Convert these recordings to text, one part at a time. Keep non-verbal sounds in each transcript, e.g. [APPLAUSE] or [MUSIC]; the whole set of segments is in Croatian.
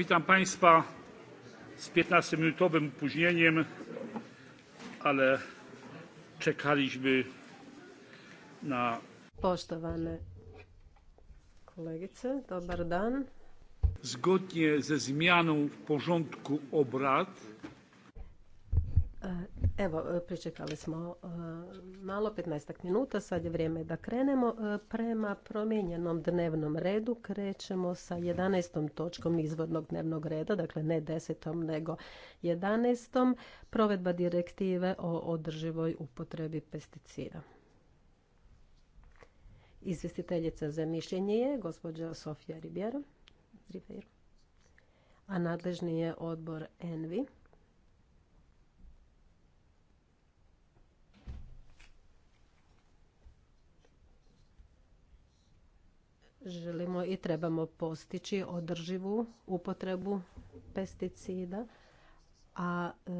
witam państwa z 15 minutowym opóźnieniem ale czekaliśmy na Poštovane kolegice, dobar dan. Zgodnie ze zmianą w porządku obrad Evo, e, pričekali smo e, malo, 15 minuta, sad je vrijeme da krenemo. E, prema promijenjenom dnevnom redu krećemo sa 11. točkom izvodnog dnevnog reda, dakle ne 10. nego 11. provedba direktive o održivoj upotrebi pesticida. Izvjestiteljica za mišljenje je gospođa Sofija Ribjero, a nadležni je odbor ENVI. želimo i trebamo postići održivu upotrebu pesticida, a e,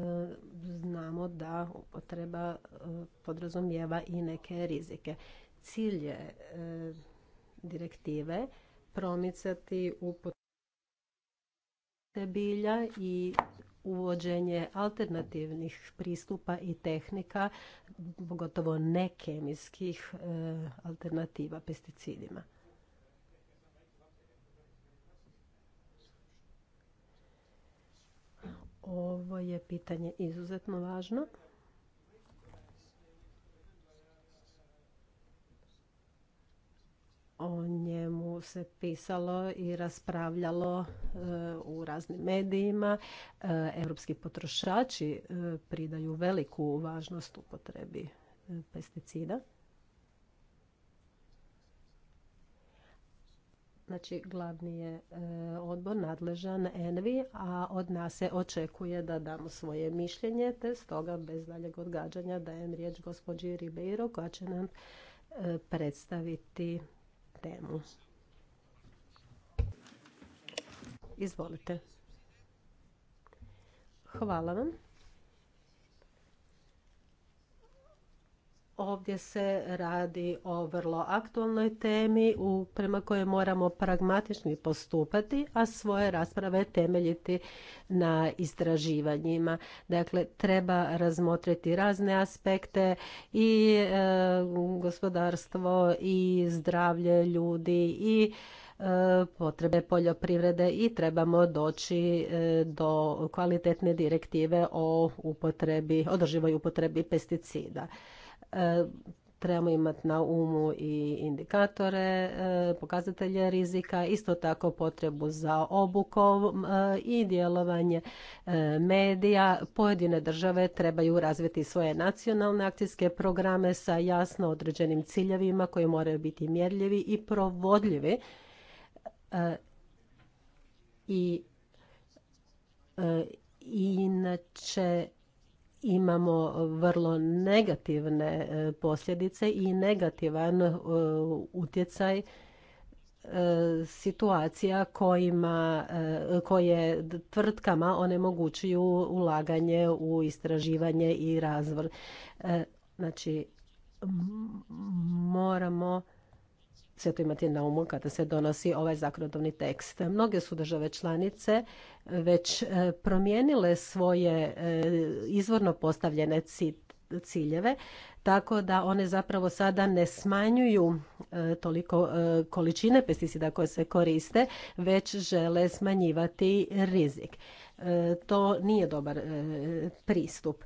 znamo da upotreba e, podrazumijeva i neke rizike. Cilj je e, direktive promicati upotrebu bilja i uvođenje alternativnih pristupa i tehnika, pogotovo nekemijskih alternativa pesticidima. Ovo je pitanje izuzetno važno. O njemu se pisalo i raspravljalo e, u raznim medijima. Europski potrošači e, pridaju veliku važnost upotrebi e, pesticida. Znači, glavni je e, odbor nadležan Envi, a od nas se očekuje da damo svoje mišljenje, te stoga bez daljeg odgađanja dajem riječ gospođi Ribeiro koja će nam e, predstaviti temu. Izvolite. Hvala vam. Ovdje se radi o vrlo aktualnoj temi u, prema kojoj moramo pragmatični postupati, a svoje rasprave temeljiti na istraživanjima. Dakle, treba razmotriti razne aspekte i e, gospodarstvo i zdravlje ljudi i e, potrebe poljoprivrede i trebamo doći e, do kvalitetne direktive o upotrebi, održivoj upotrebi pesticida. E, trebamo imati na umu i indikatore, e, pokazatelje rizika, isto tako potrebu za obukom e, i djelovanje medija. Pojedine države trebaju razviti svoje nacionalne akcijske programe sa jasno određenim ciljevima koji moraju biti mjerljivi i provodljivi. I inače imamo vrlo negativne e, posljedice i negativan e, utjecaj e, situacija koje tvrtkama onemogućuju ulaganje u istraživanje i razvoj. Znači, moramo sve to imati na umu kada se donosi ovaj zakonodavni tekst. Mnoge su države članice eh, već eh, promijenile svoje eh, izvorno postavljene ciljeve, tako da one zapravo sada ne smanjuju toliko količine pesticida koje se koriste, već žele smanjivati rizik. To nije dobar pristup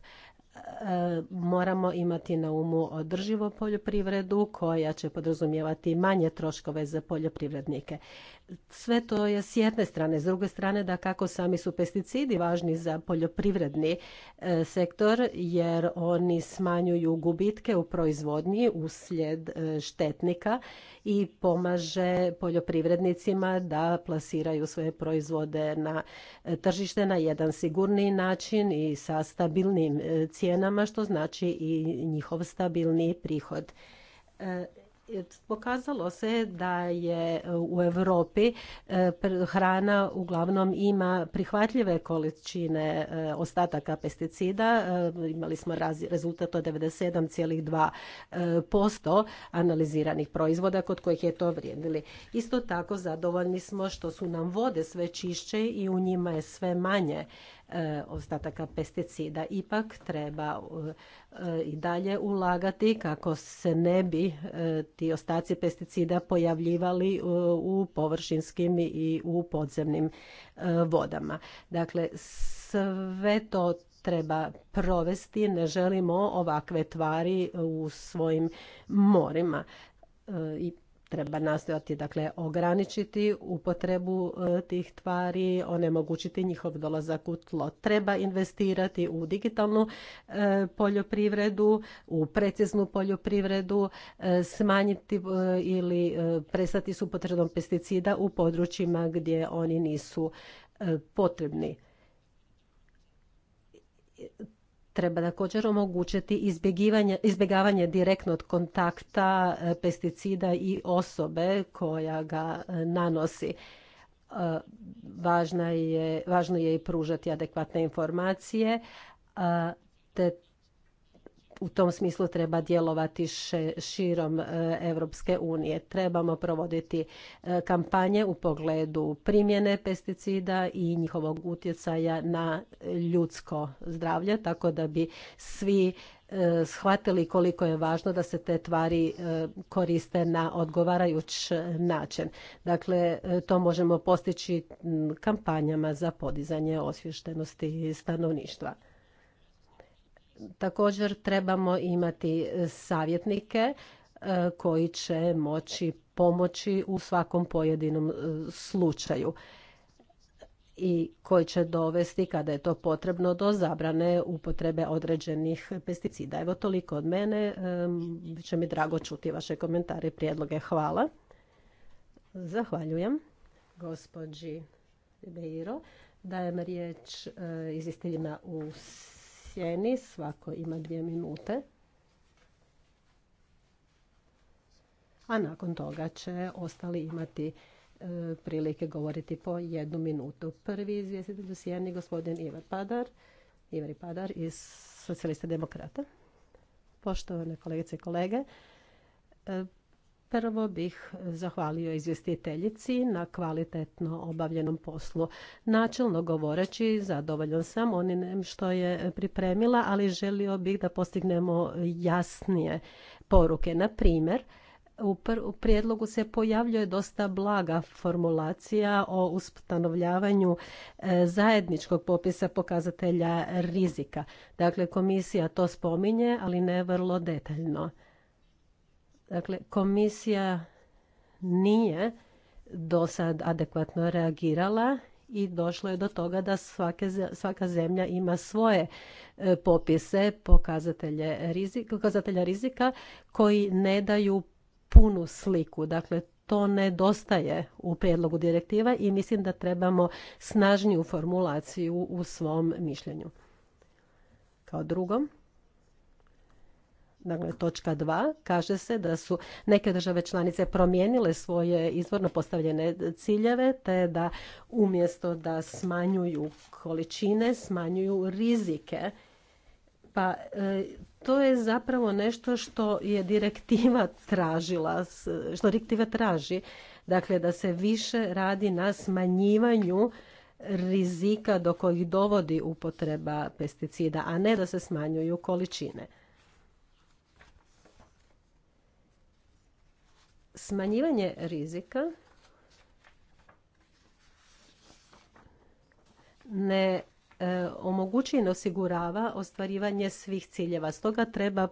moramo imati na umu održivo poljoprivredu koja će podrazumijevati manje troškove za poljoprivrednike sve to je s jedne strane. S druge strane da kako sami su pesticidi važni za poljoprivredni e, sektor jer oni smanjuju gubitke u proizvodnji uslijed e, štetnika i pomaže poljoprivrednicima da plasiraju svoje proizvode na e, tržište na jedan sigurniji način i sa stabilnim cijenama što znači i njihov stabilni prihod Pokazalo se da je uh, u Europi uh, hrana uglavnom ima prihvatljive količine uh, ostataka pesticida. Imali smo rezultat od 97,2% analiziranih proizvoda kod kojih je to vrijedili. Isto tako zadovoljni smo što su nam vode sve čišće i u njima je sve manje E, ostataka pesticida. Ipak treba e, i dalje ulagati kako se ne bi e, ti ostaci pesticida pojavljivali u površinskim i u podzemnim vodama. Dakle, sve to treba provesti. Ne želimo ovakve tvari u svojim morima i treba nastojati dakle ograničiti upotrebu e, tih tvari, onemogućiti njihov dolazak u tlo. Treba investirati u digitalnu e, poljoprivredu, u preciznu poljoprivredu, e, smanjiti ili prestati s upotrebom pesticida u područjima gdje oni nisu potrebni Treba također omogućiti izbjegavanje direktnog kontakta e, pesticida i osobe koja ga e, nanosi. E, važno je, i pružati adekvatne informacije, te u tom smislu treba djelovati širom Europske unije. Trebamo provoditi e, kampanje u pogledu primjene pesticida i njihovog utjecaja na ljudsko zdravlje, tako da bi svi e, shvatili koliko je važno da se te tvari e, koriste na odgovarajuć način. Dakle, to možemo postići kampanjama za podizanje osviještenosti stanovništva. Također trebamo imati e, savjetnike e, koji će moći pomoći u svakom pojedinom e, slučaju i koji će dovesti kada je to potrebno do zabrane upotrebe određenih pesticida. Evo toliko od mene. Biće mi drago čuti vaše komentare i prijedloge. Hvala. Zahvaljujem gospođi Beiro. Dajem riječ izvjestiteljima u sjeni, svako ima dvije minute. A nakon toga će ostali imati e, prilike govoriti po jednu minutu. Prvi izvjestitelj u sjeni, gospodin Ivar Padar, Ivar Padar iz Socijaliste demokrata. Poštovane kolegice i kolege, e, Prvo bih zahvalio izvjestiteljici na kvalitetno obavljenom poslu. Načelno govoreći, zadovoljan sam onim što je pripremila, ali želio bih da postignemo jasnije poruke. Na primjer, u prijedlogu se pojavljuje dosta blaga formulacija o ustanovljavanju e, zajedničkog popisa pokazatelja rizika. Dakle, komisija to spominje, ali ne vrlo detaljno. Dakle, komisija nije do sad adekvatno reagirala i došlo je do toga da svake, svaka zemlja ima svoje e, popise pokazatelje rizika, pokazatelja rizika koji ne daju punu sliku. Dakle, to nedostaje u prijedlogu direktiva i mislim da trebamo snažniju formulaciju u svom mišljenju. Kao drugom dakle točka dva. kaže se da su neke države članice promijenile svoje izvorno postavljene ciljeve, te da umjesto da smanjuju količine, smanjuju rizike. Pa e, to je zapravo nešto što je direktiva tražila, što direktiva traži, dakle da se više radi na smanjivanju rizika do kojih dovodi upotreba pesticida, a ne da se smanjuju količine. Smanjivanje rizika ne e, omogući i ne osigurava ostvarivanje svih ciljeva. Stoga treba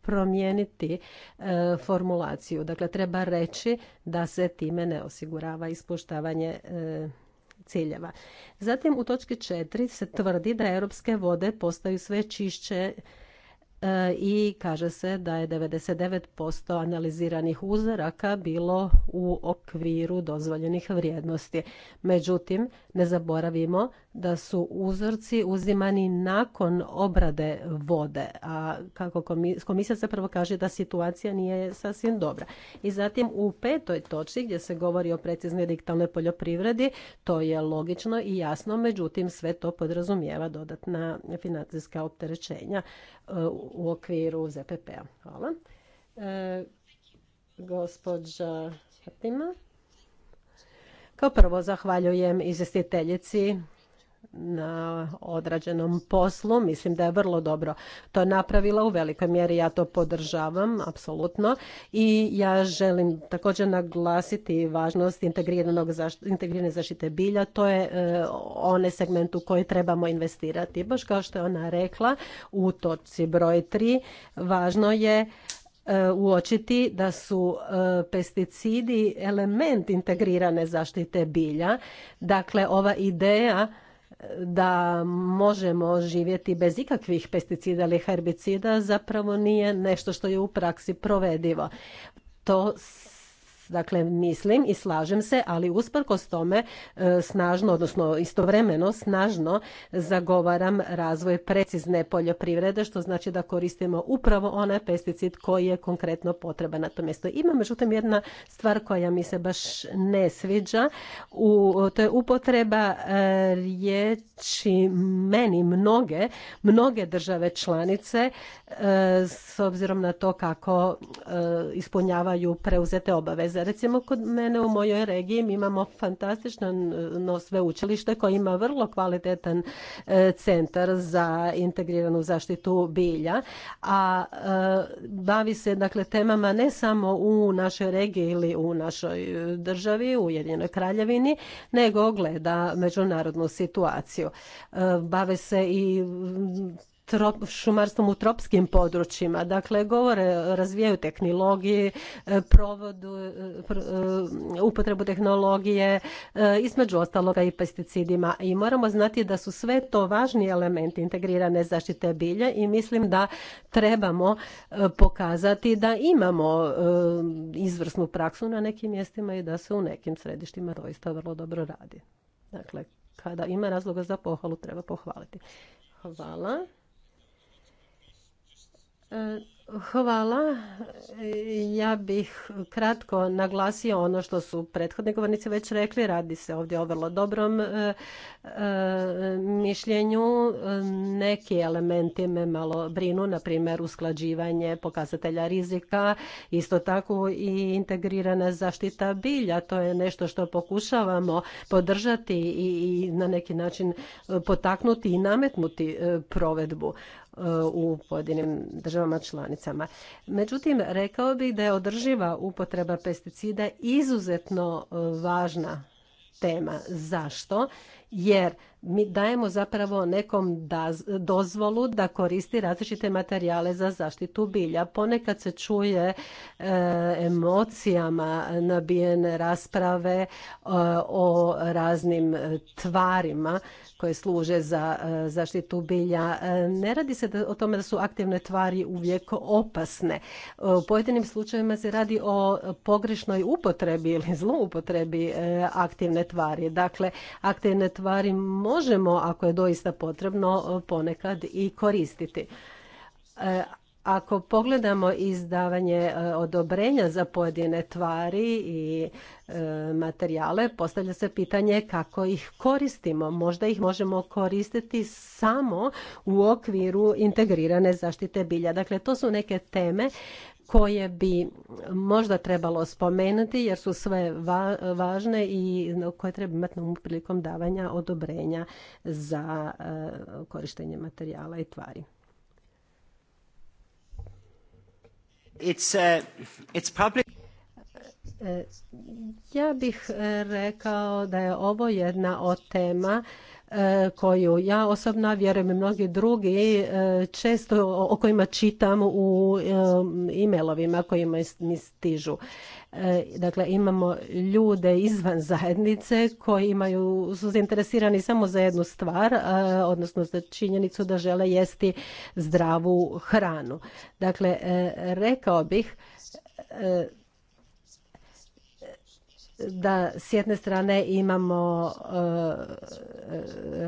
promijeniti e, formulaciju. Dakle, treba reći da se time ne osigurava ispoštavanje e, ciljeva. Zatim u točki 4 se tvrdi da europske vode postaju sve čišće E, i kaže se da je 99% analiziranih uzoraka bilo u okviru dozvoljenih vrijednosti. Međutim, ne zaboravimo da su uzorci uzimani nakon obrade vode, a kako komisija prvo kaže da situacija nije sasvim dobra. I zatim u petoj točki gdje se govori o preciznoj digitalnoj poljoprivredi, to je logično i jasno, međutim sve to podrazumijeva dodatna financijska opterećenja u okviru ZPP-a. Hvala. E, gospođa Kao prvo zahvaljujem izvjestiteljici na odrađenom poslu. Mislim da je vrlo dobro to napravila u velikoj mjeri. Ja to podržavam, apsolutno. I ja želim također naglasiti važnost integrirane zaštite bilja. To je one onaj segment u koji trebamo investirati. Baš kao što je ona rekla u točci broj 3, važno je e, uočiti da su e, pesticidi element integrirane zaštite bilja. Dakle, ova ideja da možemo živjeti bez ikakvih pesticida ili herbicida zapravo nije nešto što je u praksi provedivo. To Dakle, mislim i slažem se, ali usprkos tome e, snažno, odnosno istovremeno snažno zagovaram razvoj precizne poljoprivrede, što znači da koristimo upravo onaj pesticid koji je konkretno potreban na to mjesto. Ima međutim jedna stvar koja mi se baš ne sviđa. U, to je upotreba e, riječi meni mnoge, mnoge države članice e, s obzirom na to kako ispunjavaju preuzete obaveze. Dakle, recimo kod mene u mojoj regiji mi imamo fantastično no, sveučilište koje ima vrlo kvalitetan e, centar za integriranu zaštitu bilja, a e, bavi se dakle temama ne samo u našoj regiji ili u našoj e, državi, u Jedinoj kraljevini, nego gleda međunarodnu situaciju. Bave se i šumarstvom u tropskim područjima. Dakle, govore, razvijaju tehnologije, e, provodu, e, e, upotrebu tehnologije, između ostaloga i pesticidima. I moramo znati da su sve to važni elementi integrirane zaštite bilje i mislim da trebamo pokazati da imamo izvrsnu praksu na nekim mjestima i da se u nekim središtima doista vrlo dobro radi. Dakle, kada ima razloga za pohvalu, treba pohvaliti. Hvala. Hvala. Ja bih kratko naglasio ono što su prethodni govornici već rekli. Radi se ovdje o vrlo dobrom e, e, mišljenju. Neki elementi me malo brinu, na primjer usklađivanje pokazatelja rizika, isto tako i integrirana zaštita bilja. To je nešto što pokušavamo podržati i na neki način potaknuti i nametnuti e, provedbu. E, u pojedinim državama članicama. Međutim, rekao bih da je održiva upotreba pesticida izuzetno e, važna tema. Zašto? jer mi dajemo zapravo nekom dozvolu da koristi različite materijale za zaštitu bilja. Ponekad se čuje e, emocijama nabijene rasprave e, o raznim tvarima koje služe za e, zaštitu bilja. Ne radi se o tome da su aktivne tvari uvijek opasne. U pojedinim slučajevima se radi o pogrešnoj upotrebi ili zloupotrebi aktivne tvari. Dakle, aktivne tvari Tvari možemo, ako je doista potrebno, ponekad i koristiti. E, ako pogledamo izdavanje e, odobrenja za pojedine tvari i e, materijale, postavlja se pitanje kako ih koristimo. Možda ih možemo koristiti samo u okviru integrirane zaštite bilja. Dakle, to su neke teme koje bi možda trebalo spomenuti jer su sve važne i koje treba imati na prilikom davanja odobrenja za eh, korištenje materijala i tvari. It's, eh, it's eh, Ja bih rekao da je ovo jedna od tema E, koju ja osobno vjerujem i mnogi drugi e, često o kojima čitam u e, emailovima kojima mi stižu. Dakle, imamo ljude izvan zajednice koji imaju, su zainteresirani samo za jednu stvar, odnosno za činjenicu da žele jesti zdravu hranu. Dakle, rekao bih da s jedne strane imamo e,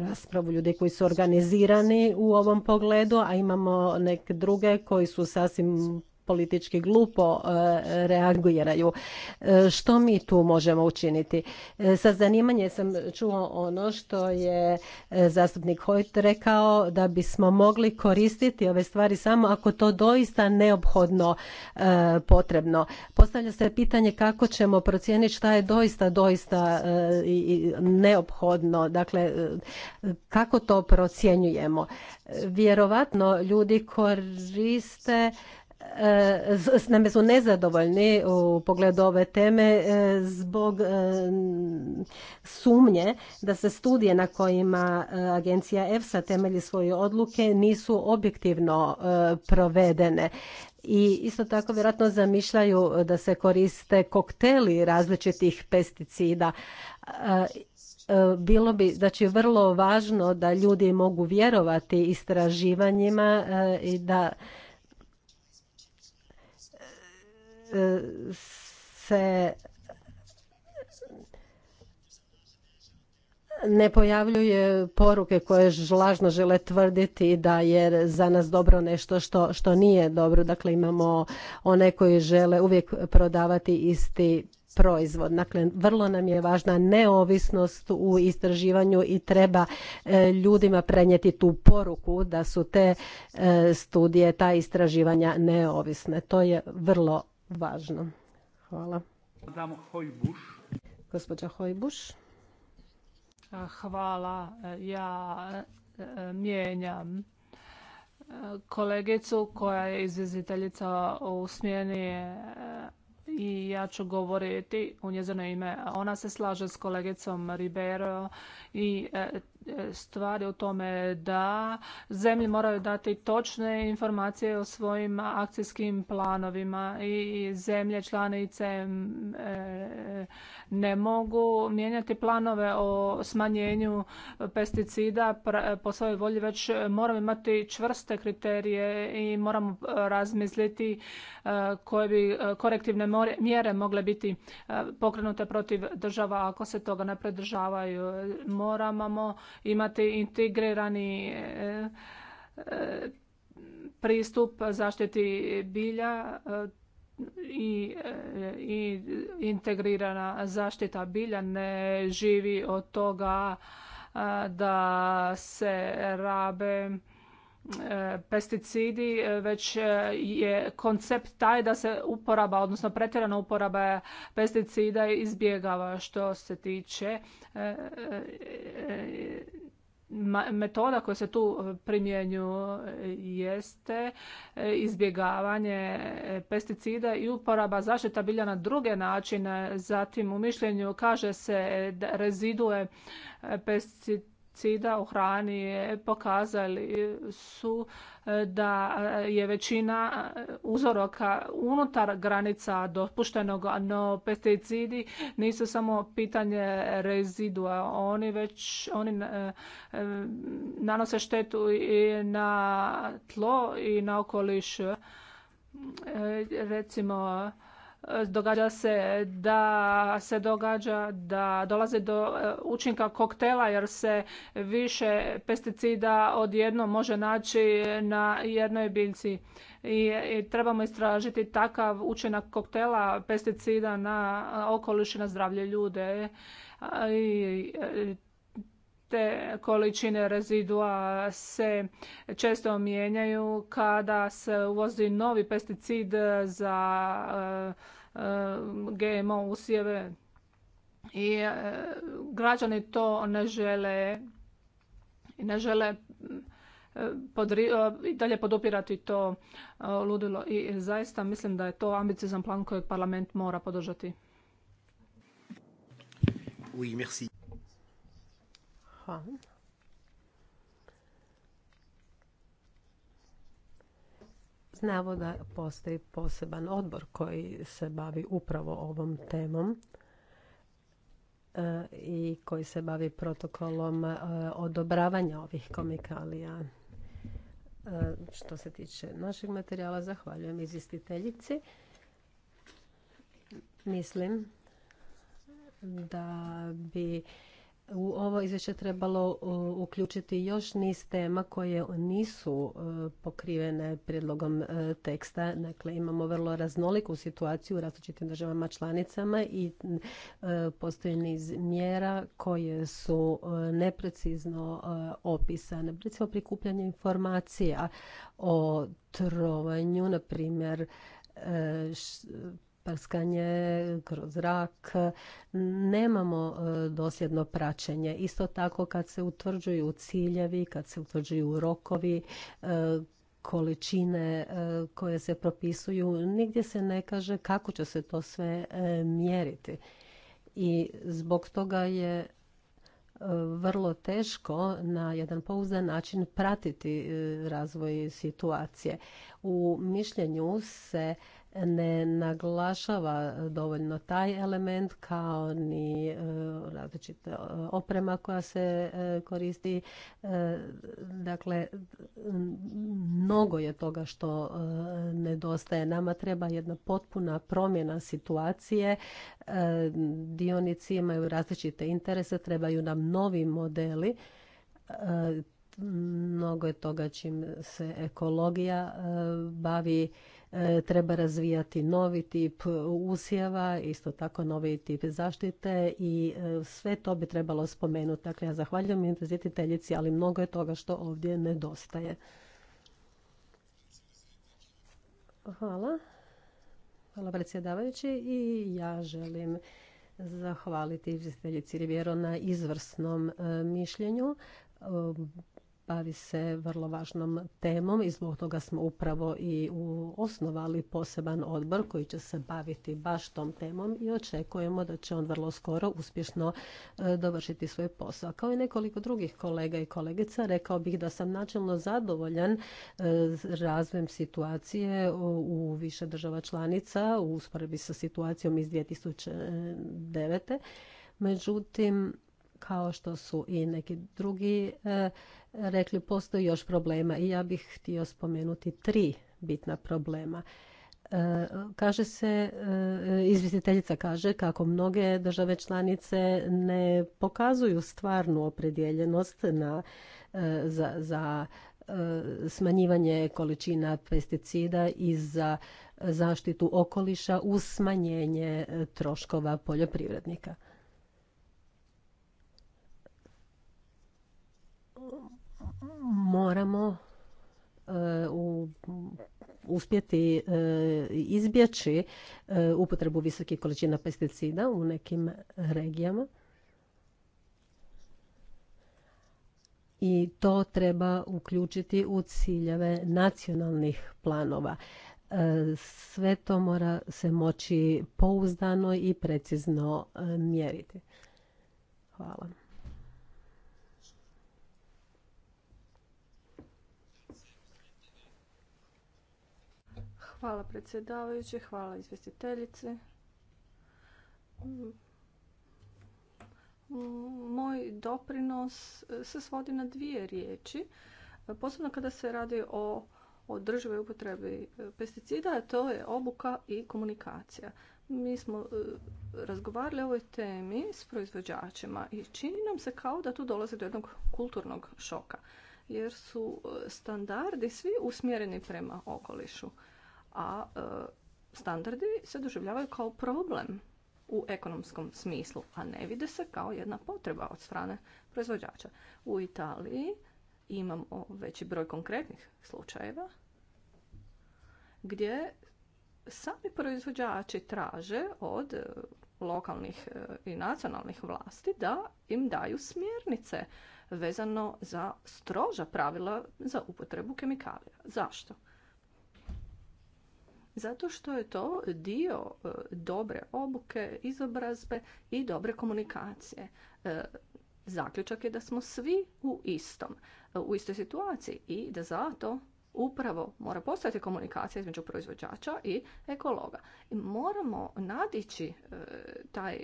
raspravu ljudi koji su organizirani u ovom pogledu, a imamo neke druge koji su sasvim politički glupo e, reagiraju. E, što mi tu možemo učiniti? E, sa zanimanje sam čuo ono što je zastupnik Hojt rekao da bismo mogli koristiti ove stvari samo ako to doista neophodno potrebno. Postavlja se pitanje kako ćemo procijeniti šta je doista, doista neophodno. Dakle, kako to procjenjujemo? Vjerovatno ljudi koriste s e, name su nezadovoljni u pogledu ove teme e, zbog e, sumnje da se studije na kojima agencija EFSA temelji svoje odluke nisu objektivno provedene. I isto tako vjerojatno zamišljaju da se koriste kokteli različitih pesticida bilo bi znači vrlo važno da ljudi mogu vjerovati istraživanjima i da se ne pojavljuje poruke koje lažno žele tvrditi da je za nas dobro nešto što, što nije dobro. Dakle, imamo one koji žele uvijek prodavati isti proizvod. Dakle, vrlo nam je važna neovisnost u istraživanju i treba e, ljudima prenijeti tu poruku da su te e, studije, ta istraživanja neovisne. To je vrlo važno. Hvala. Hvala. Ja e, e, mijenjam e, kolegicu koja je izvjeziteljica u smjeni i ja ću govoriti u njezino ime. Ona se slaže s kolegicom Ribero i E, stvari u tome da zemlje moraju dati točne informacije o svojim akcijskim planovima i zemlje članice e, ne mogu mijenjati planove o smanjenju pesticida po svojoj volji, već moramo imati čvrste kriterije i moramo razmisliti e, koje bi korektivne mjere mogle biti pokrenute protiv država ako se toga ne pridržavaju. Moramo imati integrirani e, e, pristup zaštiti bilja e, i, i integrirana zaštita bilja ne živi od toga da se rabe E, pesticidi, e, već e, je koncept taj da se uporaba, odnosno pretjerana uporaba pesticida izbjegava što se tiče metoda koja se tu primjenju jeste izbjegavanje pesticida i uporaba zaštita bilja na druge načine. Zatim u mišljenju kaže se rezidue pesticida cida u hrani pokazali su e, da e, je većina e, uzoraka unutar granica dopuštenog, no pesticidi nisu samo pitanje rezidua, oni već oni nanose štetu i na tlo i na okoliš. Recimo događa se da se događa da dolazi do e, učinka koktela jer se više pesticida odjednom može naći na jednoj biljci i trebamo istražiti takav učinak koktela pesticida na e, okoliš i na zdravlje ljude i e, te količine rezidua se često mijenjaju kada se uvozi novi pesticid za e, e, GMO usjeve i e, građani to ne žele ne žele i dalje podupirati to ludilo i zaista mislim da je to ambiciozan plan kojeg parlament mora podržati. merci. Hvala. Znamo da postoji poseban odbor koji se bavi upravo ovom temom e, i koji se bavi protokolom e, odobravanja ovih komikalija. E, što se tiče našeg materijala, zahvaljujem izvjestiteljici. Mislim da bi u ovo izvješće trebalo uključiti još niz tema koje nisu e, pokrivene prijedlogom e, teksta. Dakle, imamo vrlo raznoliku situaciju u različitim državama članicama i e, postoji niz mjera koje su neprecizno opisane. Recimo, prikupljanje informacija o trovanju, na primjer, prskanje kroz zrak, nemamo e, dosljedno praćenje. Isto tako kad se utvrđuju ciljevi, kad se utvrđuju rokovi, e, količine e, koje se propisuju, nigdje se ne kaže kako će se to sve mjeriti. I zbog toga je vrlo teško na jedan pouzdan način pratiti razvoj situacije. U mišljenju se ne naglašava dovoljno taj element kao ni e, različita e, oprema koja se e, koristi. Dakle, mnogo je toga što nedostaje. Nama treba jedna potpuna promjena situacije. Dionici imaju različite interese, trebaju nam novi modeli mnogo je toga čim se ekologija e, bavi. E, treba razvijati novi tip usjeva, isto tako novi tip zaštite i e, sve to bi trebalo spomenuti. Dakle, ja zahvaljujem izvjestiteljici, ali mnogo je toga što ovdje nedostaje. Hvala. Hvala predsjedavajući i ja želim zahvaliti izvjestiteljici Rivjero na izvrsnom mišljenju bavi se vrlo važnom temom i zbog toga smo upravo i osnovali poseban odbor koji će se baviti baš tom temom i očekujemo da će on vrlo skoro uspješno e, dovršiti svoj posao. Kao i nekoliko drugih kolega i kolegica rekao bih da sam načelno zadovoljan e, razvojem situacije u više država članica u usporedbi sa situacijom iz 2009. E, Međutim, kao što su i neki drugi e, rekli, postoji još problema i ja bih htio spomenuti tri bitna problema. E, kaže se, e, izvjestiteljica kaže kako mnoge države članice ne pokazuju stvarnu opredjeljenost za, za smanjivanje količina pesticida i za zaštitu okoliša uz smanjenje troškova poljoprivrednika. moramo e, uspjeti e, izbjeći e, upotrebu visokih količina pesticida u nekim regijama. I to treba uključiti u ciljeve nacionalnih planova. Sve to mora se moći pouzdano i precizno mjeriti. Hvala. Hvala predsjedavajući, hvala izvjestiteljice. Moj doprinos se svodi na dvije riječi. Posebno kada se radi o održivoj upotrebi pesticida, to je obuka i komunikacija. Mi smo e, razgovarali o ovoj temi s proizvođačima i čini nam se kao da tu dolazi do jednog kulturnog šoka jer su e, standardi svi usmjereni prema okolišu a e, standardi se doživljavaju kao problem u ekonomskom smislu, a ne vide se kao jedna potreba od strane proizvođača. U Italiji imamo veći broj konkretnih slučajeva gdje sami proizvođači traže od e, lokalnih e, i nacionalnih vlasti da im daju smjernice vezano za stroža pravila za upotrebu kemikalija. Zašto? Zato što je to dio e, dobre obuke, izobrazbe i dobre komunikacije. E, zaključak je da smo svi u istom, e, u istoj situaciji i da zato upravo mora postojati komunikacija između proizvođača i ekologa. moramo nadići taj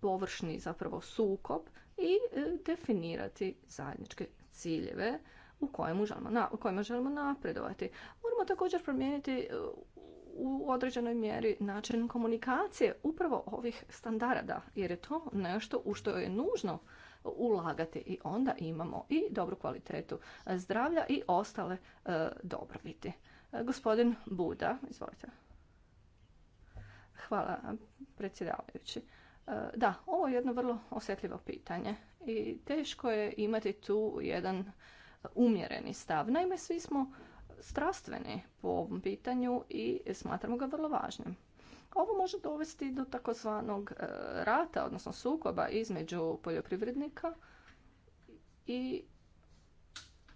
površni zapravo sukob i definirati zajedničke ciljeve u kojemu želimo, na, u kojima želimo napredovati. Moramo također promijeniti e, u određenoj mjeri način komunikacije upravo ovih standarda, jer je to nešto u što je nužno ulagati i onda imamo i dobru kvalitetu zdravlja i ostale e, dobrobiti. E, gospodin Buda, izvolite. Hvala, predsjedavajući. Da, ovo je jedno vrlo osjetljivo pitanje i teško je imati tu jedan umjereni stav. Naime, svi smo strastveni po ovom pitanju i smatramo ga vrlo važnim. Ovo može dovesti do takozvanog e, rata, odnosno sukoba između poljoprivrednika i,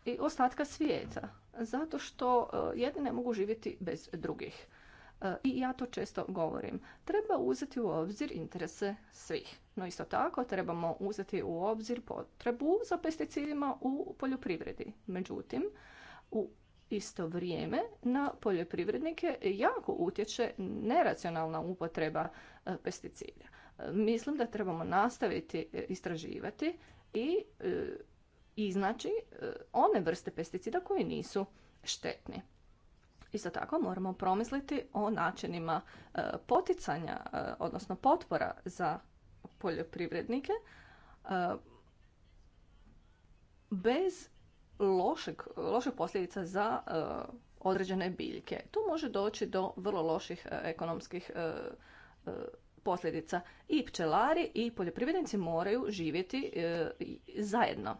i ostatka svijeta, zato što e, jedni ne mogu živjeti bez drugih. E, i ja to često govorim. Treba uzeti u obzir interese svih. No isto tako trebamo uzeti u obzir potrebu za pesticidima u poljoprivredi. Međutim, u isto vrijeme na poljoprivrednike jako utječe neracionalna upotreba e, pesticida. E, mislim da trebamo nastaviti istraživati i iznaći one vrste pesticida koji nisu štetni. Isto tako moramo promisliti o načinima e, poticanja, e, odnosno potpora za poljoprivrednike e, bez lošeg, lošeg posljedica za određene biljke. Tu može doći do vrlo loših ekonomskih posljedica. I pčelari i poljoprivrednici moraju živjeti zajedno.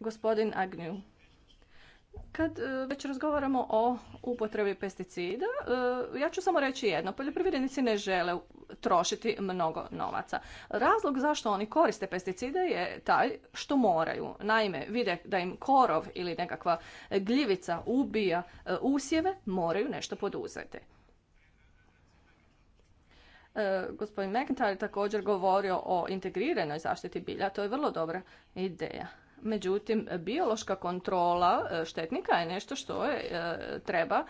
Gospodin Agnju kad e, već razgovaramo o upotrebi pesticida, e, ja ću samo reći jedno. Poljoprivrednici ne žele trošiti mnogo novaca. Razlog zašto oni koriste pesticide je taj što moraju. Naime, vide da im korov ili nekakva gljivica ubija e, usjeve, moraju nešto poduzeti. gospodin McIntyre također govorio o integriranoj zaštiti bilja. To je vrlo dobra ideja. Međutim, biološka kontrola e, štetnika je nešto što je, e, treba e,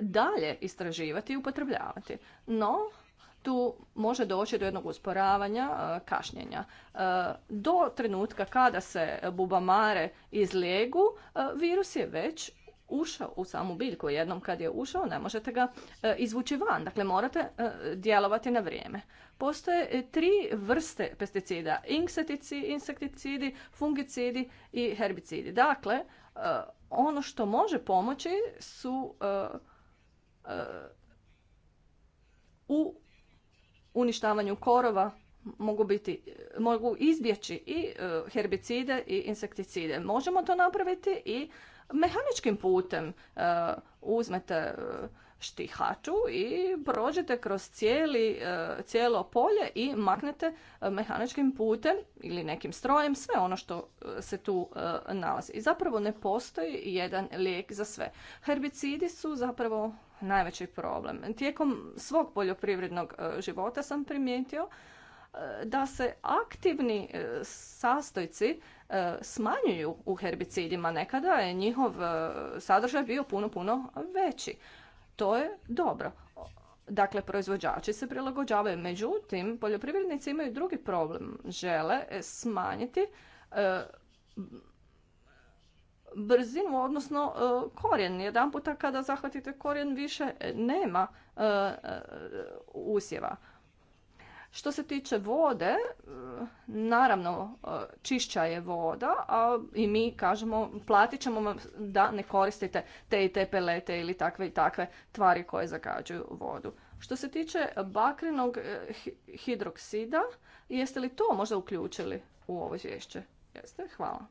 dalje istraživati i upotrebljavati. No, tu može doći do jednog usporavanja, kašnjenja. Do trenutka kada se bubamare izlijegu, virus je već ušao u samu biljku. Jednom kad je ušao, ne možete ga e, izvući van. Dakle, morate e, djelovati na vrijeme. Postoje e, tri vrste pesticida. Insekticidi, fungicidi i herbicidi. Dakle, ono što može pomoći su u uništavanju korova mogu biti, mogu izbjeći i herbicide i insekticide. Možemo to napraviti i mehaničkim putem e, uzmete e, štihaču i prođete kroz cijeli, e, cijelo polje i maknete mehaničkim putem ili nekim strojem sve ono što se tu nalazi. I zapravo ne postoji jedan lijek za sve. Herbicidi su zapravo najveći problem. Tijekom svog poljoprivrednog života sam primijetio da se aktivni sastojci E, smanjuju u herbicidima. Nekada je njihov e, sadržaj bio puno, puno veći. To je dobro. Dakle, proizvođači se prilagođavaju. Međutim, poljoprivrednici imaju drugi problem. Žele e, smanjiti brzinu, odnosno korijen. Jedan puta kada zahvatite korijen više nema usjeva. Što se tiče vode, e, naravno e, čišća je voda, a i mi kažemo platit ćemo vam da ne koristite te i te pelete ili takve i takve tvari koje zagađuju vodu. Što se tiče bakrenog e, hidroksida, jeste li to možda uključili u ovo izvješće? Jeste, hvala.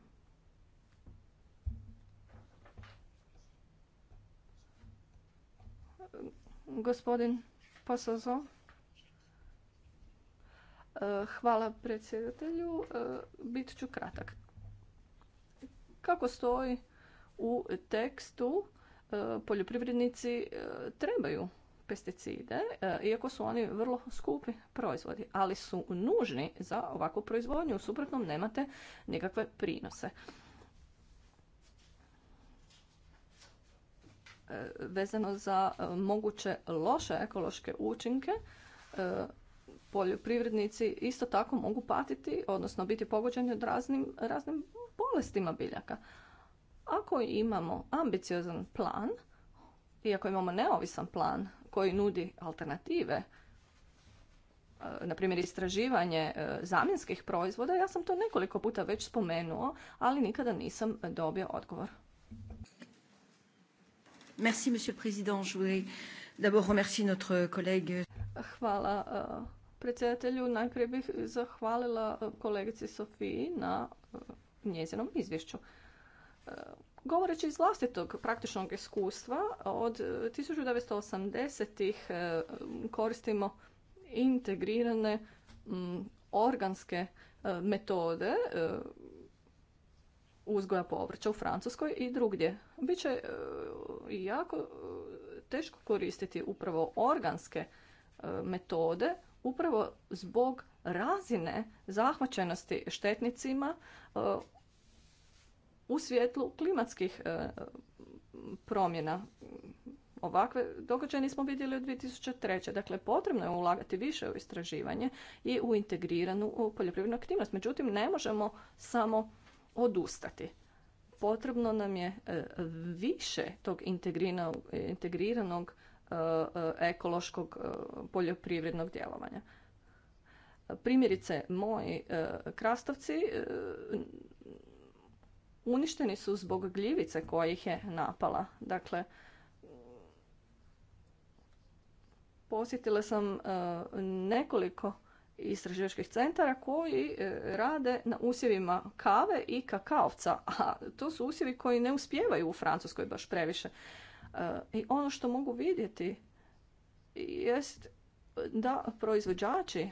Gospodin Pasazo. Eh, hvala predsjedatelju. Eh, bit ću kratak. Kako stoji u tekstu, eh, poljoprivrednici trebaju pesticide, iako su oni vrlo skupi proizvodi, ali su nužni za ovakvu proizvodnju. U suprotnom nemate nikakve prinose. Vezano za moguće loše ekološke učinke, poljoprivrednici isto tako mogu patiti, odnosno biti pogođeni od raznim, raznim bolestima biljaka. Ako imamo ambiciozan plan, i ako imamo neovisan plan koji nudi alternative, e, na primjer istraživanje e, zamjenskih proizvoda, ja sam to nekoliko puta već spomenuo, ali nikada nisam dobio odgovor. Merci, monsieur le président. Je voudrais d'abord remercier notre collègue. Hvala e, predsjedatelju. Najprije bih zahvalila e, kolegici Sofiji na e, njezinom izvješću. E, govoreći iz vlastitog praktičnog iskustva, od 1980-ih koristimo integrirane organske metode uzgoja povrća u Francuskoj i drugdje. Biće jako teško koristiti upravo organske metode upravo zbog razine zahvaćenosti štetnicima e, u svjetlu klimatskih e, promjena. Ovakve događaje nismo vidjeli od 2003. Dakle, potrebno je ulagati više u istraživanje i u integriranu poljoprivrednu aktivnost. Međutim, ne možemo samo odustati. Potrebno nam je e, više tog integriranog E, e, ekološkog e, poljoprivrednog djelovanja. Primjerice, moji krastavci uništeni su zbog gljivice koja ih je napala. Dakle, posjetila sam nekoliko istraživačkih centara koji rade na usjevima kave i kakaovca, a to su usjevi koji ne uspijevaju u Francuskoj baš previše. E, I ono što mogu vidjeti jest da proizvođači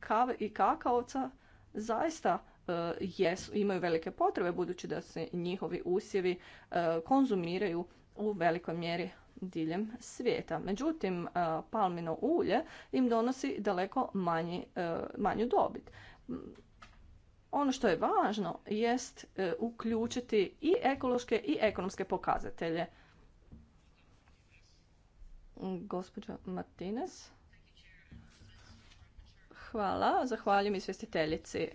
kave i kakaoca zaista e, jesu, imaju velike potrebe budući da se njihovi usjevi e, konzumiraju u velikoj mjeri diljem svijeta. Međutim, palmino ulje im donosi daleko manju dobit. Ono što je važno jest uključiti i ekološke i ekonomske pokazatelje Gospođa Martinez. Hvala, zahvaljujem izvjestiteljici. E,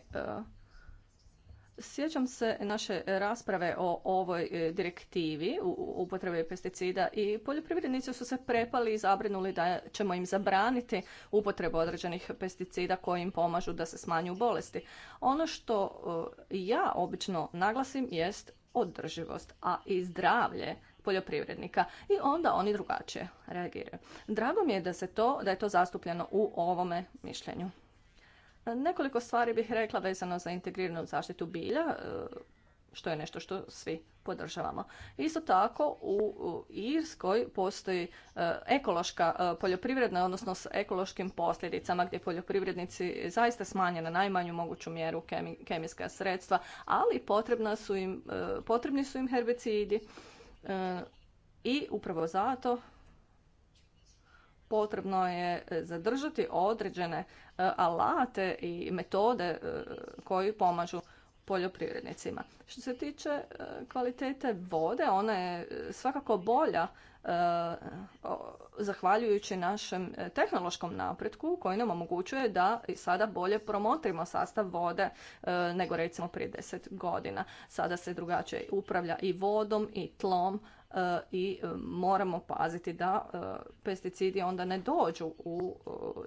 sjećam se naše rasprave o ovoj e, direktivi u upotrebi pesticida i poljoprivrednici su se prepali i zabrinuli da ćemo im zabraniti upotrebu određenih pesticida koji im pomažu da se smanju bolesti. Ono što e, ja obično naglasim jest održivost, a i zdravlje poljoprivrednika i onda oni drugačije reagiraju. Drago mi je da, se to, da je to zastupljeno u ovome mišljenju. Nekoliko stvari bih rekla vezano za integriranu zaštitu bilja, e, što je nešto što svi podržavamo. Isto tako u Irskoj postoji e, ekološka e, poljoprivredna, odnosno s ekološkim posljedicama gdje poljoprivrednici zaista smanje na najmanju moguću mjeru kemijska sredstva, ali su potrebni su im herbicidi E, I upravo zato potrebno je e, zadržati određene e, alate i metode koji pomažu poljoprivrednicima. Što se tiče e, kvalitete vode, ona je e, svakako bolja e, zahvaljujući našem tehnološkom napretku koji nam omogućuje da i sada bolje promotrimo sastav vode nego recimo prije deset godina. Sada se drugačije upravlja i vodom i tlom E, i e, moramo paziti da e, pesticidi onda ne dođu u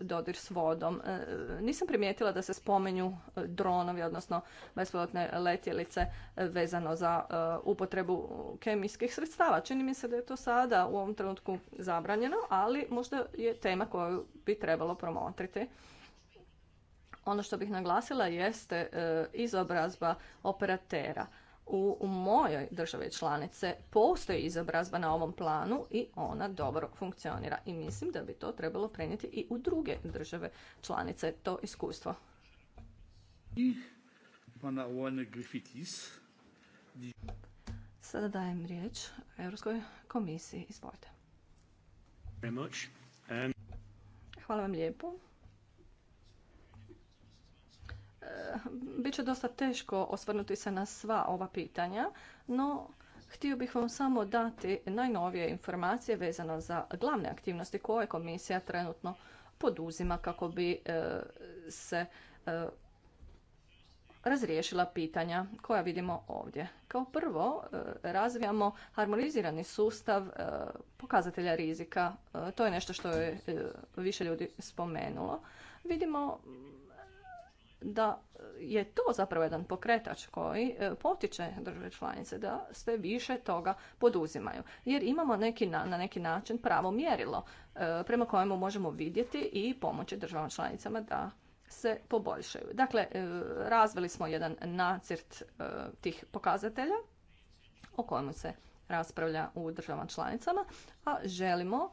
dodir s vodom. Nisam primijetila da se spomenju dronovi, odnosno bespilotne letjelice vezano za upotrebu kemijskih sredstava. Čini mi se da je to sada u ovom trenutku zabranjeno, ali možda je tema koju bi trebalo promotriti. Ono što bih naglasila jeste izobrazba operatera u, mojoj državi članice postoji izobrazba na ovom planu i ona dobro funkcionira. I mislim da bi to trebalo prenijeti i u druge države članice to iskustvo. Sada dajem riječ Europskoj komisiji. Izvolite. Hvala vam lijepo bit će dosta teško osvrnuti se na sva ova pitanja, no htio bih vam samo dati najnovije informacije vezano za glavne aktivnosti koje komisija trenutno poduzima kako bi e, se e, razriješila pitanja koja vidimo ovdje. Kao prvo, e, razvijamo harmonizirani sustav pokazatelja rizika. To je nešto što je više ljudi spomenulo. Vidimo da je to zapravo jedan pokretač koji e, potiče države članice da sve više toga poduzimaju. Jer imamo neki na, neki način pravo mjerilo e, prema kojemu možemo vidjeti i pomoći državama članicama da se poboljšaju. Dakle, e, razvili smo jedan nacrt tih pokazatelja o kojemu se raspravlja u državama članicama, a želimo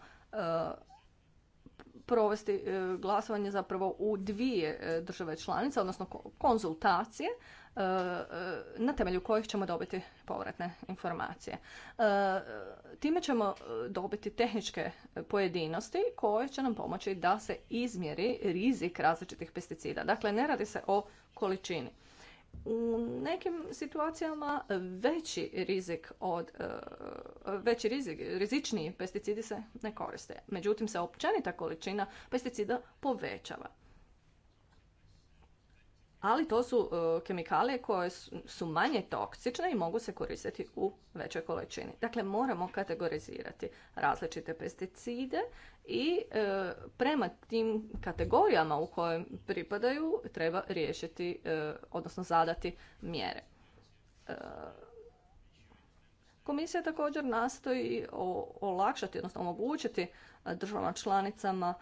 provesti e, glasovanje zapravo u dvije e, države članice, odnosno konzultacije e, na temelju kojih ćemo dobiti povratne informacije. Time ćemo dobiti tehničke pojedinosti koje će nam pomoći da se izmjeri rizik različitih pesticida. Dakle, ne radi se o količini u nekim situacijama veći rizik od e, veći rizik, rizičniji pesticidi se ne koriste. Međutim se općenita količina pesticida povećava ali to su e, kemikalije koje su manje toksične i mogu se koristiti u većoj količini. Dakle, moramo kategorizirati različite pesticide i e, prema tim kategorijama u kojem pripadaju treba riješiti, e, odnosno zadati mjere. Komisija također nastoji olakšati, odnosno omogućiti državama članicama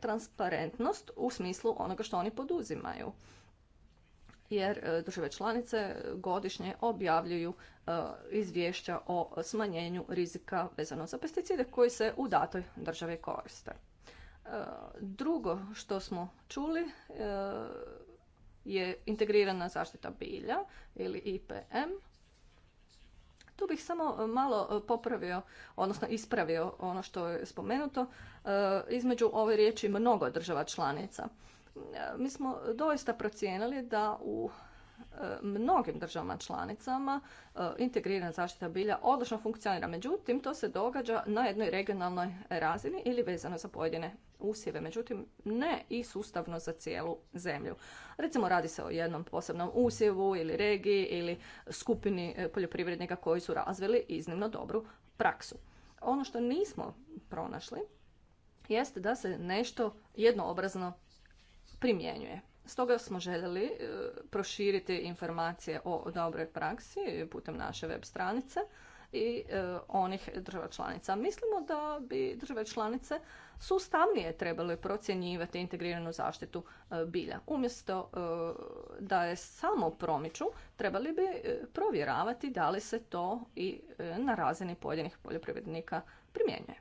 transparentnost u smislu onoga što oni poduzimaju jer e, države članice godišnje objavljuju e, izvješća o smanjenju rizika vezano za pesticide koji se u datoj državi koriste. E, drugo što smo čuli je integrirana zaštita bilja ili IPM. Tu bih samo malo popravio, odnosno ispravio ono što je spomenuto između ove riječi mnogo država članica mi smo doista procijenili da u e, mnogim državama članicama e, integrirana zaštita bilja odlično funkcionira. Međutim, to se događa na jednoj regionalnoj razini ili vezano za pojedine usjeve. Međutim, ne i sustavno za cijelu zemlju. Recimo, radi se o jednom posebnom usjevu ili regiji ili skupini e, poljoprivrednika koji su razvili iznimno dobru praksu. Ono što nismo pronašli jeste da se nešto jednoobrazno primjenjuje. Stoga smo željeli e, proširiti informacije o dobroj praksi putem naše web stranice i e, onih država članica. Mislimo da bi države članice sustavnije trebale procjenjivati integriranu zaštitu e, bilja. Umjesto da je samo promiču, trebali bi provjeravati da li se to i na razini pojedinih poljoprivrednika primjenjuje.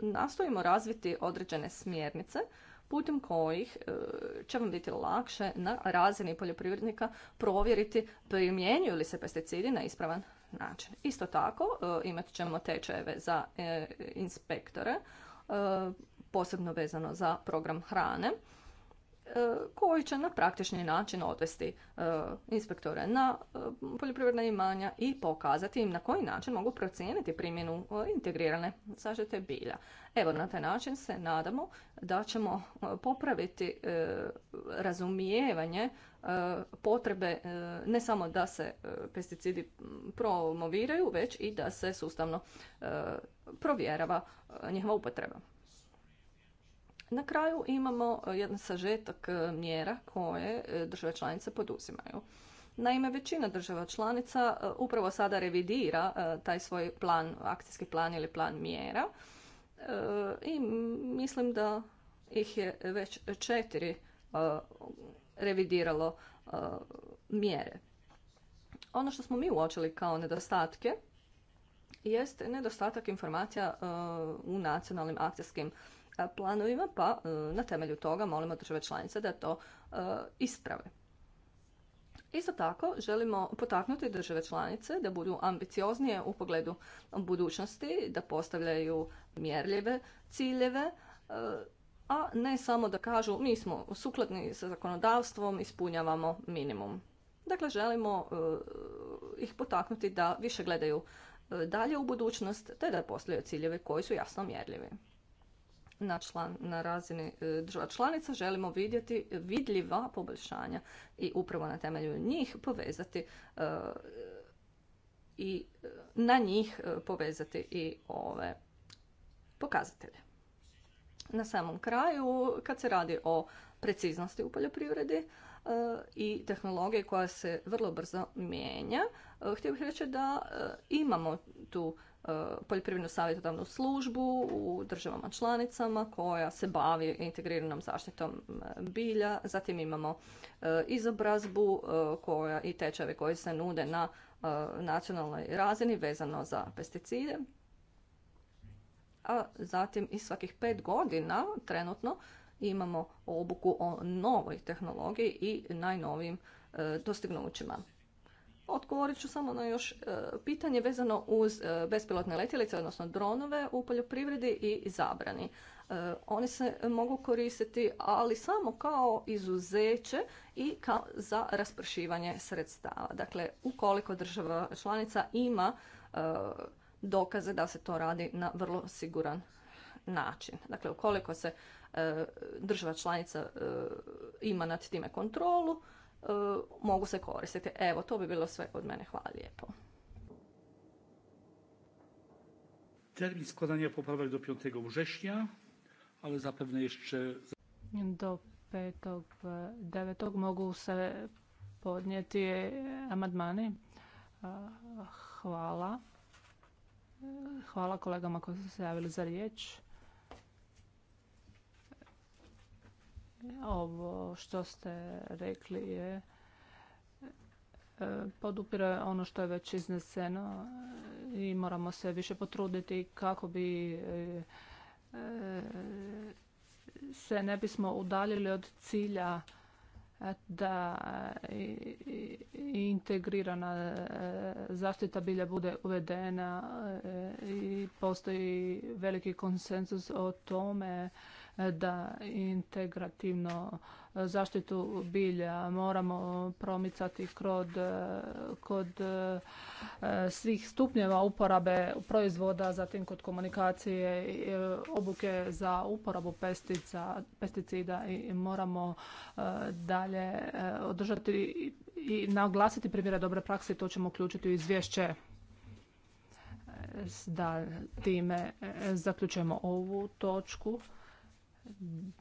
Nastojimo razviti određene smjernice putem kojih e, će vam biti lakše na razini poljoprivrednika provjeriti primjenjuju li se pesticidi na ispravan način. Isto tako e, imat ćemo tečajeve za e, inspektore, posebno vezano za program hrane E, koji će na praktični način odvesti e, inspektore na e, poljoprivredna imanja i pokazati im na koji način mogu procijeniti primjenu integrirane zaštite bilja. Evo, na taj način se nadamo da ćemo popraviti razumijevanje potrebe ne samo da se pesticidi promoviraju, već i da se sustavno provjerava njihova upotreba. Na kraju imamo e, jedan sažetak e, mjera koje e, države članice poduzimaju. Naime, većina država članica upravo sada revidira taj svoj plan, akcijski plan ili plan mjera i mislim da ih je već četiri revidiralo mjere. Ono što smo mi uočili kao nedostatke jest nedostatak informacija u nacionalnim akcijskim E, planovima, pa e, na temelju toga molimo države članice da to e, isprave. Isto tako želimo potaknuti države članice da budu ambicioznije u pogledu budućnosti, da postavljaju mjerljive ciljeve, a ne samo da kažu mi smo sukladni sa zakonodavstvom, ispunjavamo minimum. Dakle, želimo ih potaknuti da više gledaju dalje u budućnost te da postavljaju ciljeve koji su jasno mjerljivi na, član, na razini e, država članica želimo vidjeti vidljiva poboljšanja i upravo na temelju njih povezati e, i e, na njih povezati i ove pokazatelje. Na samom kraju, kad se radi o preciznosti u poljoprivredi i tehnologije koja se vrlo brzo mijenja, htio bih reći da imamo tu poljoprivrednu savjetodavnu službu u državama članicama koja se bavi integriranom zaštitom e, bilja. Zatim imamo e, izobrazbu e, koja i tečajeve koji se nude na nacionalnoj razini vezano za pesticide. A zatim i svakih pet godina trenutno imamo obuku o novoj tehnologiji i najnovijim dostignućima. Odgovorit ću samo na još e, pitanje vezano uz e, bespilotne letjelice, odnosno dronove u poljoprivredi i zabrani. E, oni se mogu koristiti, ali samo kao izuzeće i kao za raspršivanje sredstava. Dakle, ukoliko država članica ima dokaze da se to radi na vrlo siguran način. Dakle, ukoliko se država članica ima nad time kontrolu, E, mogu se koristiti. Evo, to bi bilo sve od mene. Hvala lijepo. Termin składania poprawek do 5 września, ale zapewne jeszcze... Do 5. 9. mogą se podnieść amadmani. Chwała. Chwała e, kolegom, którzy su se za riječ. Ovo što ste rekli je e, podupire ono što je već izneseno i moramo se više potruditi kako bi e, e, se ne bismo udaljili od cilja da integrirana zaštita bilja bude uvedena i postoji veliki konsenzus o tome da integrativno e, zaštitu bilja moramo promicati kod, e, kod e, svih stupnjeva uporabe proizvoda, zatim kod komunikacije, obuke za uporabu pesticida i moramo dalje održati i naglasiti primjere dobre prakse, to ćemo uključiti u izvješće da time zaključujemo ovu točku.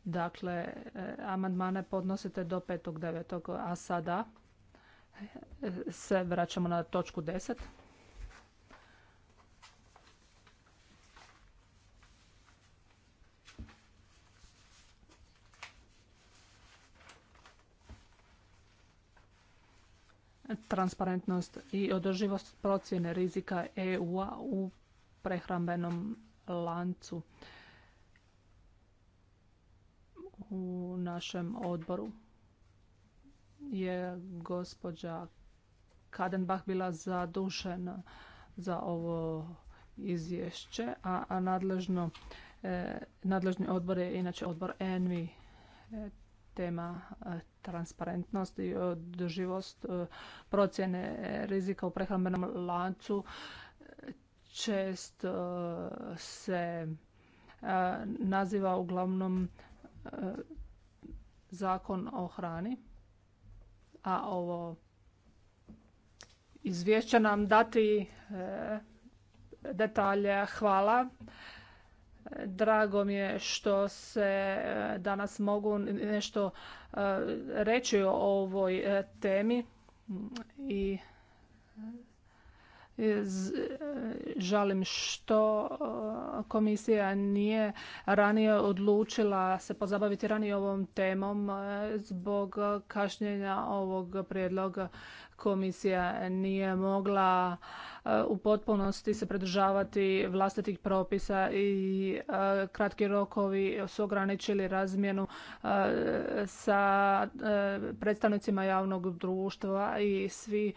Dakle, e, amandmane podnosite do 5.9. A sada e, se vraćamo na točku 10. transparentnost i održivost procjene rizika EU-a u prehrambenom lancu u našem odboru je gospođa Kadenbach bila zadušena za ovo izvješće, a, a nadležno, e, nadležni odbor je inače odbor ENVI, e, tema e, transparentnost i održivost procjene rizika u prehrambenom lancu često se naziva uglavnom zakon o hrani, a ovo izvješće nam dati e, detalje. Hvala. Drago mi je što se e, danas mogu nešto e, reći o ovoj temi i E, žalim što e, komisija nije ranije odlučila se pozabaviti ranije ovom temom e, zbog kašnjenja ovog prijedloga komisija nije mogla eh, u potpunosti se pridržavati vlastitih propisa i eh, kratki rokovi su ograničili razmjenu eh, sa predstavnicima javnog društva i svi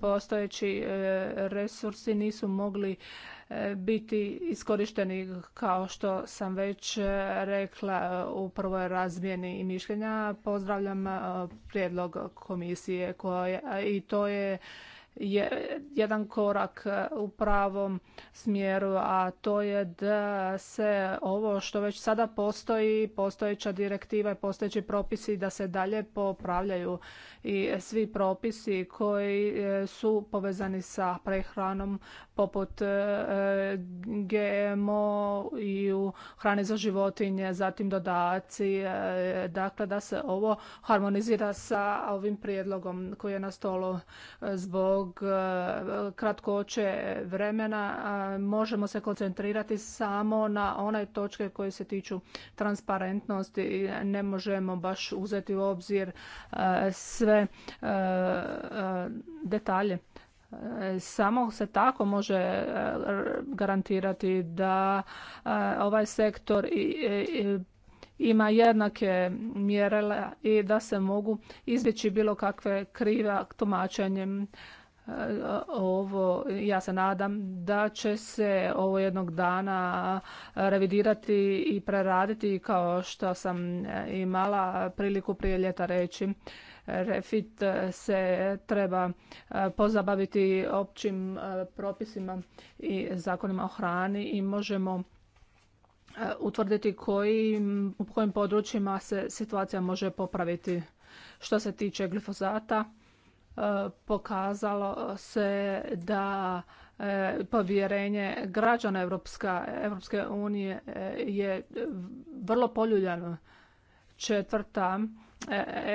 postojeći resursi nisu mogli E, biti iskorišteni kao što sam već e, rekla e, u prvoj razmjeni i mišljenja. Pozdravljam prijedlog komisije i to je jedan korak u pravom smjeru, a to je da se ovo što već sada postoji, postojeća direktiva i postojeći propisi da se dalje popravljaju i svi propisi koji e, su povezani sa prehranom poput e, GMO i u hrani za životinje, zatim dodaci, e, dakle da se ovo harmonizira sa ovim prijedlogom koji je na stolu zbog kratkoće vremena. Možemo se koncentrirati samo na one točke koje se tiču transparentnosti. Ne možemo baš uzeti u obzir sve sve e, e, detalje. E, samo se tako može garantirati da ovaj sektor ima jednake mjerele i da se mogu izbjeći bilo kakve kriva tumačenjem ovo, ja se nadam da će se ovo jednog dana revidirati i preraditi kao što sam imala priliku prije ljeta reći. Refit eh, se treba eh, pozabaviti općim eh, propisima i zakonima o hrani i možemo utvrditi u kojim područjima se situacija može popraviti. Što se tiče glifozata, pokazalo se da povjerenje građana Europska, Europske unije je vrlo poljuljano. Četvrta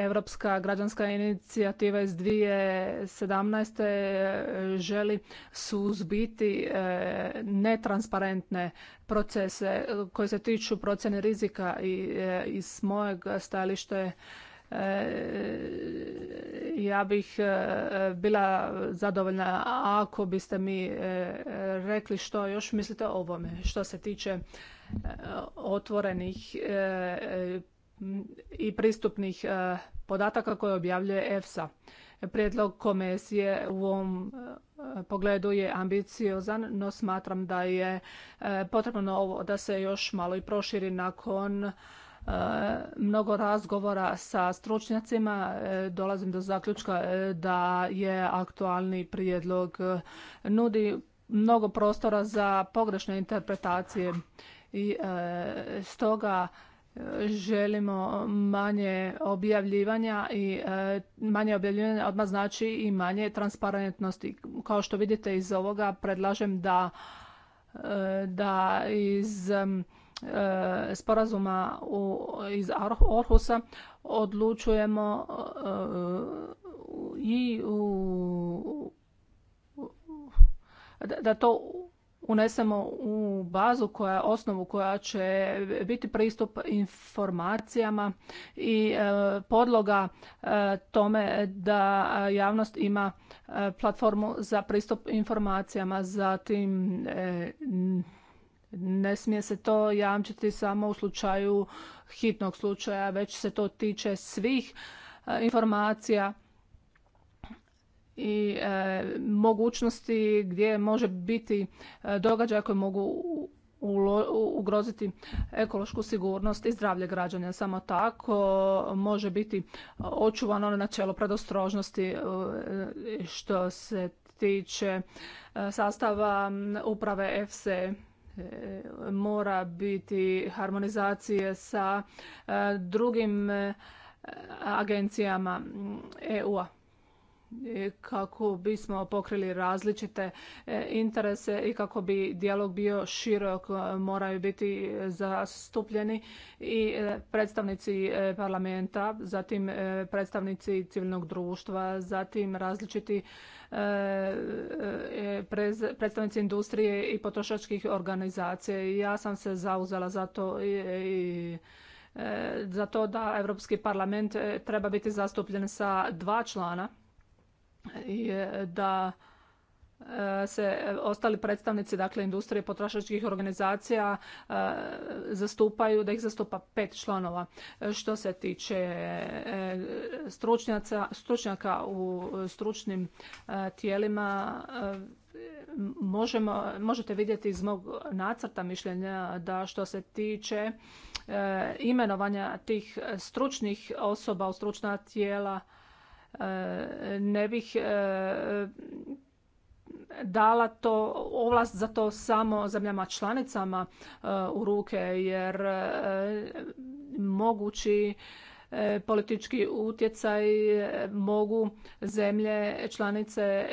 Europska građanska inicijativa iz 2017. želi suzbiti e, netransparentne procese koje se tiču procjene rizika i e, iz mojeg stajališta e, ja bih bila zadovoljna ako biste mi rekli što još mislite o ovome što se tiče otvorenih i pristupnih e, podataka koje objavljuje EFSA. Prijedlog komisije u ovom e, pogledu je ambiciozan, no smatram da je e, potrebno ovo da se još malo i proširi nakon mnogo razgovora sa stručnjacima dolazim do zaključka da je aktualni prijedlog nudi mnogo prostora za pogrešne interpretacije i stoga želimo manje objavljivanja i e, manje objavljivanja odmah znači i manje transparentnosti. Kao što vidite iz ovoga predlažem da, e, da iz e, sporazuma iz Orhusa odlučujemo i u, da to unesemo u bazu koja osnovu koja će biti pristup informacijama i e, podloga e, tome da javnost ima e, platformu za pristup informacijama. Zatim ne smije se to jamčiti samo u slučaju hitnog slučaja, već se to tiče svih informacija i e, mogućnosti gdje može biti e, događaja koji mogu ugroziti ekološku sigurnost i zdravlje građana. Samo tako može biti očuvano ono načelo predostrožnosti e, što se tiče sastava uprave EFSE mora biti harmonizacije sa drugim agencijama EU-a kako bismo pokrili različite e, interese i kako bi dijalog bio širok, e, moraju biti zastupljeni i e, predstavnici parlamenta, zatim predstavnici civilnog društva, zatim različiti predstavnici industrije i potrošačkih organizacija. Ja sam se zauzela za to i za to da Europski parlament treba biti zastupljen sa dva člana je da e, se ostali predstavnici dakle industrije potrošačkih organizacija e, zastupaju, da ih zastupa pet članova. E, što se tiče stručnjaka u stručnim tijelima, možemo, možete vidjeti iz mog nacrta mišljenja da što se tiče imenovanja tih stručnih osoba u stručna tijela, ne bih e, dala to ovlast za to samo zemljama članicama e, u ruke jer e, mogući politički utjecaj mogu zemlje članice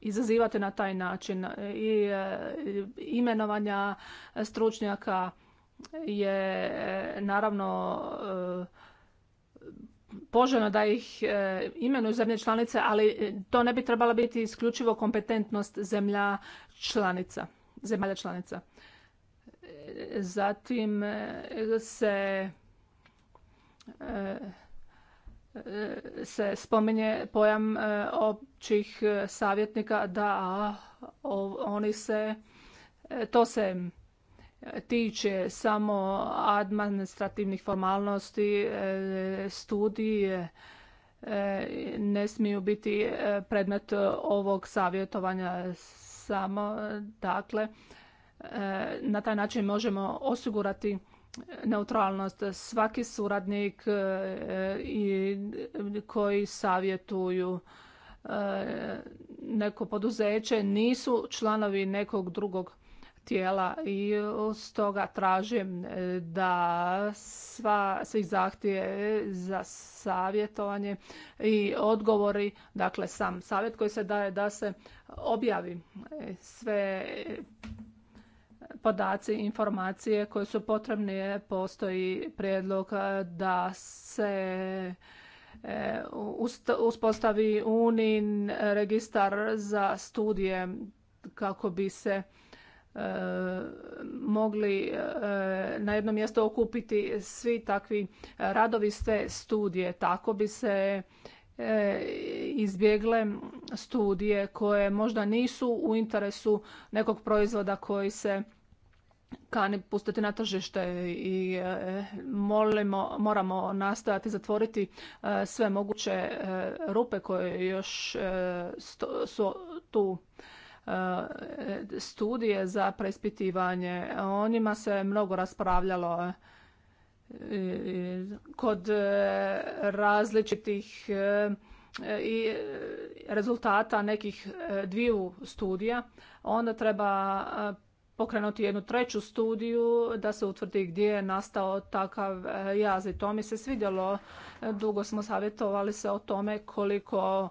izazivati na taj način i imenovanja stručnjaka je naravno poželjno da ih e, imenuju zemlje članice, ali e, to ne bi trebala biti isključivo kompetentnost zemlja članica, zemalja članica. E, zatim se se spominje pojam općih savjetnika da oni se to se tiče samo administrativnih formalnosti, e, studije e, ne smiju biti e, predmet ovog savjetovanja samo. Dakle, na taj način možemo osigurati neutralnost. Svaki suradnik i koji savjetuju neko poduzeće nisu članovi nekog drugog tijela i stoga tražim e, da sva, svi zahtjeve za savjetovanje i odgovori, dakle sam savjet koji se daje da se objavi e, sve podaci, informacije koje su potrebne, postoji prijedlog e, da se uspostavi unin registar za studije kako bi se E, mogli e, na jedno mjesto okupiti svi takvi radovi, sve studije. Tako bi se e, izbjegle studije koje možda nisu u interesu nekog proizvoda koji se kani pustiti na tržište i molimo, moramo nastojati zatvoriti sve moguće rupe koje još su tu E, studije za preispitivanje. O njima se mnogo raspravljalo e, kod e, različitih i rezultata nekih dviju studija. Onda treba pokrenuti jednu treću studiju da se utvrdi gdje je nastao takav jaz i to mi se svidjelo. Dugo smo savjetovali se o tome koliko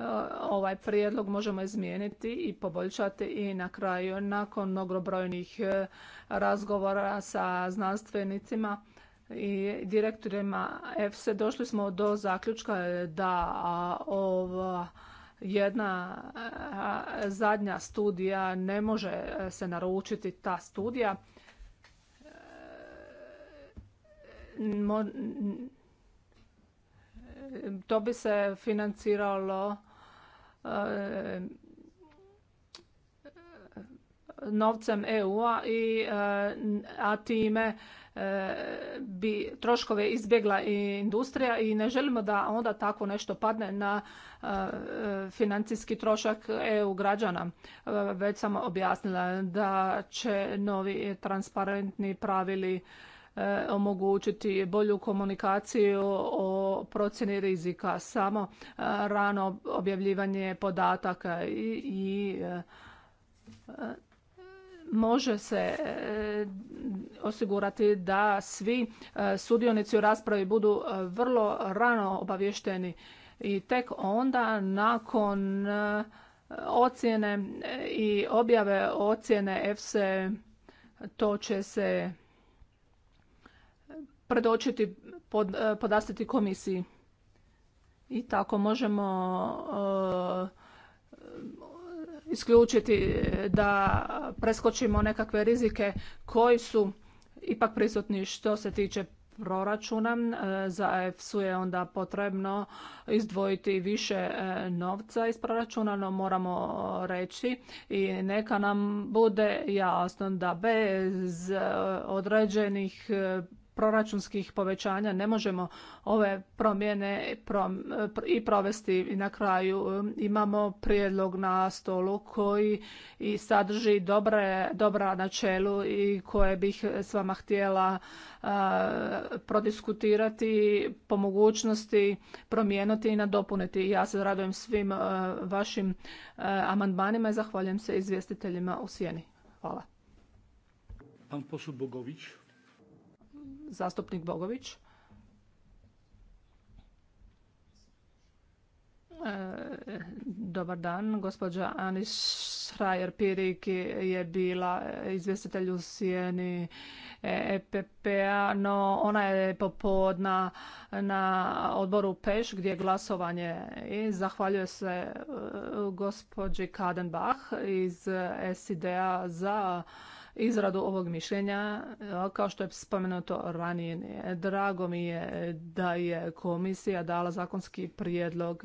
E, ovaj prijedlog možemo izmijeniti i poboljšati i na kraju nakon mnogobrojnih e, razgovora sa znanstvenicima i direktorima EFSE došli smo do zaključka da ova jedna zadnja studija ne može se naručiti ta studija e, to bi se financiralo E, novcem EU-a i e, a time e, bi troškove izbjegla i industrija i ne želimo da onda tako nešto padne na financijski trošak EU građana. Već sam objasnila da će novi transparentni pravili E, omogućiti bolju komunikaciju o procjeni rizika, samo e, rano objavljivanje podataka i, e, može se osigurati da svi sudionici u raspravi budu vrlo rano obavješteni i tek onda nakon ocjene i objave ocjene EFSE to će se predočiti, pod, eh, podastiti komisiji. I tako možemo eh, isključiti da preskočimo nekakve rizike koji su ipak prisutni što se tiče proračuna. Eh, za EFSU je onda potrebno izdvojiti više novca iz proračuna, no moramo reći i neka nam bude jasno da bez određenih proračunskih povećanja ne možemo ove promjene i provesti. I na kraju um, imamo prijedlog na stolu koji i sadrži dobre, dobra načelu i koje bih s vama htjela prodiskutirati, po mogućnosti promijeniti i nadopuniti. Ja se radujem svim vašim amandmanima i zahvaljujem se izvjestiteljima u sjeni. Hvala. Pan Bogović zastupnik Bogović. E, dobar dan. Gospođa Anis Schreier-Pirik je bila izvjestitelj u Sijeni EPP-a, no ona je popodna na odboru Peš gdje je glasovanje i zahvaljuje se e, gospođi Kadenbach iz SID-a za izradu ovog mišljenja. Kao što je spomenuto ranije, drago mi je da je komisija dala zakonski prijedlog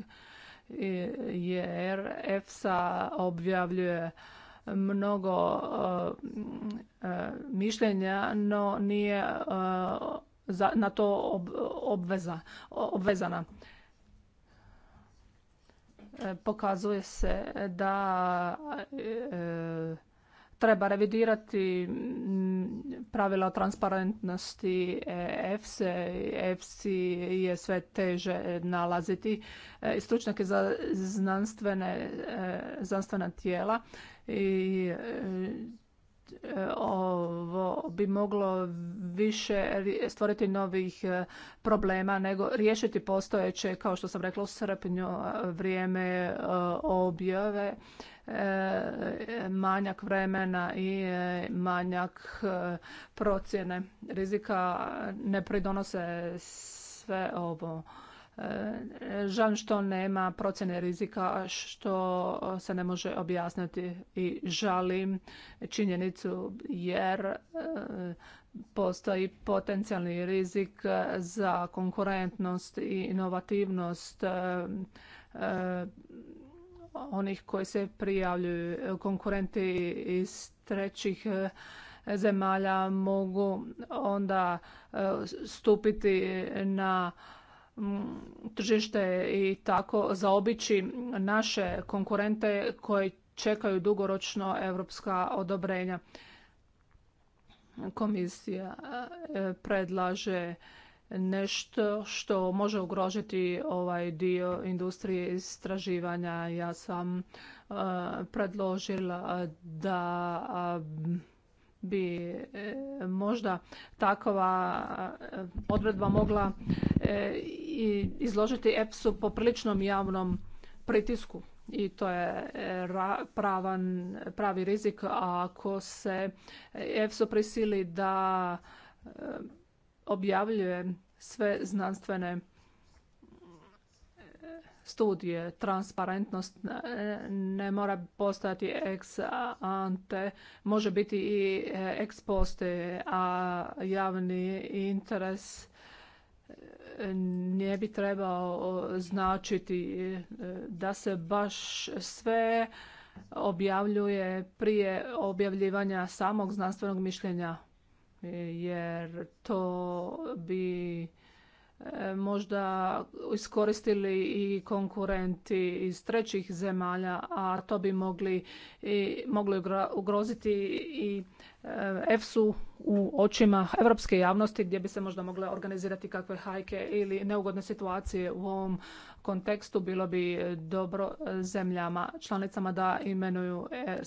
jer EFSA objavljuje mnogo mišljenja, no nije na to obvezana e, pokazuje se da e, treba revidirati mm, pravila o transparentnosti EFSE. EFSI je sve teže nalaziti. E, stručnjake za znanstvene, e, znanstvena tijela i e, ovo bi moglo više stvoriti novih e, problema nego riješiti postojeće, kao što sam rekla u srpnju, vrijeme e, objave, e, manjak vremena i manjak procjene rizika ne pridonose sve ovo Žal što nema procjene rizika što se ne može objasniti i žalim činjenicu jer e, postoji potencijalni rizik za konkurentnost i inovativnost e, e, onih koji se prijavljuju. Konkurenti iz trećih zemalja mogu onda stupiti na tržište i tako zaobići naše konkurente koji čekaju dugoročno europska odobrenja. Komisija e, predlaže nešto što može ugrožiti ovaj dio industrije istraživanja. Ja sam e, predložila da bi e, možda takova e, odredba mogla e, izložiti EPS-u po priličnom javnom pritisku i to je pravan, pravi rizik ako se EPS-u prisili da objavljuje sve znanstvene studije. Transparentnost ne mora postati ex ante, može biti i ex a javni interes ne bi trebao značiti e, da se baš sve objavljuje prije objavljivanja samog znanstvenog mišljenja e, jer to bi možda iskoristili i konkurenti iz trećih zemalja, a to bi mogli, i, mogli ugroziti i e, EFSU u očima europske javnosti gdje bi se možda mogle organizirati kakve hajke ili neugodne situacije u ovom kontekstu. Bilo bi dobro zemljama članicama da imenuju e,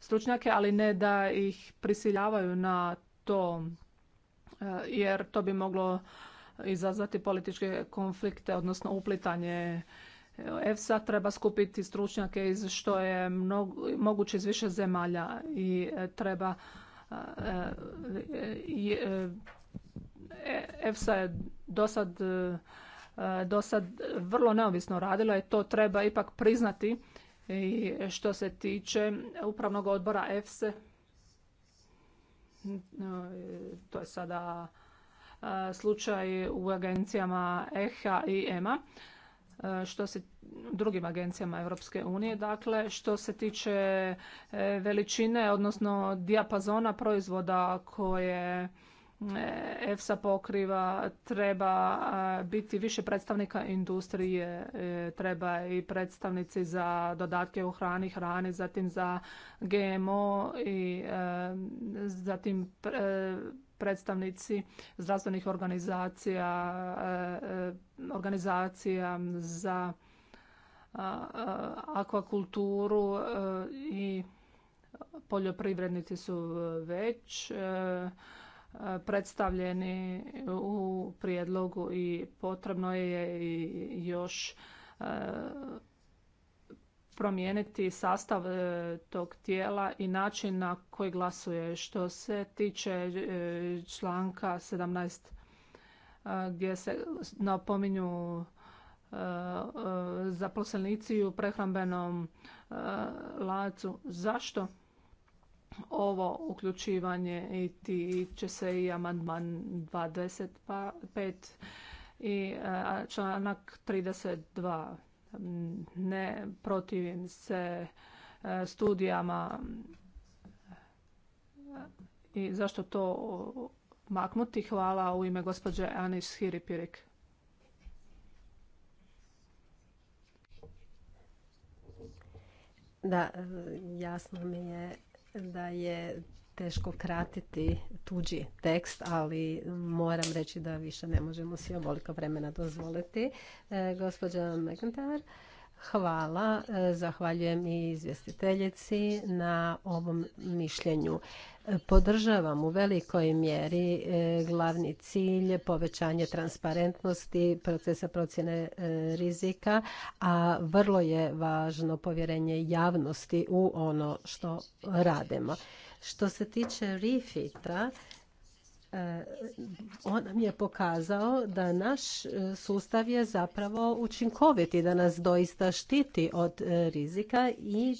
stručnjake, ali ne da ih prisiljavaju na to e, jer to bi moglo izazvati političke konflikte, odnosno uplitanje EFSA treba skupiti stručnjake iz što je moguće iz više zemalja i e, treba e, e, EFSA je do sad, vrlo neovisno radila i to treba ipak priznati i što se tiče upravnog odbora EFSE to je sada slučaj u agencijama EHA i EMA što se drugim agencijama Europske unije. Dakle, što se tiče e, veličine, odnosno dijapazona proizvoda koje e, EFSA pokriva, treba biti više predstavnika industrije, e, treba i predstavnici za dodatke u hrani, hrani, zatim za GMO i zatim predstavnici zdravstvenih organizacija, e, e, organizacija za akvakulturu e, i poljoprivrednici su već predstavljeni u prijedlogu i potrebno je još promijeniti sastav e, tog tijela i način na koji glasuje. Što se tiče e, članka 17 e, gdje se napominju zaposlenici u prehrambenom lacu. Zašto ovo uključivanje i će se i amandman 25 pa, i članak 32. Ne protivim se e, studijama i zašto to maknuti. Hvala u ime gospođe Anis Hiripirik. Da, e, jasno mi je da je teško kratiti tuđi tekst, ali moram reći da više ne možemo si ovoliko vremena dozvoliti. E, gospođa McIntyre, hvala. E, zahvaljujem i izvjestiteljici na ovom mišljenju. podržavam u velikoj mjeri e, glavni cilj povećanje transparentnosti procesa procjene e, rizika, a vrlo je važno povjerenje javnosti u ono što radimo. Što se tiče Refita, e, on nam je pokazao da naš e, sustav je zapravo učinkovit i da nas doista štiti od e, rizika i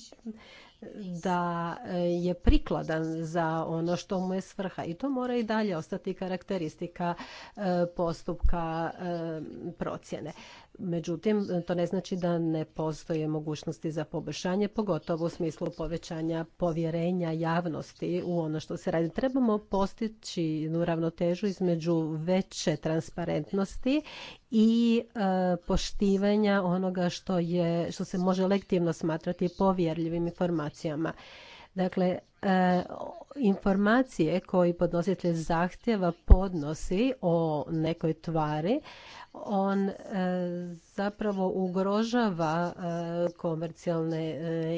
da e, je prikladan za ono što mu je svrha i to mora i dalje ostati karakteristika e, postupka e, procjene. Međutim, to ne znači da ne postoje mogućnosti za poboljšanje, pogotovo u smislu povećanja povjerenja javnosti u ono što se radi. Trebamo postići ravnotežu između veće transparentnosti i e, poštivanja onoga što, je, što se može lektivno smatrati povjerljivim informacijama. Dakle, E, informacije koji podnositelj zahtjeva podnosi o nekoj tvari, on e, zapravo ugrožava e, komercijalne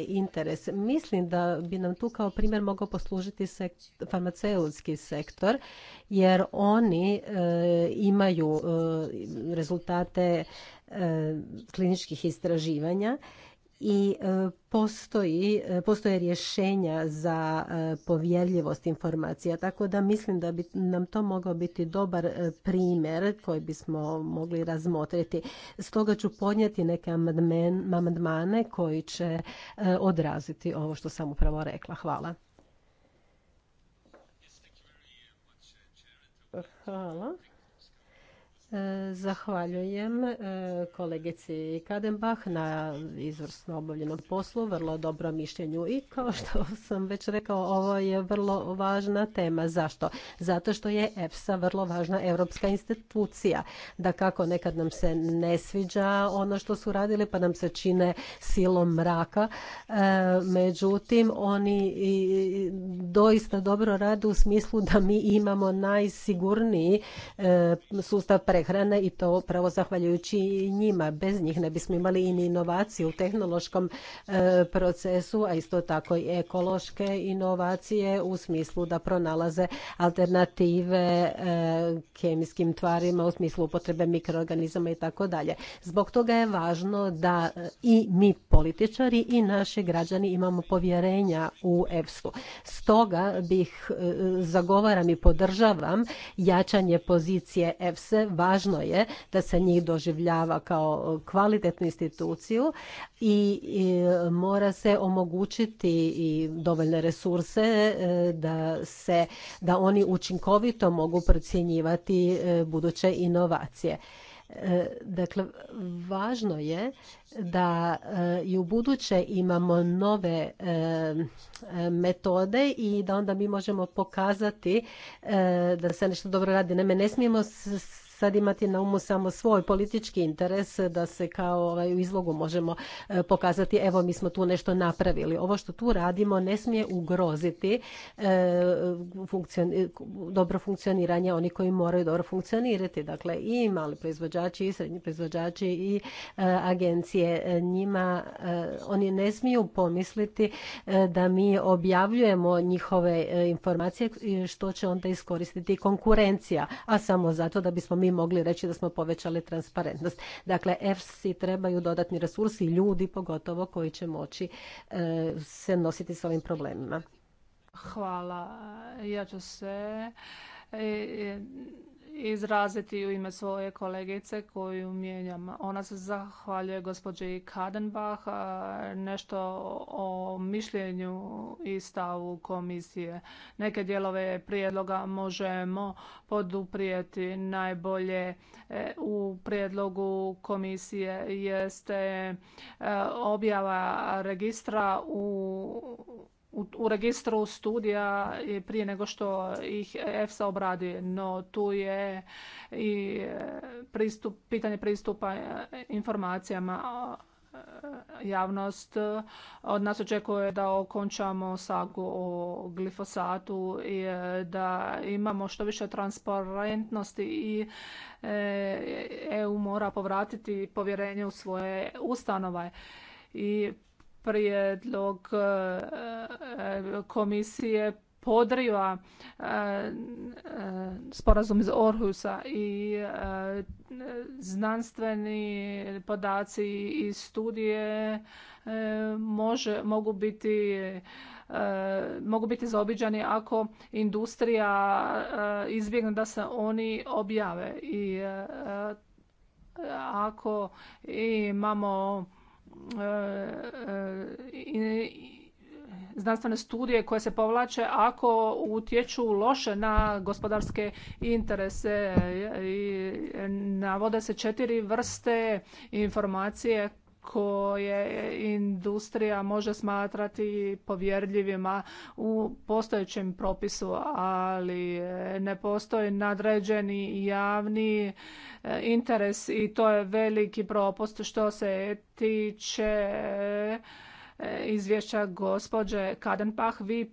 interese. Mislim da bi nam tu kao primjer mogao poslužiti farmaceutski sektor, jer oni imaju rezultate kliničkih istraživanja i e, postoji, e, postoje rješenja za e, povjerljivost informacija, tako da mislim da bi nam to mogao biti dobar primjer koji bismo mogli razmotriti. Stoga ću podnijeti neke amandmane koji će odraziti ovo što sam upravo rekla. Hvala. Hvala. Zahvaljujem e, kolegici Kadenbach na izvrsno obavljenom poslu, vrlo dobro mišljenju i kao što sam već rekao, ovo je vrlo važna tema. Zašto? Zato što je EFSA vrlo važna europska institucija. Da kako nekad nam se ne sviđa ono što su radili pa nam se čine silom mraka. E, međutim, oni doista dobro rade u smislu da mi imamo najsigurniji e, sustav hrane i to upravo zahvaljujući njima. Bez njih ne bismo imali i inovacije u tehnološkom e, procesu, a isto tako i ekološke inovacije u smislu da pronalaze alternative e, kemijskim tvarima u smislu upotrebe mikroorganizama i tako dalje. Zbog toga je važno da e, i mi političari i naši građani imamo povjerenja u EFSU. Stoga bih zagovaram i podržavam jačanje pozicije EFSE važno je da se njih doživljava kao e, kvalitetnu instituciju i mora se omogućiti i dovoljne resurse e, da se da oni učinkovito mogu procjenjivati e, buduće inovacije. Dakle, važno je da i u buduće imamo nove metode i da onda mi možemo pokazati da se nešto dobro radi. Naime, ne smijemo sad imati na umu samo svoj politički interes da se kao ovaj, u izlogu možemo e, pokazati evo mi smo tu nešto napravili. Ovo što tu radimo ne smije ugroziti e, dobro funkcioniranje oni koji moraju dobro funkcionirati. Dakle i mali proizvođači i srednji proizvođači i e, agencije njima oni ne smiju pomisliti da mi objavljujemo njihove informacije što će onda iskoristiti konkurencija, a samo zato da bismo mi mogli reći da smo povećali transparentnost. Dakle, EFSI trebaju dodatni resursi, ljudi pogotovo koji će moći e, se nositi s ovim problemima. Hvala. Ja ću se e, e, izraziti u ime svoje kolegice koju mijenjam. Ona se zahvaljuje gospođi Kadenbach nešto o mišljenju i stavu komisije. Neke dijelove prijedloga možemo poduprijeti najbolje e, u prijedlogu komisije jeste e, objava registra u u registru studija prije nego što ih EFSA obradi, no tu je i e, pristup, pitanje pristupa e, informacijama e, javnost od nas očekuje da okončamo sagu o glifosatu i da imamo što više transparentnosti i EU mora povratiti povjerenje u svoje ustanove i prijedlog e, e, komisije podriva e, sporazum iz Orhusa i znanstveni podaci i studije može, mogu biti mogu biti zaobiđani ako industrija izbjegne da se oni objave i ako imamo E, e, znanstvene studije koje se povlače ako utječu loše na gospodarske interese. i Navode se četiri vrste informacije koje industrija može smatrati povjerljivima u postojećem propisu, ali eh, ne postoji nadređeni javni eh, interes i to je veliki propust što se tiče eh, izvješća gospođe Kadenpah. Vi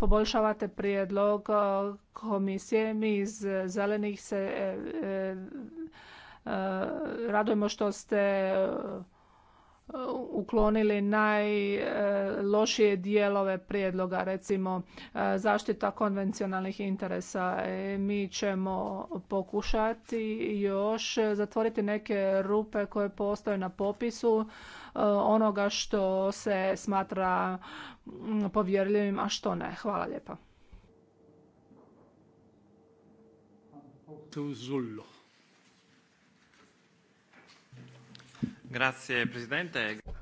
poboljšavate prijedlog komisije. Mi iz zelenih se radujemo što ste uklonili najlošije dijelove prijedloga, recimo e, zaštita konvencionalnih interesa. E, mi ćemo pokušati još zatvoriti neke rupe koje postoje na popisu e, onoga što se smatra povjerljivim, a što ne. Hvala lijepa.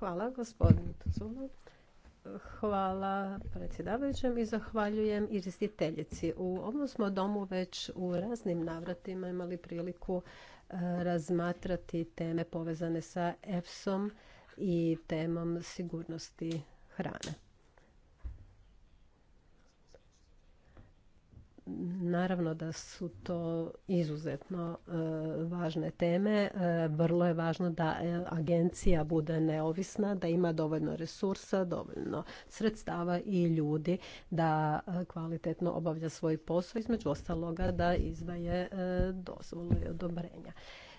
Hvala, gospodinu Tuzulu, Hvala predsjedavajućem i zahvaljujem izvjestiteljici. U ovom smo domu već u raznim navratima imali priliku e, razmatrati teme povezane sa EFSOM i temom sigurnosti hrane. Naravno da su to izuzetno e, važne teme. E, vrlo je važno da e, agencija bude neovisna, da ima dovoljno resursa, dovoljno sredstava i ljudi da kvalitetno obavlja svoj posao, između ostaloga da izdaje dozvolu i odobrenja.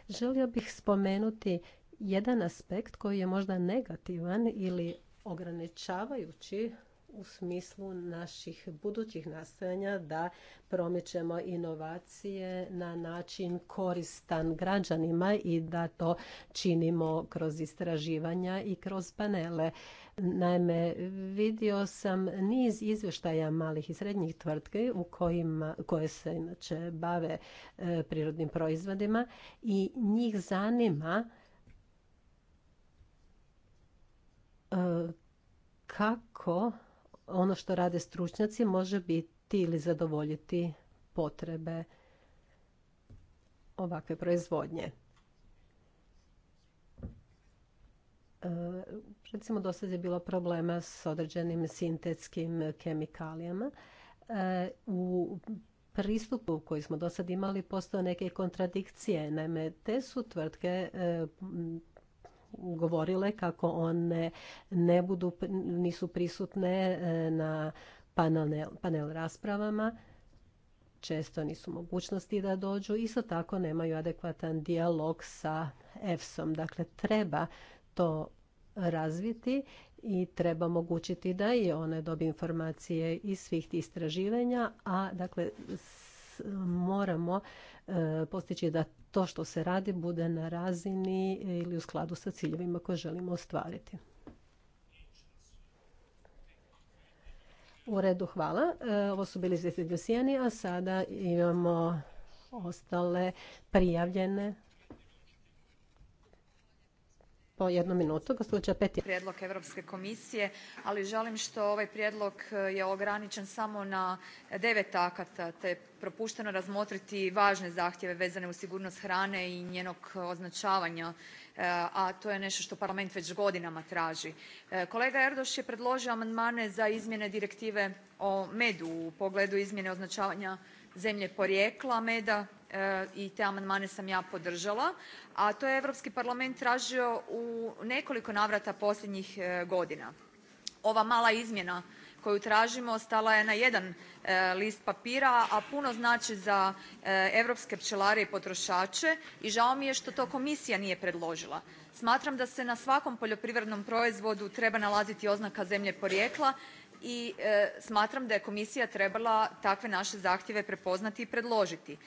Želio bih spomenuti jedan aspekt koji je možda negativan ili ograničavajući u smislu naših budućih nastojanja da promičemo inovacije na način koristan građanima i da to činimo kroz istraživanja i kroz panele. Naime, vidio sam niz izvještaja malih i srednjih tvrtki u kojima, koje se inače bave e, prirodnim proizvodima i njih zanima e, kako ono što rade stručnjaci može biti ili zadovoljiti potrebe ovakve proizvodnje. E, recimo, do sad je bilo problema s određenim sintetskim kemikalijama. E, u pristupu koji smo do sada imali postoje neke kontradikcije. Naime, te su tvrtke e, govorile kako one ne budu, nisu prisutne e, na panel, panel raspravama, često nisu mogućnosti da dođu, isto tako nemaju adekvatan dijalog sa EFSom. Dakle, treba to razviti i treba omogućiti da i one dobiju informacije iz svih tih istraživanja, a dakle moramo e, postići da to što se radi bude na razini ili u skladu sa ciljevima koje želimo ostvariti. U redu, hvala. E, ovo su bili izvjestitelji sjeni, a sada imamo ostale prijavljene po jednu minutu. Gospođa Peti. Prijedlog Europske komisije, ali želim što ovaj prijedlog e, je ograničen samo na devet akata, te je propušteno razmotriti važne zahtjeve vezane uz sigurnost hrane i njenog označavanja, e, a to je nešto što Parlament već godinama traži. E, kolega Erdoš je predložio amandmane za izmjene direktive o medu u pogledu izmjene označavanja zemlje porijekla meda E, i te amandmane sam ja podržala a to je europski parlament tražio u nekoliko navrata posljednjih e, godina. ova mala izmjena koju tražimo stala je na jedan e, list papira a puno znači za europske pčelare i potrošače i žao mi je što to komisija nije predložila. smatram da se na svakom poljoprivrednom proizvodu treba nalaziti oznaka zemlje porijekla i smatram da je komisija trebala takve naše zahtjeve prepoznati i predložiti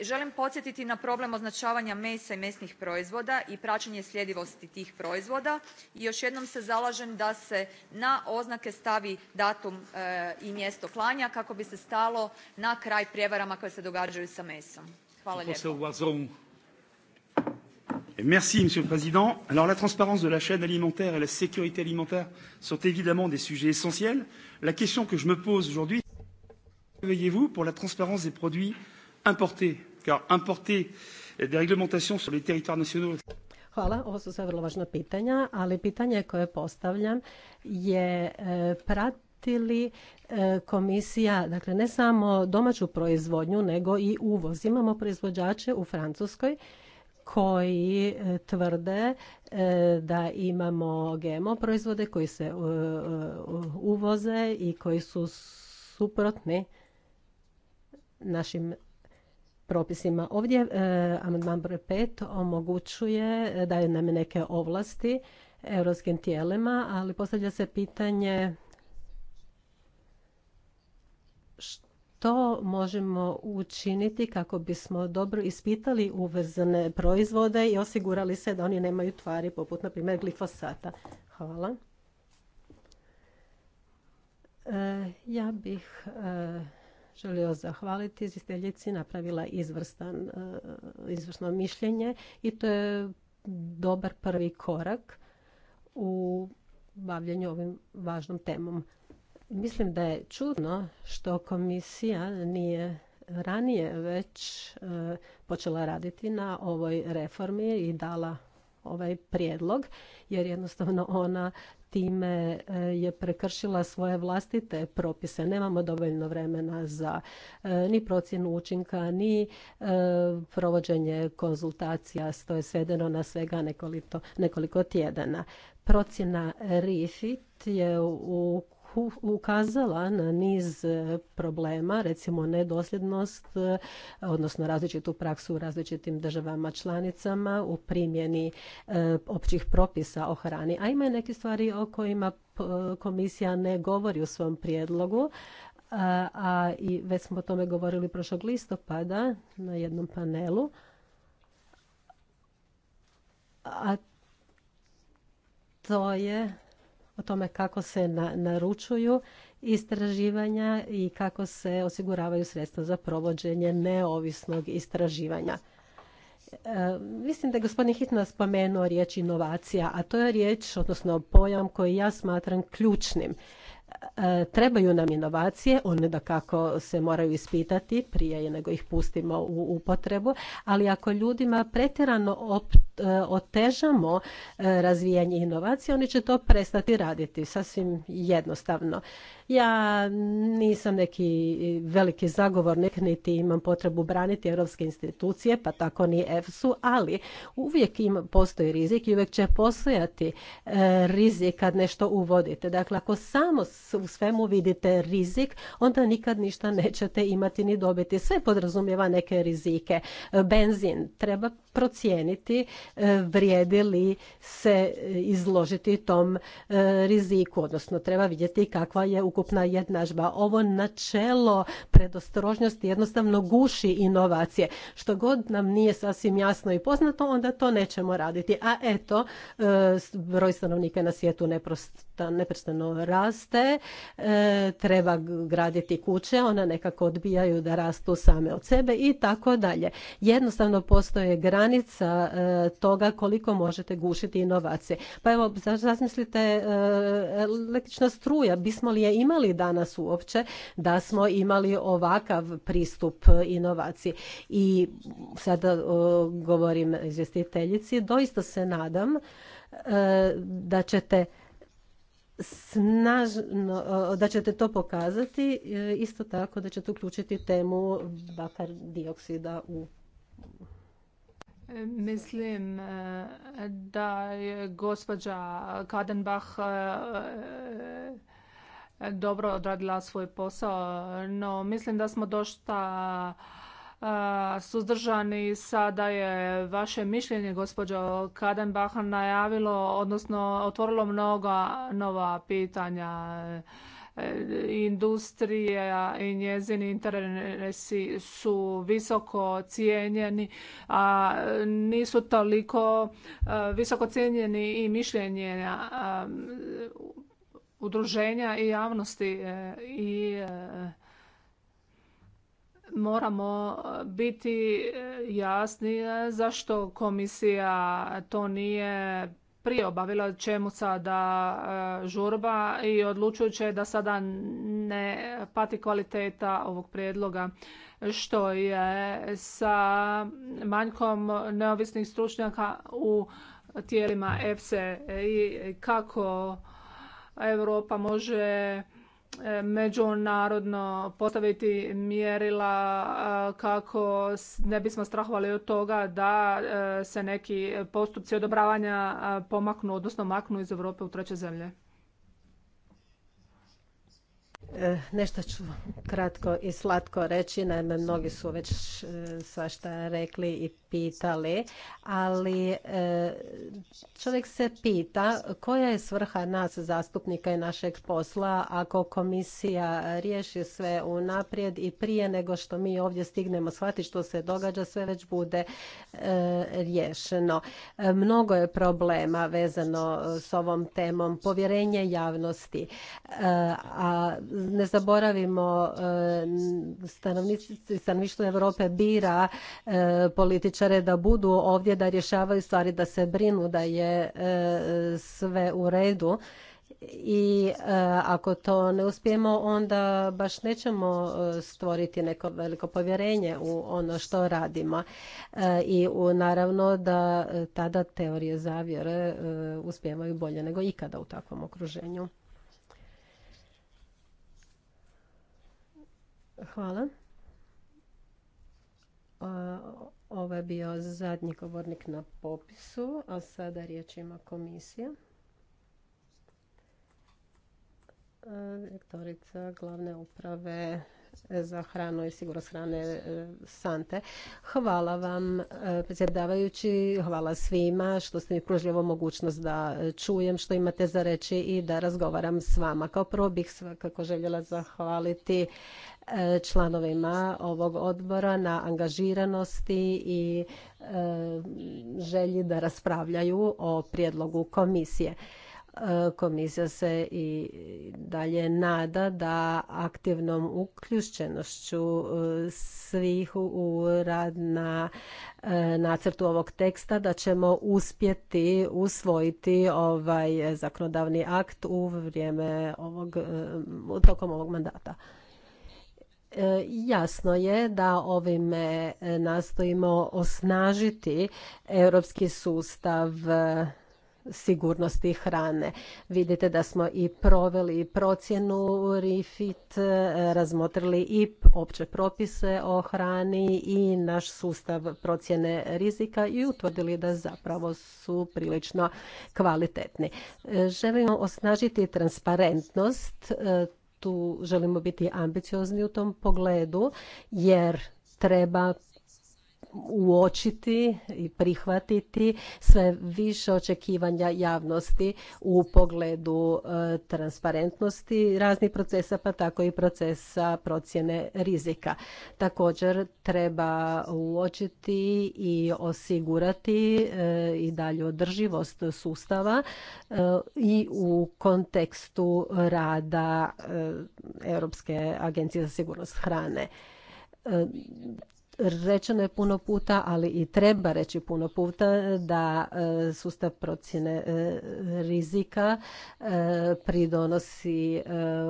želim podsjetiti na problem označavanja mesa i mesnih proizvoda i praćenje sljedivosti tih proizvoda i još jednom se zalažem da se na oznake stavi datum e, i mjesto klanja kako bi se stalo na kraj prijevarama koje se događaju sa mesom. Hvala Merci, Monsieur le Président. Alors, la transparence de la chaîne alimentaire et la sécurité alimentaire sont évidemment des sujets essentiels. La question que je me pose aujourd'hui, veillez-vous pour la transparence des produits sur les territoires nationaux. Hvala, ovo su sve vrlo važna pitanja, ali pitanje koje postavljam je e, prati li e, komisija, dakle ne samo domaću proizvodnju, nego i uvoz. Imamo proizvođače u Francuskoj koji e, tvrde da imamo GMO proizvode koji se uvoze i koji su suprotni našim propisima. Ovdje e, amandman broj 5 omogućuje, e, daje nam neke ovlasti europskim tijelima, ali postavlja se pitanje što možemo učiniti kako bismo dobro ispitali uvezane proizvode i osigurali se da oni nemaju tvari poput, na primjer, glifosata. Hvala. E, ja bih želio zahvaliti izvjestiteljici, napravila izvrstan, e, izvrsno mišljenje i to je dobar prvi korak u bavljenju ovim važnom temom. Mislim da je čudno što komisija nije ranije već e, počela raditi na ovoj reformi i dala ovaj prijedlog jer jednostavno ona time eh, je prekršila svoje vlastite propise. Nemamo dovoljno vremena za eh, ni procjenu učinka, ni eh, provođenje konzultacija, to je svedeno na svega nekoliko, nekoliko tjedana. Procjena RIFIT je u ukazala na niz e, problema, recimo nedosljednost, e, odnosno različitu praksu u različitim državama članicama u primjeni e, općih propisa o hrani. A ima i neke stvari o kojima komisija ne govori u svom prijedlogu, a, a i već smo o tome govorili prošlog listopada na jednom panelu. A to je o tome kako se naručuju istraživanja i kako se osiguravaju sredstva za provođenje neovisnog istraživanja. E, mislim da je gospodin Hitna spomenuo riječ inovacija, a to je riječ, odnosno pojam koji ja smatram ključnim. E, trebaju nam inovacije, one da kako se moraju ispitati prije nego ih pustimo u upotrebu, ali ako ljudima pretjerano otežamo e, razvijanje inovacije, oni će to prestati raditi, sasvim jednostavno. Ja nisam neki veliki zagovornik, niti imam potrebu braniti europske institucije, pa tako ni EFSU, ali uvijek postoji rizik i uvijek će postojati e, rizik kad nešto uvodite. Dakle, ako samo u svemu vidite rizik, onda nikad ništa nećete imati ni dobiti. Sve podrazumijeva neke rizike. E, benzin treba procijeniti E, vrijedili se izložiti tom e, riziku, odnosno treba vidjeti kakva je ukupna jednažba. Ovo načelo predostrožnosti jednostavno guši inovacije. Što god nam nije sasvim jasno i poznato, onda to nećemo raditi. A eto, e, broj stanovnika na svijetu neprestano raste, treba graditi kuće, ona nekako odbijaju da rastu same od sebe i tako dalje. Jednostavno postoje granica toga koliko možete gušiti inovacije. Pa evo, zamislite, e, električna struja, bismo li je imali danas uopće da smo imali ovakav pristup inovaciji. I sada e, govorim izvjestiteljici, doista se nadam e, da ćete snažno, da ćete to pokazati, isto tako da ćete uključiti temu bakar dioksida u Mislim e, da je gospođa Kadenbach e, e, dobro odradila svoj posao, no mislim da smo dosta suzdržani sada je vaše mišljenje gospođo Kadenbach najavilo, odnosno otvorilo mnoga nova pitanja industrija i njezini interesi su visoko cijenjeni, a nisu toliko e, visoko cijenjeni i mišljenja udruženja i javnosti e, i e, moramo biti jasni zašto komisija to nije prije obavila čemu sada e, žurba i odlučujuće da sada ne pati kvaliteta ovog prijedloga što je sa manjkom neovisnih stručnjaka u tijelima EFSE i kako Europa može E, međunarodno postaviti mjerila e, kako ne bismo strahovali od toga da e, se neki postupci odobravanja pomaknu, odnosno maknu iz Europe u treće zemlje. Nešto ću kratko i slatko reći, naime mnogi su već svašta rekli i pitali, ali e, čovjek se pita koja je svrha nas zastupnika i našeg posla ako komisija riješi sve unaprijed i prije nego što mi ovdje stignemo shvatiti što se događa, sve već bude e, riješeno. E, mnogo je problema vezano s ovom temom, povjerenje javnosti. A ne zaboravimo stanovništvo Europe bira političku da budu ovdje, da rješavaju stvari, da se brinu da je e, sve u redu i e, ako to ne uspijemo onda baš nećemo e, stvoriti neko veliko povjerenje u ono što radimo i u, naravno da tada teorije zavjere e, uspijevaju bolje nego ikada u takvom okruženju. Hvala. Ovo ovaj je bio zadnji govornik na popisu, a sada riječ ima komisija. Direktorica glavne uprave za hranu i sigurnost hrane e, Sante. Hvala vam e, predsjedavajući, hvala svima što ste mi pružili ovu mogućnost da čujem što imate za reći i da razgovaram s vama. Kao prvo bih svakako željela zahvaliti E, članovima ovog odbora na angažiranosti i e, želji da raspravljaju o prijedlogu komisije. E, komisija se i dalje nada da aktivnom uključenošću svih u rad na nacrtu ovog teksta da ćemo uspjeti usvojiti ovaj zakonodavni akt u vrijeme ovog, tokom ovog mandata. Jasno je da ovime e, nastojimo osnažiti europski sustav e, sigurnosti hrane. Vidite da smo i proveli procjenu RIFIT, e, razmotrili i opće propise o hrani i naš sustav procjene rizika i utvrdili da zapravo su prilično kvalitetni. Želimo osnažiti transparentnost tu želimo biti ambiciozni u tom pogledu jer treba uočiti i prihvatiti sve više očekivanja javnosti u pogledu e, transparentnosti raznih procesa, pa tako i procesa procjene rizika. Također treba uočiti i osigurati e, i dalju održivost sustava e, i u kontekstu rada Europske agencije za sigurnost hrane Rečeno je puno puta, ali i treba reći puno puta da e, sustav procjene e, rizika e, pridonosi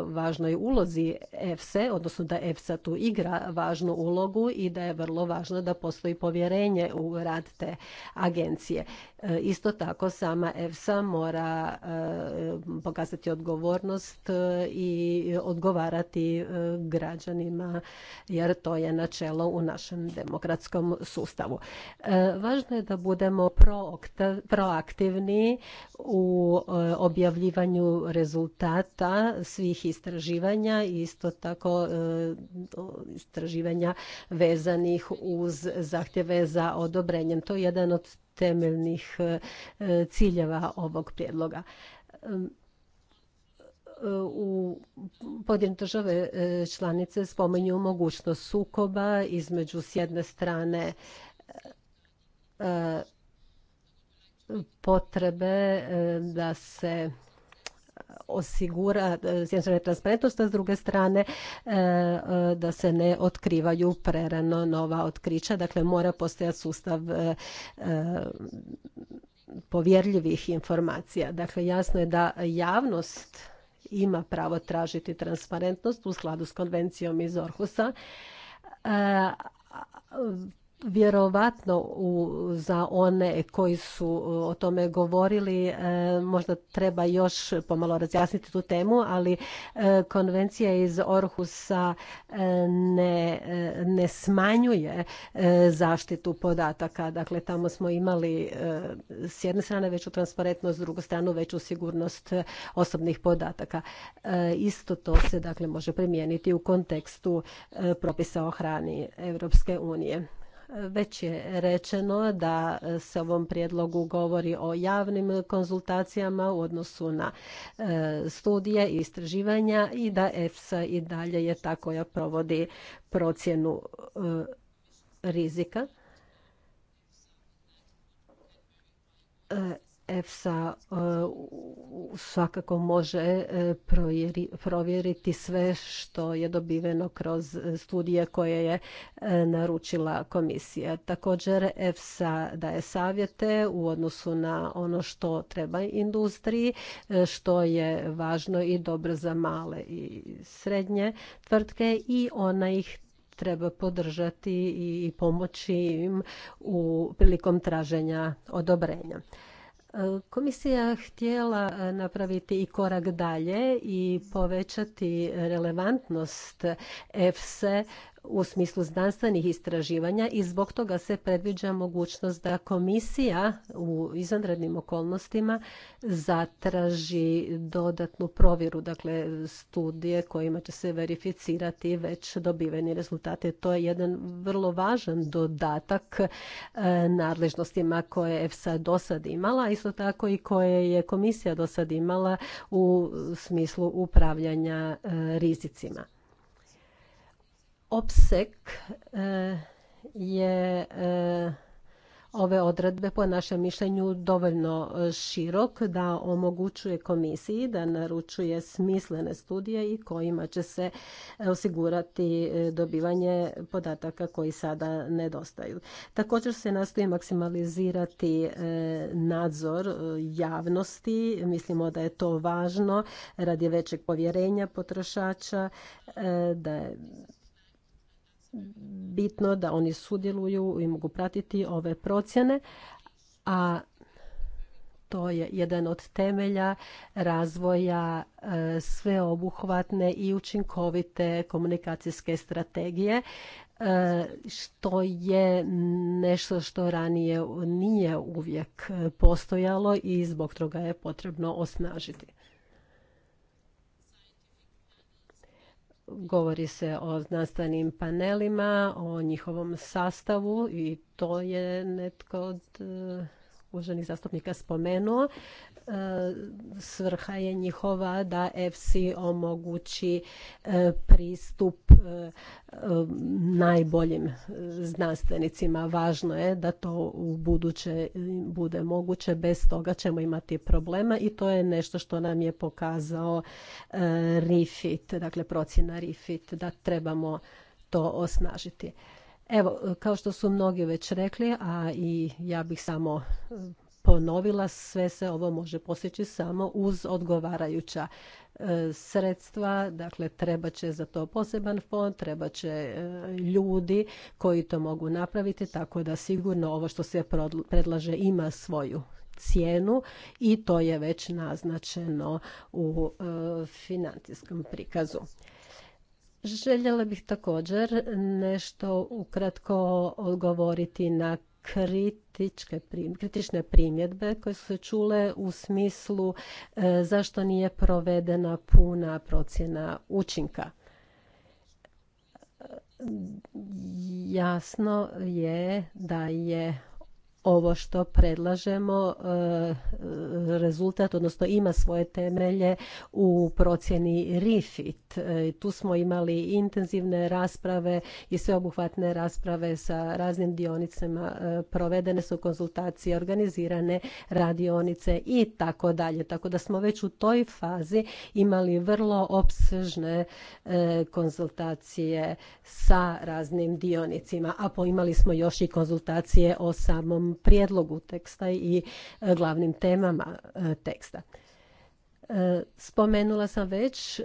važnoj ulozi EFSE, odnosno da EFSA tu igra važnu ulogu i da je vrlo važno da postoji povjerenje u rad te agencije. E, isto tako sama EFSA mora e, pokazati odgovornost e, i odgovarati građanima jer to je načelo u našem demokratskom sustavu. Važno je da budemo proaktivni u objavljivanju rezultata svih istraživanja i isto tako istraživanja vezanih uz zahtjeve za odobrenjem. To je jedan od temeljnih e, ciljeva ovog prijedloga e, u pojedine države e, članice spominju mogućnost sukoba između s jedne strane potrebe da se osigura e, s transparentnost, a s druge strane e, e, da se ne otkrivaju prerano nova otkrića. Dakle, mora postojati sustav povjerljivih informacija. Dakle, jasno je da javnost ima pravo tražiti transparentnost u skladu s konvencijom iz Orhusa, vjerovatno za one koji su e, o tome govorili e, možda treba još pomalo razjasniti tu temu ali e, konvencija iz Orhusa ne, ne smanjuje zaštitu podataka dakle tamo smo imali s jedne strane veću transparentnost s druge strane veću sigurnost osobnih podataka isto to se dakle može primijeniti u kontekstu propisa o hrani Europske unije već je rečeno da se ovom prijedlogu govori o javnim konzultacijama u odnosu na e, studije i istraživanja i da EFSA i dalje je ta koja provodi procjenu e, rizika. E, EFSA e, svakako može e, provjeriti sve što je dobiveno kroz e, studije koje je naručila komisija. Također EFSA daje savjete u odnosu na ono što treba industriji, što je važno i dobro za male i srednje tvrtke i ona ih treba podržati i pomoći im u prilikom traženja odobrenja. Komisija htjela e, napraviti i korak dalje i povećati relevantnost EFSE u smislu znanstvenih istraživanja i zbog toga se predviđa mogućnost da komisija u izvanrednim okolnostima zatraži dodatnu provjeru, dakle studije kojima će se verificirati već dobiveni rezultate. To je jedan vrlo važan dodatak e, nadležnostima koje je EFSA do imala, isto tako i koje je komisija do imala u smislu upravljanja e, rizicima opsek eh, je eh, ove odredbe po našem mišljenju dovoljno eh, širok da omogućuje komisiji da naručuje smislene studije i kojima će se osigurati dobivanje podataka koji sada nedostaju. Također se nastoji maksimalizirati nadzor javnosti. Mislimo da je to važno radi većeg povjerenja potrošača, da je bitno da oni sudjeluju i mogu pratiti ove procjene, a to je jedan od temelja razvoja e, sveobuhvatne i učinkovite komunikacijske strategije e, što je nešto što ranije nije uvijek postojalo i zbog toga je potrebno osnažiti. Govori se o znanstvenim panelima, o njihovom sastavu i to je netko od uvaženih zastupnika spomenuo. E, svrha je njihova da EFSI omogući e, pristup e, najboljim znanstvenicima. Važno je da to u buduće bude moguće, bez toga ćemo imati problema i to je nešto što nam je pokazao RIFIT, dakle procjena RIFIT, da trebamo to osnažiti. Evo, kao što su mnogi već rekli, a i ja bih samo e, ponovila, sve se ovo može postići samo uz odgovarajuća e, sredstva, dakle treba će za to poseban fond, treba će e, ljudi koji to mogu napraviti, tako da sigurno ovo što se predlaže ima svoju cijenu i to je već naznačeno u financijskom prikazu. Željela bih također nešto ukratko odgovoriti na kritičke, kritične primjedbe koje su se čule u smislu e, zašto nije provedena puna procjena učinka. E, jasno je da je ovo što predlažemo e, rezultat, odnosno ima svoje temelje u procjeni RIFIT. E, tu smo imali intenzivne rasprave i sveobuhvatne rasprave sa raznim dionicama. E, provedene su konzultacije, organizirane radionice i tako dalje. Tako da smo već u toj fazi imali vrlo opsežne konzultacije sa raznim dionicima, a imali smo još i konzultacije o samom prijedlogu teksta i e, glavnim temama e, teksta. E, spomenula sam već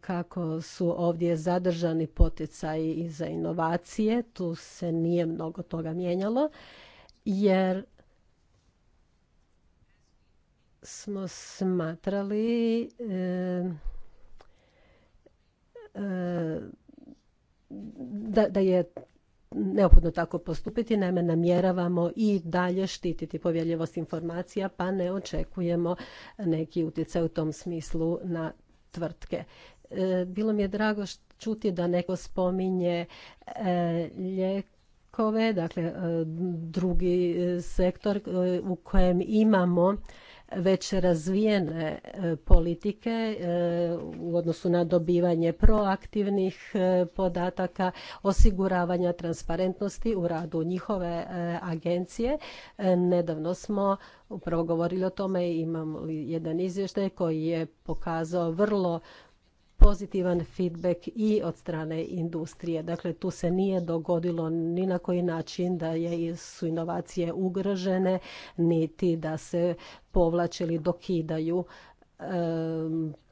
kako su ovdje zadržani poticaji i za inovacije. Tu se nije mnogo toga mijenjalo jer smo smatrali da je neophodno tako postupiti. Naime, namjeravamo i dalje štititi povjerljivost informacija, pa ne očekujemo neki utjecaj u tom smislu na tvrtke. E, bilo mi je drago čuti da neko spominje e, ljekove, dakle e, drugi sektor u kojem imamo već razvijene e, politike e, u odnosu na dobivanje proaktivnih e, podataka, osiguravanja transparentnosti u radu njihove agencije. Nedavno smo upravo govorili o tome i imamo jedan izvještaj koji je pokazao vrlo pozitivan feedback i od strane industrije. Dakle, tu se nije dogodilo ni na koji način da je, su inovacije ugrožene, niti da se povlače ili dokidaju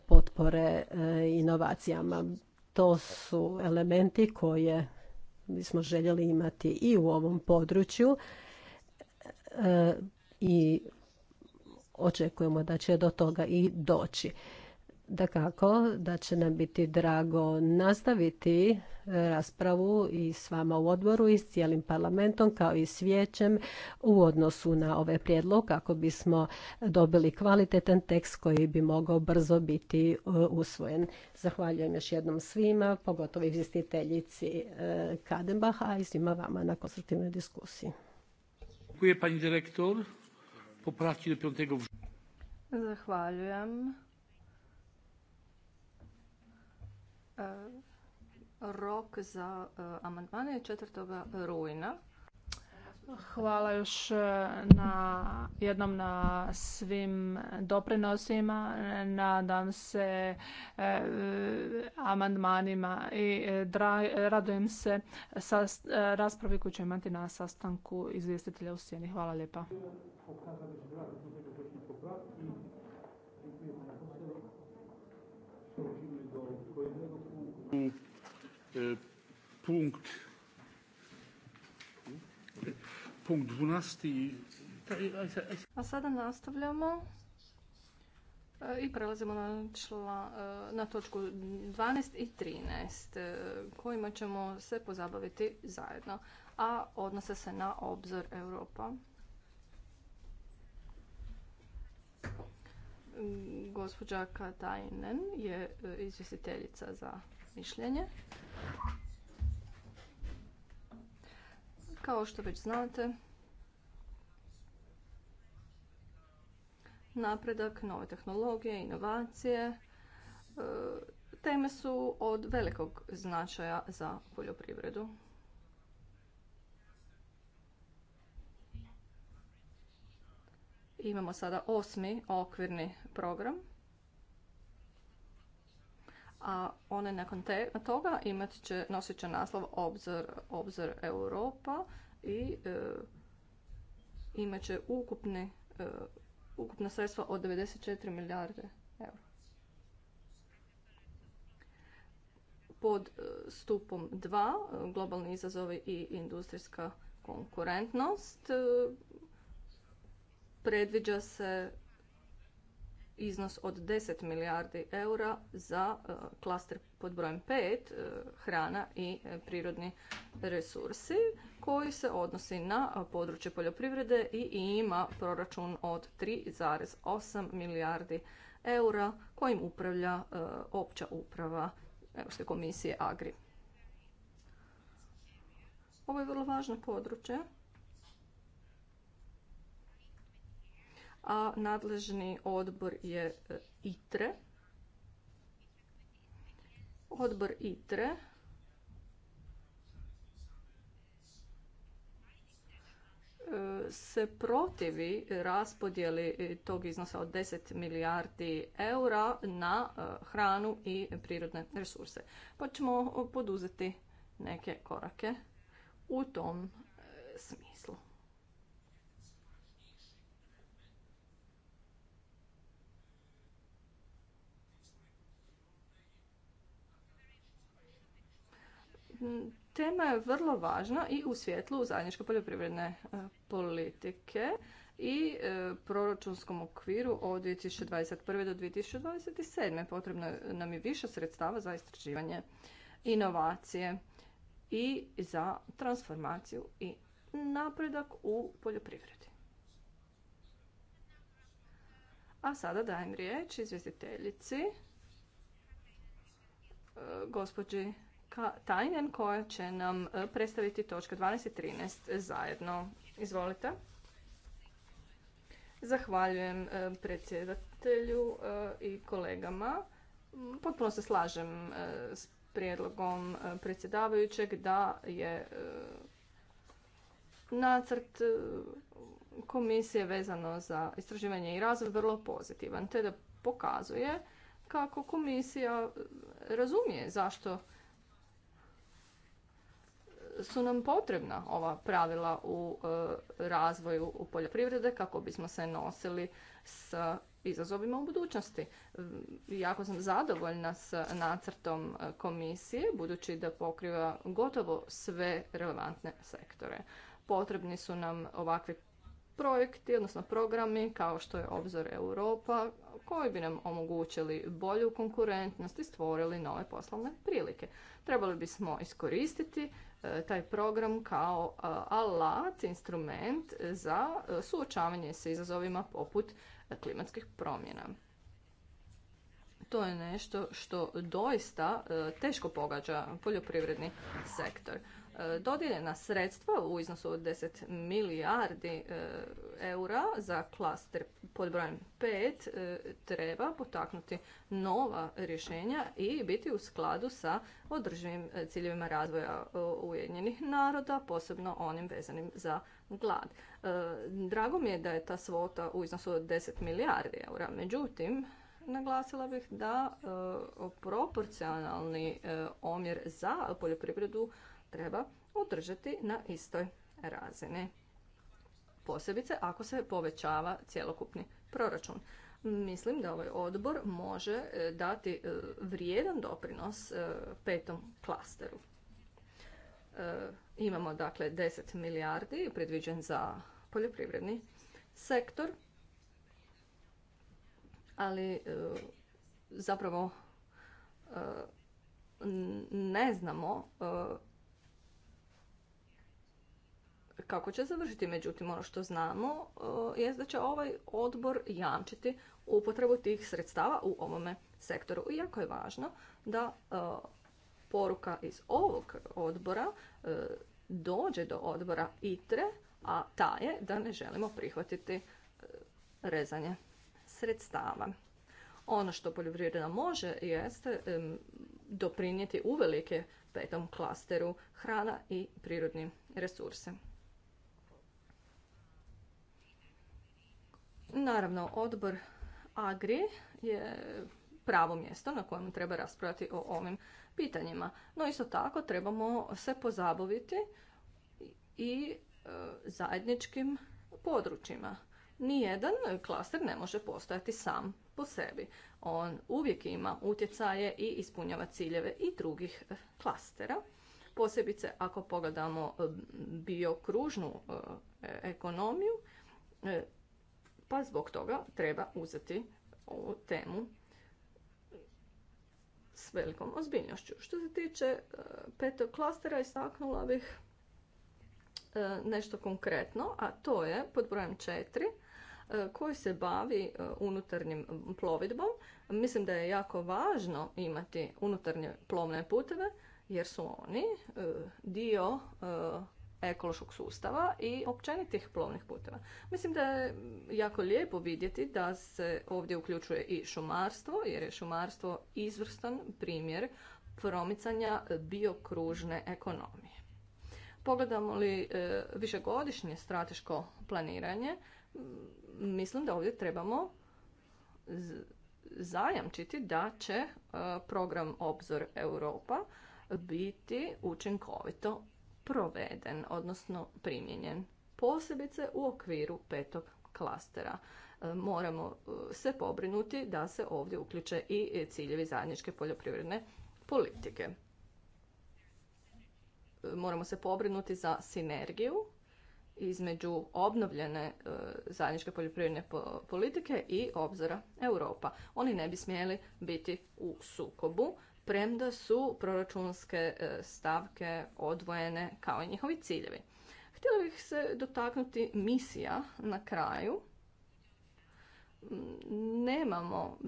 potpore eh, inovacijama. To su elementi koje bismo željeli imati i u ovom području eh, i očekujemo da će do toga i doći da kako, da će nam biti drago nastaviti e, raspravu i s vama u odboru i s cijelim parlamentom kao i s vijećem u odnosu na ove prijedlog kako bismo dobili kvalitetan tekst koji bi mogao brzo biti e, usvojen. Zahvaljujem još jednom svima, pogotovo izvjestiteljici e, Kadenbaha i svima vama na konstruktivnoj diskusiji. Zahvaljujem. E, rok za e, amandmane je 4. rujna. Hvala još e, na jednom na svim doprinosima. Nadam se amandmanima i radujem se sa raspravi koju ćemo imati na sastanku izvjestitelja u sjeni. Hvala lijepa. E, punkt punkt 12 a sada nastavljamo e, i prelazimo na, čla, e, na točku 12 i 13 kojima ćemo se pozabaviti zajedno, a odnose se na obzor Europa. Mm, gospođa Katajnen je izvjestiteljica za mišljenje. Kao što već znate, napredak, nove tehnologije, inovacije, e, teme su od velikog značaja za poljoprivredu. Imamo sada osmi okvirni program a one nakon toga imat će, nosit će naslov Obzor, Obzor Europa i e, imat će ukupne, e, ukupna sredstva od 94 milijarde eura. Pod e, stupom 2, globalni izazovi i industrijska konkurentnost, e, predviđa se iznos od 10 milijardi eura za e, klaster pod brojem 5, e, hrana i e, prirodni resursi, koji se odnosi na područje poljoprivrede i ima proračun od 3,8 milijardi eura kojim upravlja opća uprava Europske komisije Agri. Ovo je vrlo važno područje a nadležni odbor je e, ITRE. Odbor ITRE se protivi raspodjeli e, tog iznosa od 10 milijardi eura na e, hranu i prirodne resurse. Pa ćemo poduzeti neke korake u tom smislu. Tema je vrlo važna i u svjetlu zajedničke poljoprivredne e, politike i e, proračunskom okviru od 2021. do 2027. Potrebno nam je više sredstava za istraživanje inovacije i za transformaciju i napredak u poljoprivredi. A sada dajem riječ izvjestiteljici e, gospođi Tajnen koja će nam e, predstaviti točke 12 i 13 zajedno. Izvolite. Zahvaljujem e, predsjedatelju e, i kolegama. Potpuno se slažem s prijedlogom predsjedavajućeg da je nacrt komisije vezano za istraživanje i razvoj vrlo pozitivan, te da pokazuje kako komisija razumije zašto su nam potrebna ova pravila u e, razvoju u poljoprivrede kako bismo se nosili s izazovima u budućnosti. Mm, jako sam zadovoljna s nacrtom e, komisije, budući da pokriva gotovo sve relevantne sektore. Potrebni su nam ovakvi projekti, odnosno programi kao što je Obzor Europa, koji bi nam omogućili bolju konkurentnost i stvorili nove poslovne prilike. Trebali bismo iskoristiti E, taj program kao e, alat, instrument za e, suočavanje sa izazovima poput klimatskih promjena. To je nešto što doista teško pogađa poljoprivredni sektor. E, dodijeljena sredstva u iznosu od 10 milijardi e, eura za klaster pod brojem 5 e, treba potaknuti nova rješenja i biti u skladu sa održivim ciljevima razvoja Ujedinjenih naroda, posebno onim vezanim za glad. Drago mi je da je ta svota u iznosu od 10 milijardi eura, međutim, naglasila bih da proporcionalni omjer za poljoprivredu treba održati na istoj razini. Posebice ako se povećava cjelokupni proračun. Mislim da ovaj odbor može e, dati e, vrijedan doprinos e, petom klasteru. Imamo dakle 10 milijardi predviđen za poljoprivredni sektor, ali zapravo ne znamo kako će završiti. Međutim, ono što znamo e, je da će ovaj odbor jamčiti upotrebu tih sredstava u ovome sektoru. Iako je važno da e, poruka iz ovog odbora e, dođe do odbora ITRE, a ta je da ne želimo prihvatiti rezanje sredstava. Ono što poljoprivreda može jeste doprinijeti velike petom klasteru hrana i prirodni resurse. Naravno, odbor Agri je pravo mjesto na kojem treba raspravljati o ovim pitanjima. No isto tako trebamo se pozabaviti i e, zajedničkim područjima. Nijedan klaster ne može postojati sam po sebi. On uvijek ima utjecaje i ispunjava ciljeve i drugih e, klastera. Posebice ako pogledamo e, biokružnu ekonomiju, pa zbog toga treba uzeti ovu temu s velikom ozbiljnošću. Što se tiče e, petog klastera, istaknula bih e, nešto konkretno, a to je pod brojem četiri, e, koji se bavi unutarnjim plovidbom. Mislim da je jako važno imati unutarnje plovne puteve jer su oni dio ekološkog sustava i općenitih plovnih puteva. Mislim da je jako lijepo vidjeti da se ovdje uključuje i šumarstvo, jer je šumarstvo izvrstan primjer promicanja biokružne ekonomije. Pogledamo li e, višegodišnje strateško planiranje, mislim da ovdje trebamo zajamčiti da će e, program Obzor Europa biti učinkovito proveden, odnosno primjenjen. Posebice u okviru petog klastera. E, moramo e, se pobrinuti da se ovdje uključe i e, ciljevi zajedničke poljoprivredne politike. Moramo se pobrinuti za sinergiju između obnovljene zajedničke poljoprivredne politike i obzora Europa. Oni ne bi smjeli biti u sukobu, premda su proračunske e, stavke odvojene kao i njihovi ciljevi. Htjela bih se dotaknuti misija na kraju. Nemamo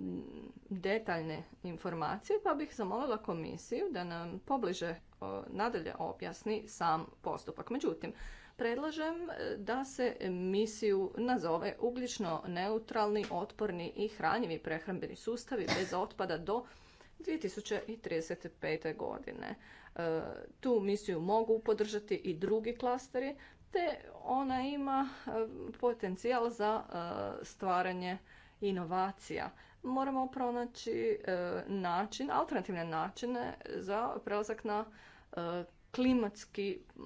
detaljne informacije, pa bih zamolila komisiju da nam pobliže e, nadalje objasni sam postupak. Međutim, predlažem e, da se misiju nazove ugljično neutralni, otporni i hranjivi prehrambeni sustavi bez otpada do 2035. godine. E, tu misiju mogu podržati i drugi klasteri, te ona ima e, potencijal za e, stvaranje inovacija. Moramo pronaći način, alternativne načine za prelazak na klimatski mm,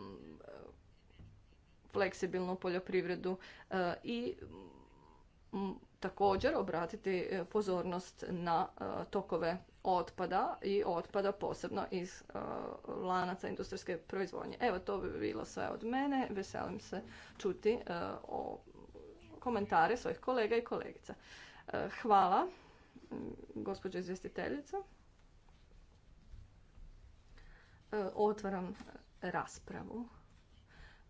fleksibilnu poljoprivredu i također obratiti pozornost na tokove otpada i otpada posebno iz uh, lanaca industrijske proizvodnje. Evo to bi bilo sve od mene. Veselim se čuti uh, o komentare svojih kolega i kolegica. Uh, hvala mm, gospođo izvjestiteljica. Otvaram raspravu.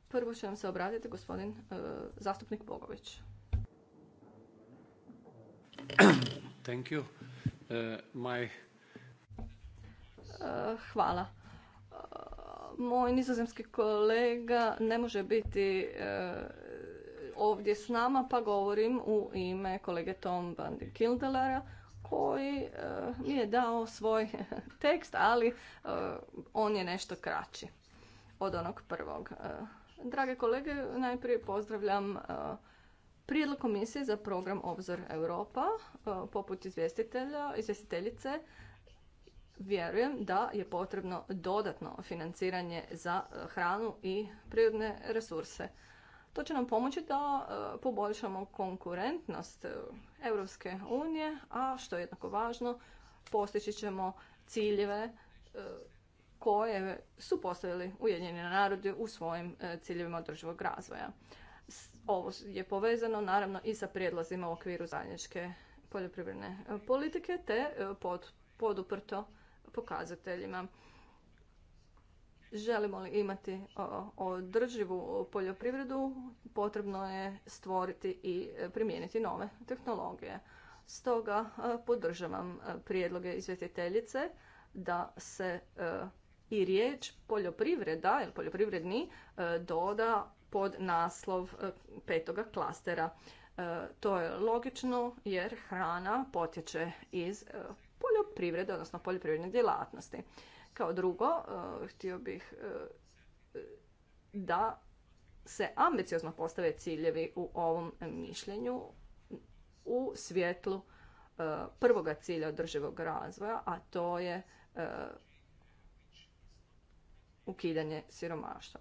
Prvo će vam se obratiti gospodin zastupnik Bogović. Thank you. Uh, uh, hvala. Uh, moj nizozemski kolega ne može biti ovdje s nama, pa govorim u ime kolege Tom van Kildelara, koji mi je dao svoj [LAUGHS] tekst, ali on je nešto kraći od onog prvog. Drage kolege, najprije pozdravljam Prijedlog komisije za program Obzor Europa, e, poput izvjestitelja, izvjestiteljice, vjerujem da je potrebno dodatno financiranje za e, hranu i prirodne resurse. To će nam pomoći da e, poboljšamo konkurentnost Europske unije, a što je jednako važno, postići ćemo ciljeve koje su postavili Ujedinjeni narodi u svojim ciljevima održivog razvoja. Ovo je povezano naravno i sa prijedlozima u okviru zajedničke poljoprivredne e, politike te e, pod, poduprto pokazateljima. Želimo li imati održivu poljoprivredu, potrebno je stvoriti i e, primijeniti nove tehnologije. Stoga podržavam prijedloge izvjetiteljice da se i riječ poljoprivreda ili poljoprivredni doda pod naslov e, petoga klastera. E, to je logično jer hrana potječe iz e, poljoprivrede, odnosno poljoprivredne djelatnosti. Kao drugo, htio bih da se ambiciozno postave ciljevi u ovom mišljenju u svjetlu prvoga cilja održivog razvoja, a to je ukidanje siromaštva.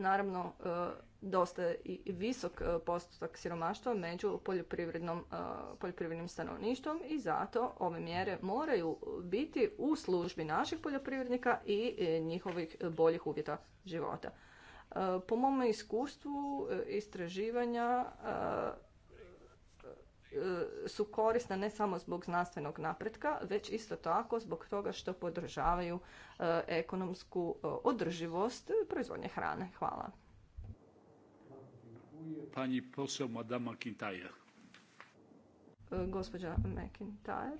Naravno, e, dosta i visok e, postotak siromaštva među poljoprivrednom, e, poljoprivrednim stanovništvom i zato ove mjere moraju biti u službi naših poljoprivrednika i njihovih boljih uvjeta života. Po mom iskustvu istraživanja E, su korisna ne samo zbog znanstvenog napretka, već isto tako zbog toga što podržavaju e, ekonomsku e, održivost proizvodnje hrane. Hvala. Pani posao Madame McIntyre. Gospođa McIntyre.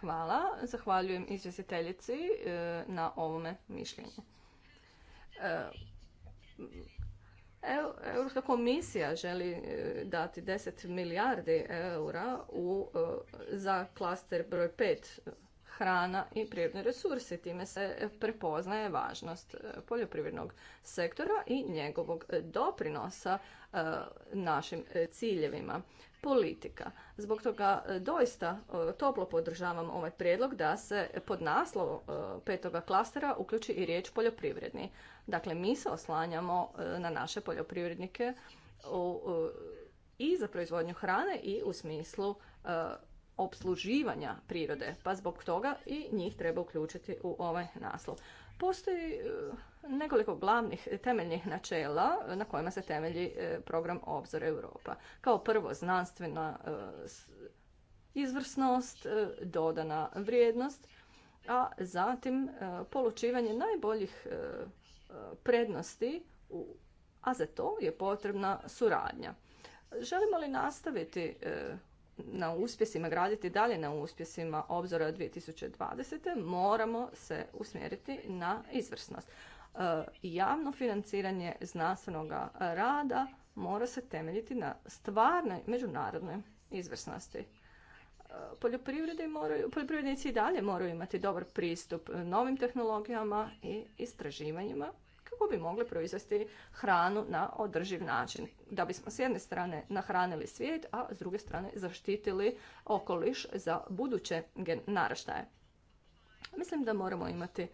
Hvala. Zahvaljujem izvjestiteljici na ovome mišljenju Europska komisija želi e, dati 10 milijardi eura u, e, za klaster broj 5 hrana i prirodni resurse. Time se prepoznaje važnost e, poljoprivrednog sektora i njegovog doprinosa našim ciljevima politika. Zbog toga doista toplo podržavam ovaj prijedlog da se pod naslov petoga klastera uključi i riječ poljoprivredni. Dakle, mi se oslanjamo e, na naše poljoprivrednike i za proizvodnju hrane i u smislu e, obsluživanja prirode, pa zbog toga i njih treba uključiti u ovaj naslov. Postoji e, nekoliko glavnih temeljnih načela na kojima se temelji program Obzor Europa. Kao prvo, znanstvena izvrsnost, dodana vrijednost, a zatim polučivanje najboljih prednosti, a za to je potrebna suradnja. Želimo li nastaviti e, na uspjesima, graditi dalje na uspjesima obzora 2020. moramo se usmjeriti na izvrsnost. E, javno financiranje znanstvenog rada mora se temeljiti na stvarnoj međunarodnoj izvrsnosti. E, moraju, poljoprivrednici i dalje moraju imati dobar pristup novim tehnologijama i istraživanjima kako bi mogli proizvesti hranu na održiv način. Da bismo s jedne strane nahranili svijet, a s druge strane zaštitili okoliš za buduće naraštaje. Mislim da moramo imati e,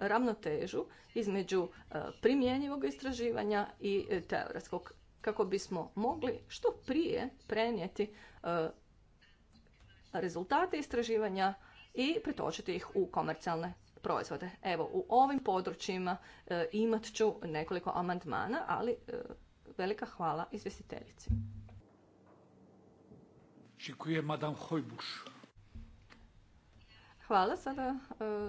ravnotežu između e, primjenjivog istraživanja i e, teoretskog kako bismo mogli što prije prenijeti rezultate istraživanja i pretočiti ih u komercijalne proizvode. Evo, u ovim područjima e, imat ću nekoliko amandmana, ali e, velika hvala izvjestiteljici. Hvala sada e,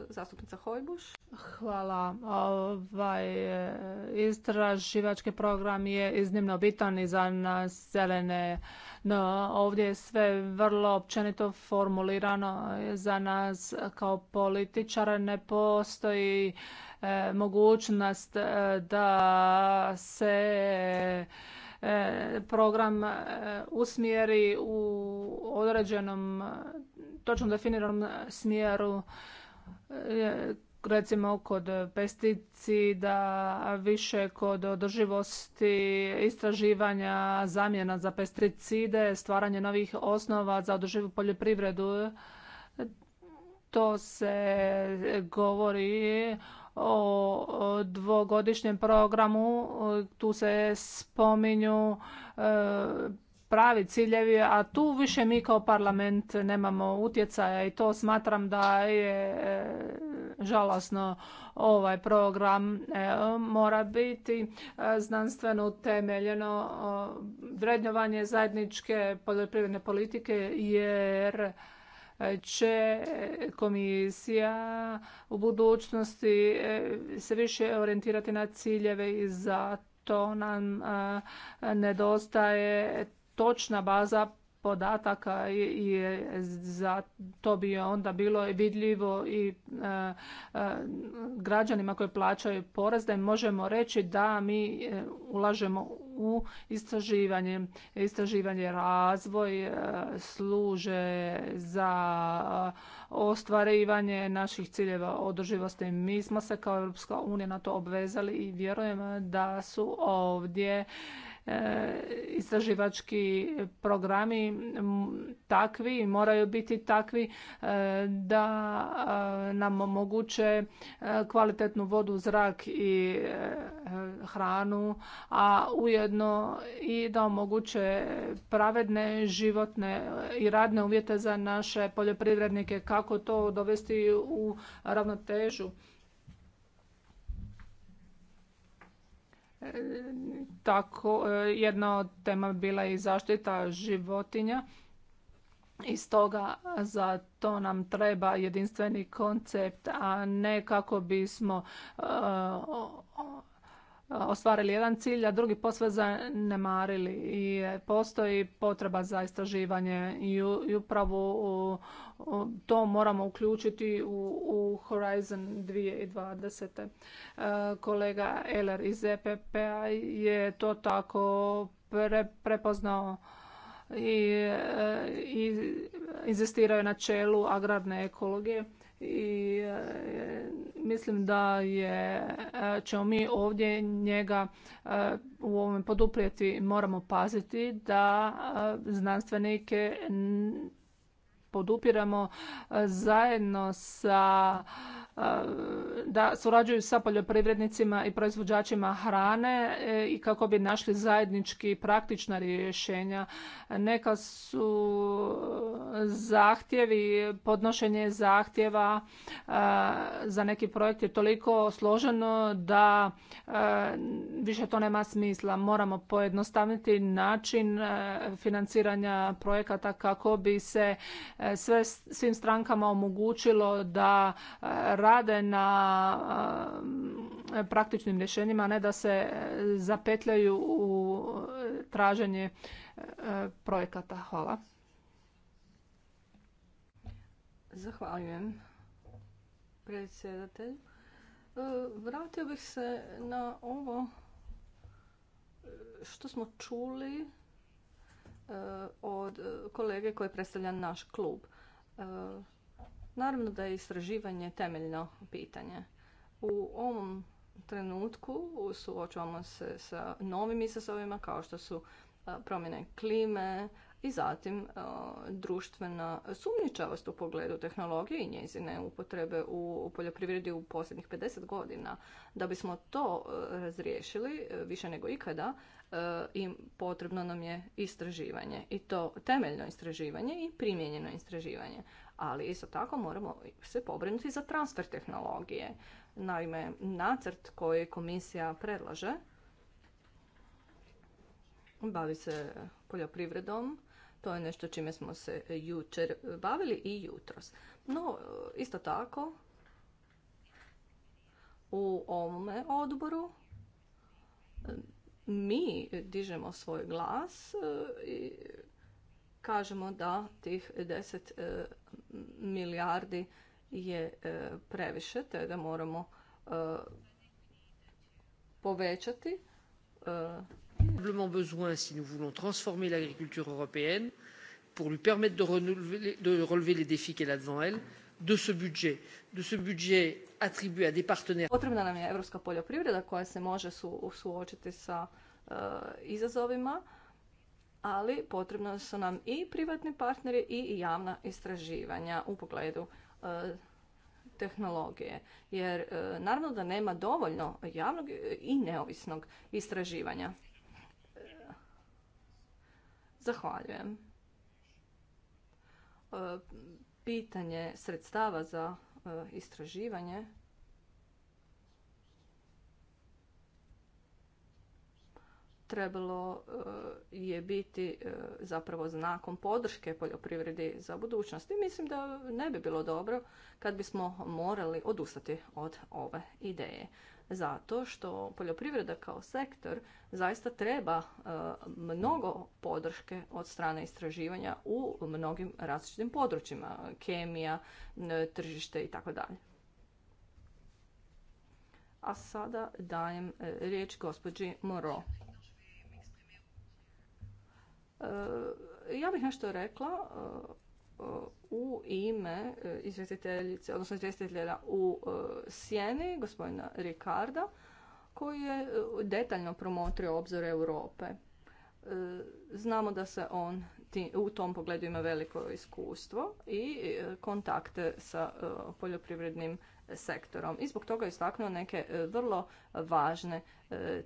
zastupnica Hojbuš. Hvala. Ovaj e, istraživački program je iznimno bitan i za nas zelene. No, ovdje je sve vrlo općenito formulirano za nas kao političare. Ne postoji e, mogućnost e, da se program usmjeri u određenom točno definiranom smjeru recimo kod e, pesticida, više kod održivosti, istraživanja, zamjena za pesticide, stvaranje novih osnova za održivu poljoprivredu. To se govori o dvogodišnjem programu. Tu se spominju e, pravi ciljevi, a tu više mi kao parlament nemamo utjecaja i to smatram da je e, žalosno ovaj program e, mora biti e, znanstveno utemeljeno vrednovanje zajedničke poljoprivredne politike jer e, će komisija u budućnosti se više orijentirati na ciljeve i zato nam nedostaje točna baza podataka i za to bi onda bilo vidljivo i e, e, građanima koji plaćaju porez da im možemo reći da mi e, ulažemo u istraživanje. Istraživanje razvoj služe za ostvarivanje naših ciljeva održivosti. Mi smo se kao Europska unija na to obvezali i vjerujem da su ovdje istraživački programi takvi i moraju biti takvi e, da e, nam omoguće e, kvalitetnu vodu, zrak i hranu, a ujedno i da omoguće pravedne životne i radne uvjete za naše poljoprivrednike, kako to dovesti u ravnotežu Tako, e, jedna od tema bila je i zaštita životinja. I stoga za to nam treba jedinstveni koncept, a ne kako bismo e, ostvarili jedan cilj, a drugi posve zanemarili i postoji potreba za istraživanje i upravo to moramo uključiti u Horizon 2020. E, kolega Eler iz epp p-a je to tako prepoznao e, i inzistirao je na čelu agrarne ekologije i e, mislim da je, e, ćemo mi ovdje njega e, u ovome poduprijeti. Moramo paziti da znanstvenike podupiramo zajedno sa da surađuju sa poljoprivrednicima i proizvođačima hrane e, i kako bi našli zajednički praktična rješenja. Neka su zahtjevi, podnošenje zahtjeva e, za neki projekt je toliko složeno da e, više to nema smisla. Moramo pojednostaviti način financiranja projekata kako bi se svim strankama omogućilo da rade na eh, praktičnim rješenjima, ne da se zapetljaju u traženje eh, projekata. Hvala. Zahvaljujem, predsjedatelj. Eh, vratio bih se na ovo što smo čuli od kolege koji predstavlja naš klub. Naravno da je istraživanje temeljno pitanje. U ovom trenutku suočavamo se sa novim izazovima kao što su promjene klime i zatim društvena sumnjičavost u pogledu tehnologije i njezine upotrebe u poljoprivredi u posljednjih 50 godina. Da bismo to razriješili e, više nego ikada e, i potrebno nam je istraživanje i to temeljno istraživanje i primijenjeno istraživanje ali isto tako moramo se pobrinuti za transfer tehnologije. Naime, nacrt koji komisija predlaže bavi se poljoprivredom, to je nešto čime smo se jučer bavili i jutros. No, isto tako, u ovome odboru mi dižemo svoj glas e, i kažemo da tih 10 milijardi je e, previše, te da moramo e, povećati e, probablement besoin si nous voulons transformer l'agriculture européenne pour lui permettre de relever, de relever les défis qu'elle a devant elle de ce budget, de ce budget attribué à des partenaires. Potrebna nam je europska poljoprivreda koja se može su, suočiti sa e, izazovima ali potrebno su nam i privatni partneri i javna istraživanja u pogledu e, tehnologije. Jer e, naravno da nema dovoljno javnog i neovisnog istraživanja. zahvaljujem. E, pitanje sredstava za istraživanje trebalo eh, je biti eh, zapravo znakom podrške poljoprivredi za budućnost. I mislim da ne bi bilo dobro kad bismo morali odustati od ove ideje. Zato što poljoprivreda kao sektor zaista treba eh, mnogo podrške od strane istraživanja u mnogim različitim područjima, kemija, tržište i tako dalje. A sada dajem riječ gospođi Moro. E, ja bih nešto rekla e, u ime e, izvjestiteljice, odnosno izvjestitelja u Sjeni, gospodina Ricarda, koji je detaljno promotrio obzor Europe. Znamo da se on u tom pogledu ima veliko iskustvo i kontakte sa poljoprivrednim sektorom. I zbog toga je istaknuo neke vrlo važne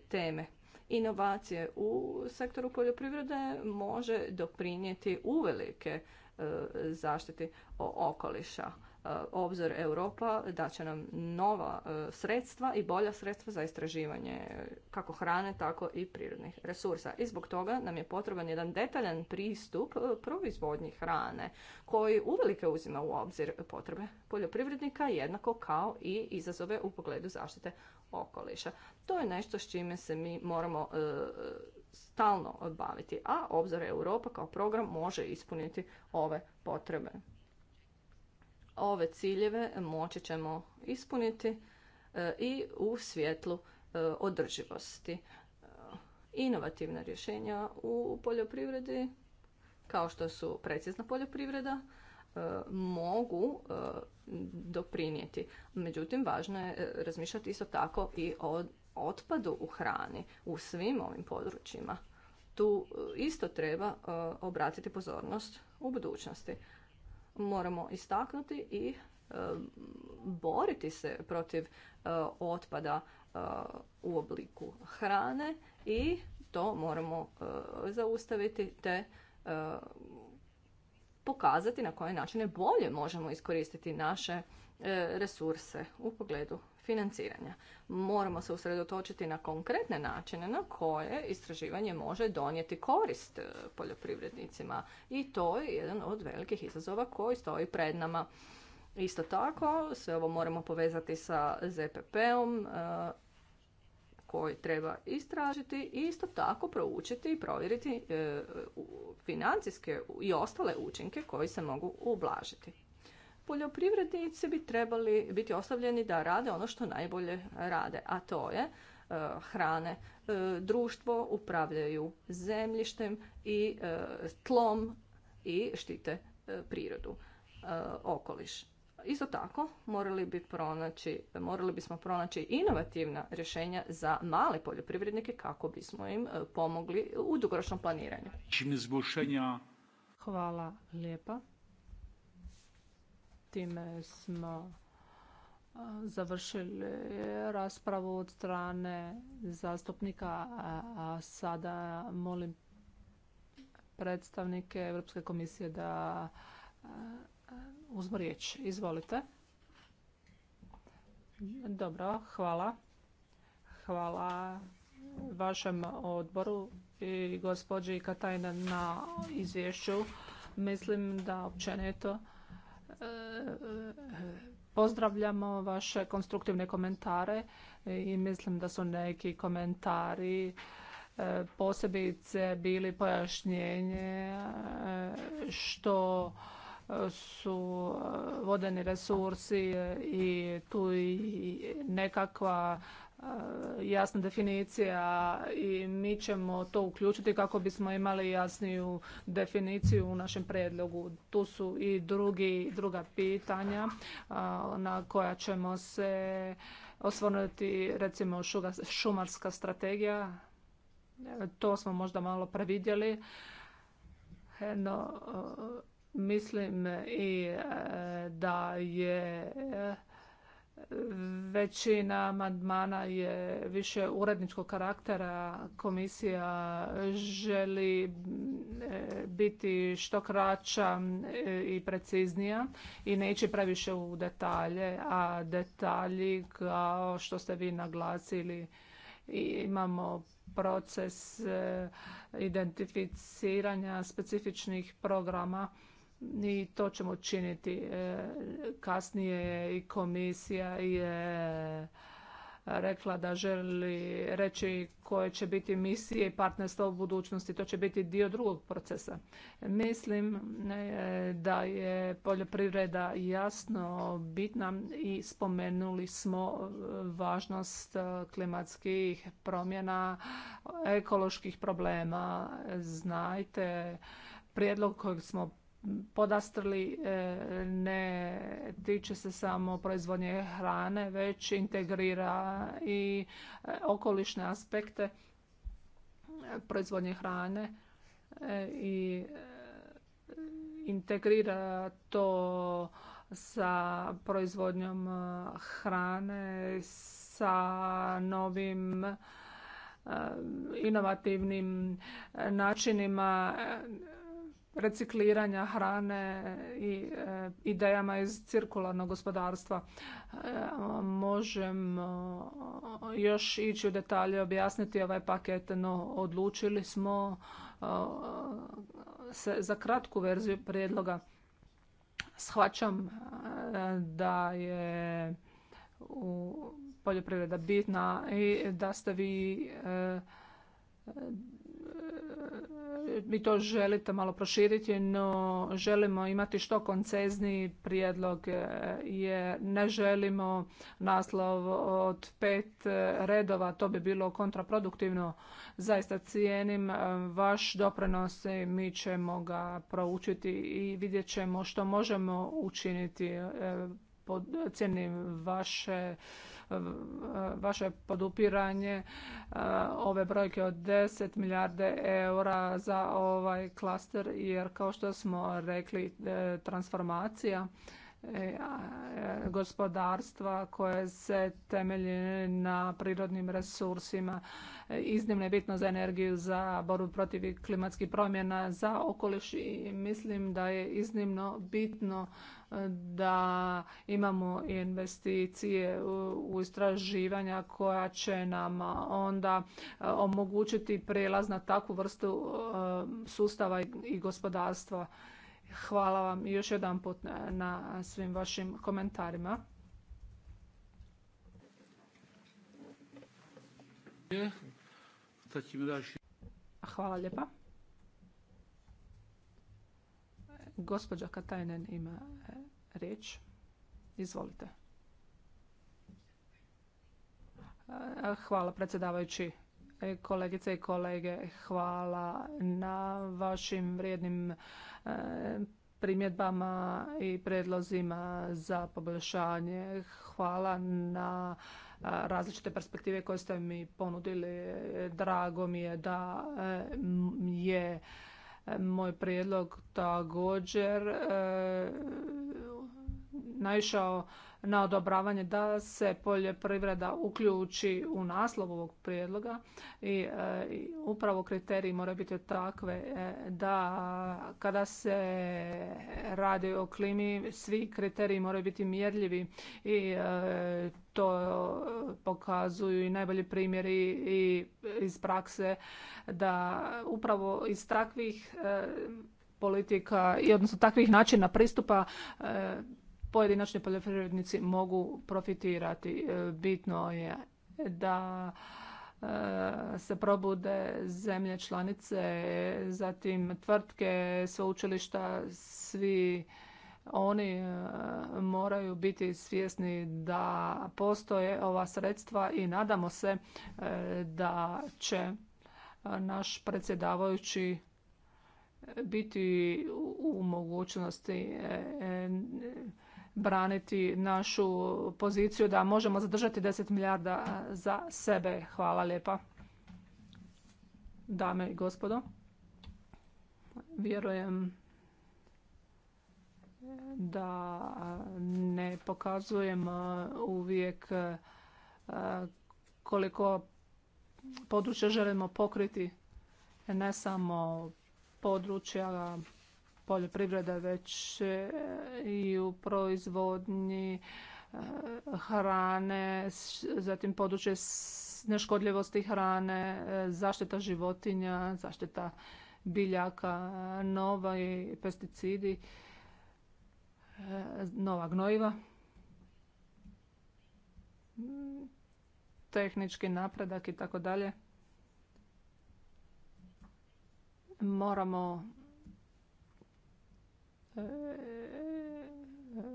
teme inovacije u sektoru poljoprivrede može doprinijeti uvelike e, zaštiti okoliša. E, obzor Europa daće nam nova e, sredstva i bolja sredstva za istraživanje kako hrane, tako i prirodnih resursa. I zbog toga nam je potreban jedan detaljan pristup proizvodnji hrane koji uvelike uzima u obzir potrebe poljoprivrednika jednako kao i izazove u pogledu zaštite okoliša. To je nešto s čime se mi moramo e, stalno baviti, a Obzor Europa kao program može ispuniti ove potrebe. Ove ciljeve moći ćemo ispuniti e, i u svjetlu e, održivosti. Inovativna rješenja u poljoprivredi, kao što su precizna poljoprivreda, E, mogu e, doprinijeti. Međutim, važno je e, razmišljati isto tako i o otpadu u hrani u svim ovim područjima. Tu isto treba obratiti pozornost u budućnosti. Moramo istaknuti i boriti se protiv otpada u obliku hrane i to moramo zaustaviti te pokazati na koje načine bolje možemo iskoristiti naše e, resurse u pogledu financiranja. Moramo se usredotočiti na konkretne načine na koje istraživanje može donijeti korist e, poljoprivrednicima i to je jedan od velikih izazova koji stoji pred nama. Isto tako, sve ovo moramo povezati sa ZPP-om e, koje treba istražiti i isto tako proučiti i provjeriti e, financijske i ostale učinke koji se mogu ublažiti. Poljoprivrednici bi trebali biti ostavljeni da rade ono što najbolje rade, a to je e, hrane. E, društvo upravljaju zemljištem i tlom i štite prirodu, okoliš. Isto tako, morali, bi pronaći, morali bismo pronaći inovativna rješenja za male poljoprivrednike kako bismo im e, pomogli u dugoročnom planiranju. Hvala lijepa. Time smo e, završili raspravu od strane zastupnika, a sada molim predstavnike Europske komisije da e, uzmu riječ. Izvolite. Dobro, hvala. Hvala vašem odboru i gospođi Katajna na izvješću. Mislim da općenito e, pozdravljamo vaše konstruktivne komentare i mislim da su neki komentari e, posebice bili pojašnjenje e, što su e, vodeni resursi e, i tu i nekakva e, jasna definicija i mi ćemo to uključiti kako bismo imali jasniju definiciju u našem predlogu. Tu su i drugi, druga pitanja na koja ćemo se osvrnuti, recimo šumarska strategija. To smo možda malo previdjeli. No, Mislim i e, da je e, većina amandmana je više uredničkog karaktera. Komisija želi e, biti što kraća i preciznija i neće previše u detalje, a detalji kao što ste vi naglasili imamo proces identificiranja specifičnih programa i to ćemo činiti e, kasnije i komisija je e, rekla da želi reći koje će biti misije i partnerstvo u budućnosti. To će biti dio drugog procesa. Mislim e, da je poljoprivreda jasno bitna i spomenuli smo važnost klimatskih promjena, ekoloških problema. Znajte, prijedlog kojeg smo podastrli e, ne tiče se samo proizvodnje hrane, već integrira i e, okolišne aspekte e, proizvodnje hrane i integrira to sa proizvodnjom hrane, sa novim inovativnim načinima recikliranja hrane i e, idejama iz cirkularnog gospodarstva. E, možemo još ići u detalje objasniti ovaj paket, no odlučili smo e, se za kratku verziju prijedloga. Shvaćam da je poljoprivreda bitna i da ste vi mi to želite malo proširiti, no želimo imati što koncezniji prijedlog e, je ne želimo naslov od pet redova, to bi bilo kontraproduktivno. Zaista cijenim e, vaš doprinos i mi ćemo ga proučiti i vidjet ćemo što možemo učiniti. E, cijenim vaše vaše podupiranje e, ove brojke od 10 milijarde eura za ovaj klaster jer kao što smo rekli e, transformacija E, e, gospodarstva koje se temelji na prirodnim resursima. E, iznimno je bitno za energiju, za borbu protiv klimatskih promjena, za okoliš i mislim da je iznimno bitno da imamo investicije u istraživanja koja će nam onda omogućiti prelaz na takvu vrstu sustava i gospodarstva. Hvala vam još jedan put e, na svim vašim komentarima. Hvala lijepa. Gospođa Katajnen ima e, riječ. Izvolite. E, hvala predsjedavajući kolegice i kolege. Hvala na vašim vrijednim primjedbama i predlozima za poboljšanje. Hvala na različite perspektive koje ste mi ponudili. Drago mi je da je e, moj prijedlog također e, naišao na odobravanje da se poljoprivreda uključi u naslov ovog prijedloga i e, upravo kriteriji moraju biti takve e, da kada se radi o klimi svi kriteriji moraju biti mjerljivi i e, to pokazuju i najbolji primjeri i iz prakse da upravo iz takvih politika i odnosno takvih načina pristupa pojedinačni poljoprivrednici mogu profitirati. E, bitno je da e, se probude zemlje članice, zatim tvrtke, sveučilišta, svi oni e, moraju biti svjesni da postoje ova sredstva i nadamo se da će naš predsjedavajući biti u mogućnosti braniti našu poziciju da možemo zadržati 10 milijarda za sebe. Hvala lijepa. Dame i gospodo, vjerujem da ne pokazujem uh, uvijek uh, koliko područja želimo pokriti, ne samo područja poljoprivrede već e, i u proizvodnji e, hrane, zatim područje neškodljivosti hrane, e, zaštita životinja, zaštita biljaka, nova i pesticidi, nova gnojiva. Tehnički napredak i tako dalje. Moramo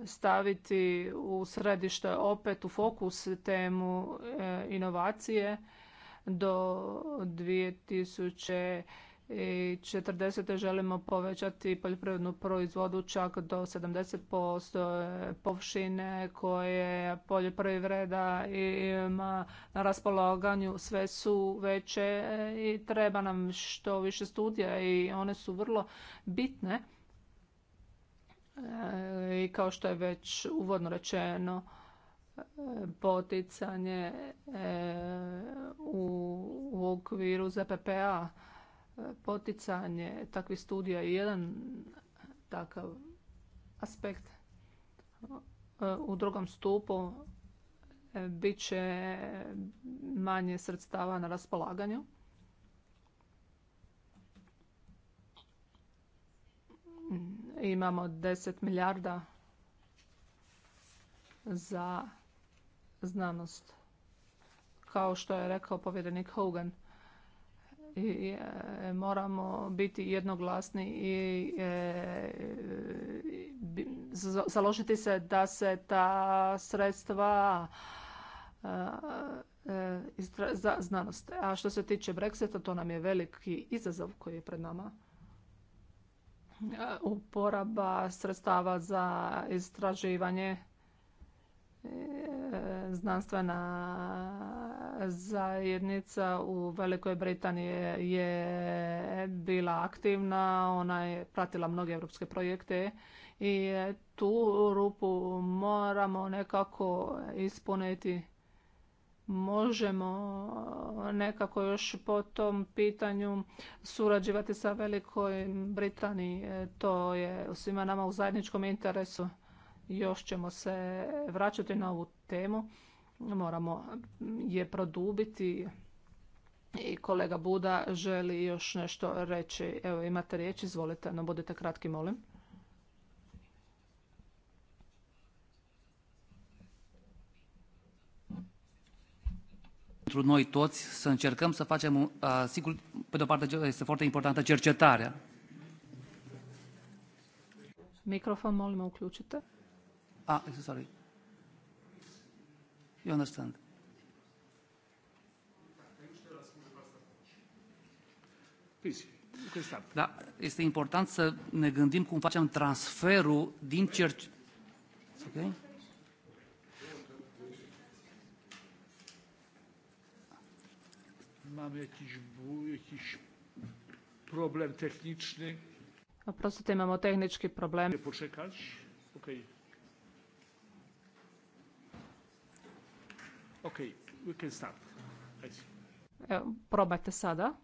staviti u središte opet u fokus temu e, inovacije do 2040. želimo povećati poljoprivrednu proizvodu čak do 70% e, površine koje poljoprivreda ima na raspolaganju. Sve su veće e, i treba nam što više studija i one su vrlo bitne E, i kao što je već uvodno rečeno e, poticanje e, u okviru ZPPA poticanje takvih studija je jedan takav aspekt u drugom stupu bit će manje sredstava na raspolaganju Imamo 10 milijarda za znanost. Kao što je rekao povjerenik Hogan. I, e, moramo biti jednoglasni i e, založiti se da se ta sredstva e, za znanost. A što se tiče Brexita, to nam je veliki izazov koji je pred nama. E, uporaba sredstava za istraživanje e, znanstvena zajednica u Velikoj Britaniji je bila aktivna, ona je pratila mnoge europske projekte i e, tu rupu moramo nekako ispuniti možemo eh, nekako još po tom pitanju surađivati sa Velikoj Britaniji. E, to je svima nama u zajedničkom interesu. Još ćemo se vraćati na ovu temu. Moramo mm, je produbiti. I kolega Buda želi još nešto reći. Evo imate riječ, izvolite, no budite kratki, molim. pentru noi toți să încercăm să facem, sigur, pe de-o parte este foarte importantă cercetarea. Microfonul molim, uključite. Ah, sorry. You understand. Da, este important să ne gândim cum facem transferul din cercetare. Okay? Mamy jakiś, jakiś problem techniczny. Oprostite, imamo tehnički problem. Okej. Okay. Okay, we can start. E, probaj te probajte sada.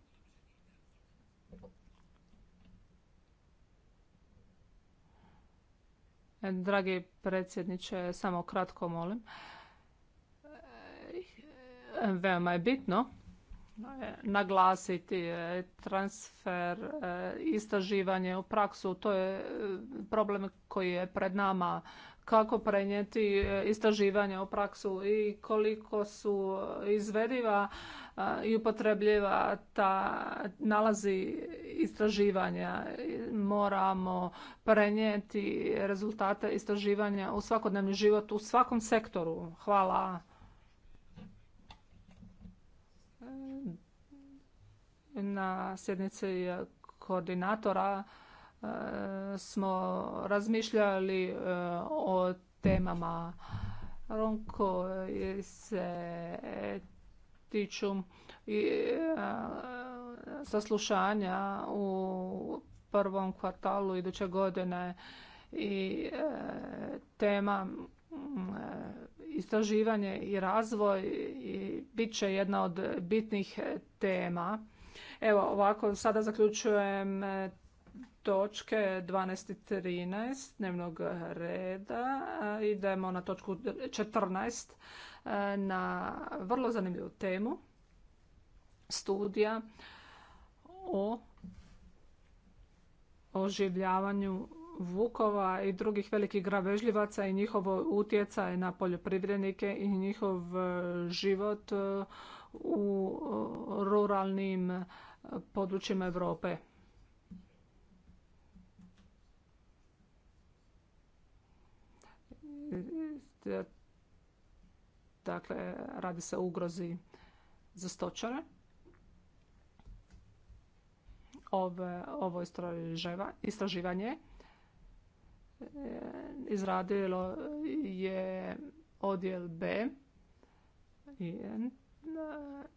E, dragi predsjedniče, samo kratko molim. E, veoma je bitno naglasiti e, transfer, e, istraživanje u praksu. To je e, problem koji je pred nama. Kako prenijeti istraživanje u praksu i koliko su izvediva i upotrebljiva ta nalazi istraživanja. Moramo prenijeti rezultate istraživanja u svakodnevni život u svakom sektoru. Hvala na sjednici koordinatora e, smo razmišljali e, o temama koje se tiču i e, saslušanja u prvom kvartalu iduće godine i tema istraživanje i razvoj i bit će jedna od bitnih tema. Evo ovako, sada zaključujem e, točke 12 i 13 dnevnog reda. E, idemo na točku 14 e, na vrlo zanimljivu temu studija o oživljavanju vukova i drugih velikih gravežljivaca i njihovo utjecaj na poljoprivrednike i njihov e, život e, u e, ruralnim područjima Europe. Dakle, radi se o ugrozi za stočare. Ovo istraživanje izradilo je odjel B,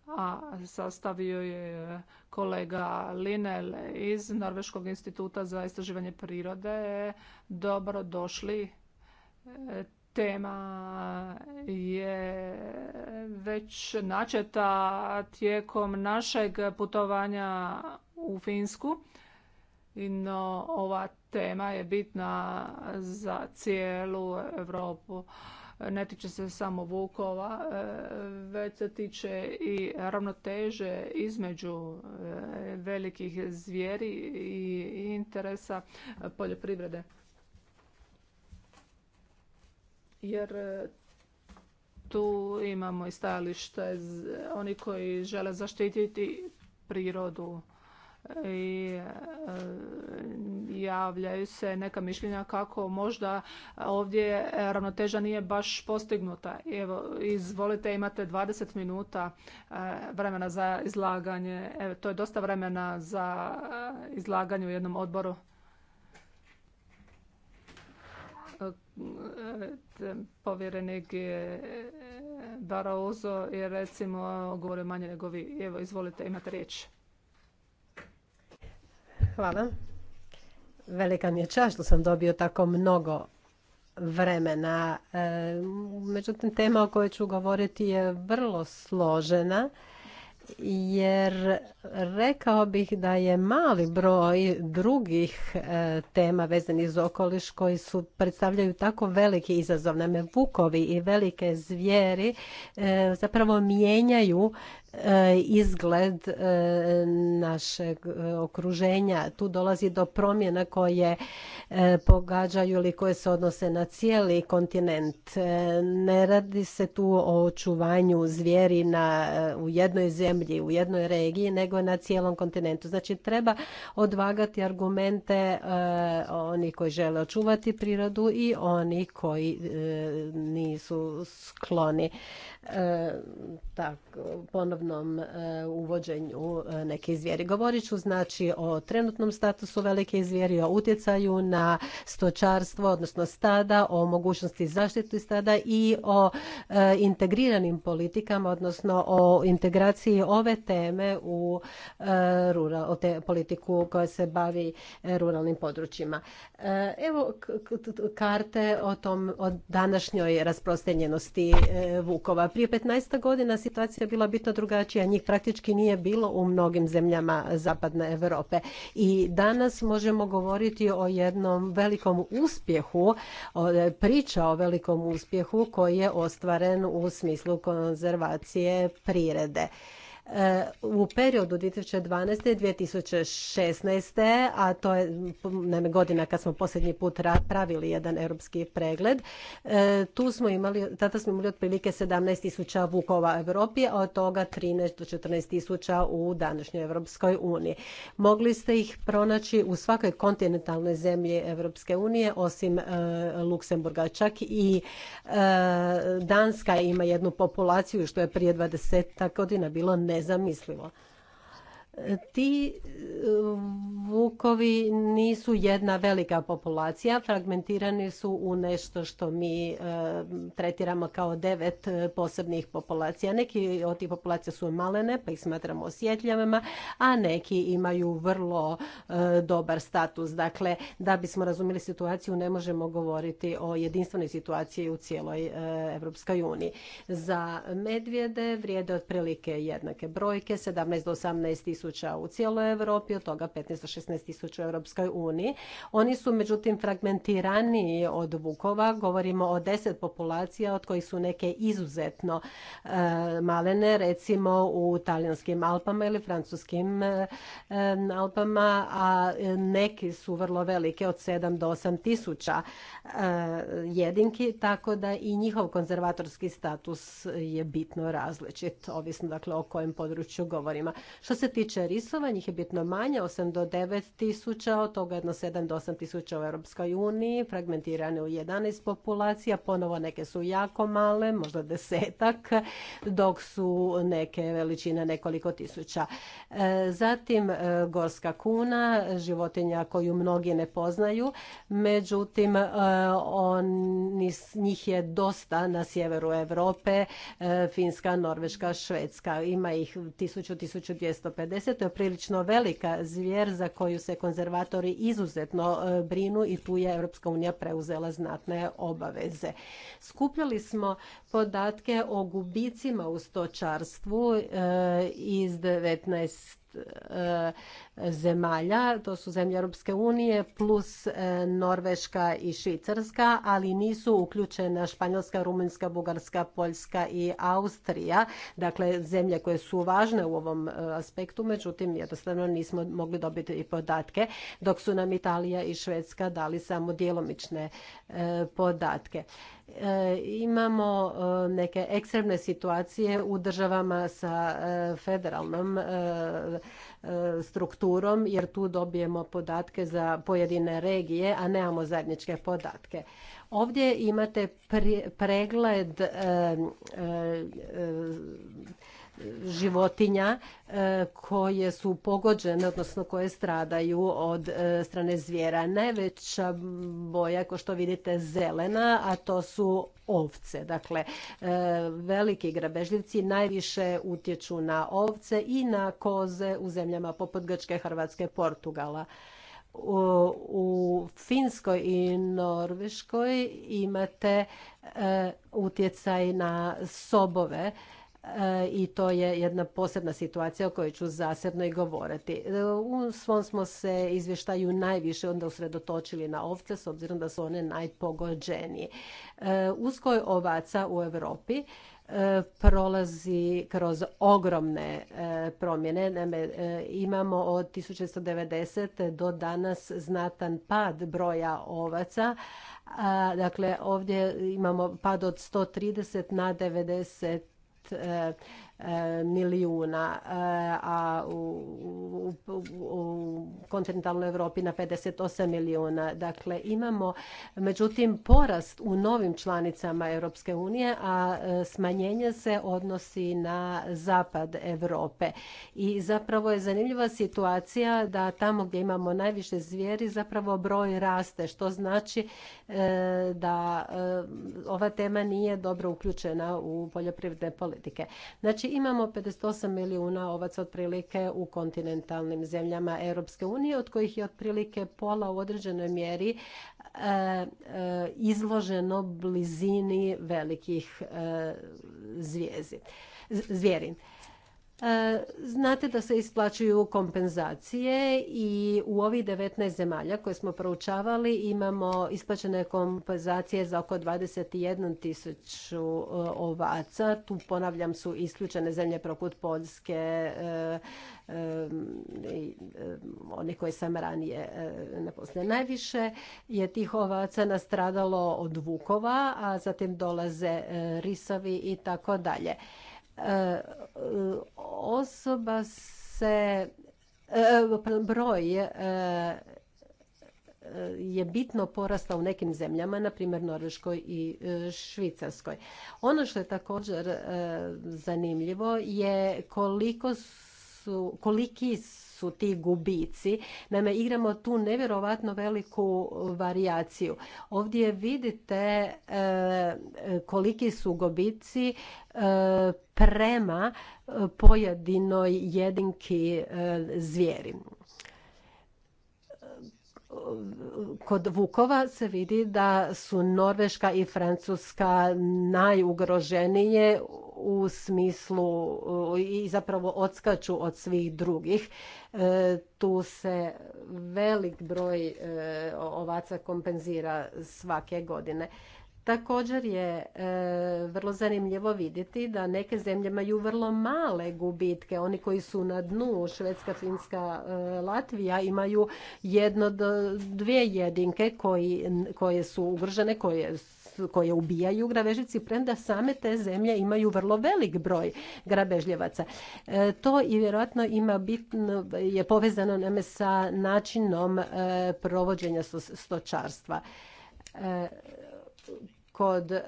a sastavio je kolega Linel iz Norveškog instituta za istraživanje prirode. Dobro došli. Tema je već načeta tijekom našeg putovanja u Finsku no ova tema je bitna za cijelu Europu. Ne tiče se samo vukova, e, već se tiče i ravnoteže između e, velikih zvijeri i interesa poljoprivrede. Jer e, tu imamo i stajalište oni koji žele zaštititi prirodu i e, javljaju se neka mišljenja kako možda ovdje ravnoteža nije baš postignuta. Evo, izvolite, imate 20 minuta e, vremena za izlaganje. Evo, to je dosta vremena za e, izlaganje u jednom odboru. povjerenik Barozo je recimo govorio manje nego vi. Evo, izvolite, imate riječ. Hvala. Velika mi je čast što sam dobio tako mnogo vremena. E, međutim, tema o kojoj ću govoriti je vrlo složena jer rekao bih da je mali broj drugih e, tema vezanih uz okoliš koji su predstavljaju tako veliki izazov. Naime, vukovi i velike zvijeri e, zapravo mijenjaju E, izgled e, našeg e, okruženja. Tu dolazi do promjena koje pogađaju ili koje se odnose na cijeli kontinent. Ne radi se tu o očuvanju zvijeri u jednoj zemlji, u jednoj regiji, nego na cijelom kontinentu. Znači treba odvagati argumente oni koji žele očuvati prirodu i oni koji nisu skloni E, ponovnom e, uvođenju e, neke zvijeri. Govorit ću znači o trenutnom statusu velike zvijeri, o utjecaju na stočarstvo, odnosno stada, o mogućnosti zaštitu stada i o integriranim politikama, odnosno o integraciji ove teme u te politiku koja se bavi ruralnim područjima. Evo karte o tom o današnjoj rasprostenjenosti vukova. Prije 15 godina situacija je bila bitno drugačija, njih praktički nije bilo u mnogim zemljama zapadne Europe. I danas možemo govoriti o jednom velikom uspjehu, priča o velikom uspjehu koji je ostvaren u smislu konzervacije prirede. U periodu 2012. i 2016. a to je naime, godina kad smo posljednji put pravili jedan europski pregled, e, tu smo imali, tada smo imali otprilike 17.000 tisuća vukova Europi, a od toga 13 do 14.000 u današnjoj Europskoj uniji. Mogli ste ih pronaći u svakoj kontinentalnoj zemlji Europske unije, osim e, Luksemburga. Čak i e, Danska ima jednu populaciju, što je prije 20 godina bilo nezamislivo. Ti e, vukovi nisu jedna velika populacija, fragmentirani su u nešto što mi e, tretiramo kao devet e, posebnih populacija. Neki od tih populacija su malene, pa ih smatramo osjetljivima, a neki imaju vrlo dobar status. Dakle, da bismo razumjeli situaciju, ne možemo govoriti o jedinstvenoj situaciji u cijeloj Evropskoj uniji. Za medvjede vrijede otprilike jednake brojke, 17 do 18 tisuća u cijeloj Europi, od toga 15 16 tisuća u Europskoj uniji. Oni su međutim fragmentiraniji od vukova, govorimo o 10 populacija od kojih su neke izuzetno e, malene, recimo u talijanskim Alpama ili francuskim e, Alpama, a e, neki su vrlo velike od 7 do 8 tisuća jedinki, tako da i njihov konzervatorski status je bitno različit, ovisno dakle o kojem području govorimo. Što se tiče tisuća njih je bitno manje, 8 do 9 tisuća, od toga jedno 7 do 8 tisuća u Europskoj uniji, fragmentirane u 11 populacija, ponovo neke su jako male, možda desetak, dok su neke veličine nekoliko tisuća. E, zatim e, gorska kuna, životinja koju mnogi ne poznaju, međutim e, on, njih je dosta na sjeveru Europe, Finska, Norveška, Švedska, ima ih 1000-1250 to je prilično velika zvijer za koju se konzervatori izuzetno e, brinu i tu je Europska unija preuzela znatne obaveze. Skupljali smo podatke o gubicima u stočarstvu e, iz 19 zemalja, to su zemlje Europske unije plus e, Norveška i Švicarska, ali nisu uključena Španjolska, Rumunjska, Bugarska, Poljska i Austrija, dakle zemlje koje su važne u ovom e, aspektu, međutim jednostavno nismo mogli dobiti i podatke, dok su nam Italija i Švedska dali samo djelomične e, podatke. Imamo neke ekstremne situacije u državama sa federalnom strukturom jer tu dobijemo podatke za pojedine regije, a nemamo zajedničke podatke. Ovdje imate pregled e, e, životinja e, koje su pogođene, odnosno koje stradaju od e, strane zvijera. Najveća boja, kao što vidite, zelena, a to su ovce. Dakle, e, veliki grabežljivci najviše utječu na ovce i na koze u zemljama poput Grčke, Hrvatske, Portugala. U, Finskoj i Norveškoj imate utjecaj na sobove i to je jedna posebna situacija o kojoj ću zasebno i govoriti. E, u svom smo se izvještaju najviše onda usredotočili na ovce s obzirom da su one najpogođenije. E, uzgoj ovaca u Europi e, prolazi kroz ogromne promjene. Naime, imamo od 1990 do danas znatan pad broja ovaca. Dakle, ovdje imamo pad od 130 na 90 e E, milijuna, e, a u, u, kontinentalnoj Europi na 58 milijuna. Dakle, imamo međutim porast u novim članicama Europske unije, a e, smanjenje se odnosi na zapad Europe. I zapravo je zanimljiva situacija da tamo gdje imamo najviše zvijeri zapravo broj raste, što znači da ova tema nije dobro uključena u poljoprivredne politike. Znači, Znači imamo 58 milijuna ovaca otprilike u kontinentalnim zemljama Europske unije, od kojih je otprilike pola u određenoj mjeri e, e, izloženo blizini velikih e, zvjeri. E, znate da se isplaćuju kompenzacije i u ovih 19 zemalja koje smo proučavali imamo isplaćene kompenzacije za oko 21 tisuću e, ovaca. Tu ponavljam su isključene zemlje poput Poljske, e, one koje sam ranije poslije. Najviše je tih ovaca nastradalo od vukova, a zatim dolaze risavi i tako dalje. E, osoba se e, broj e, je bitno porastao u nekim zemljama, na primjer Norveškoj i Švicarskoj. Ono što je također zanimljivo je koliko su, koliki su ti gubici. Naime, igramo tu nevjerovatno veliku varijaciju. Ovdje vidite e, koliki su gubici e, prema pojedinoj jedinki e, zvijeri kod vukova se vidi da su Norveška i Francuska najugroženije u smislu i zapravo odskaču od svih drugih. E, tu se velik broj e, ovaca kompenzira svake godine. Također je e, vrlo zanimljivo vidjeti da neke zemlje imaju vrlo male gubitke. Oni koji su na dnu, Švedska, Finska, e, Latvija, imaju jedno do dvije jedinke koji, koje su ugržene, koje koje ubijaju grabežljivci, premda same te zemlje imaju vrlo velik broj grabežljivaca. E, to i vjerojatno ima bitno, je povezano neme sa načinom provođenja stočarstva kod e,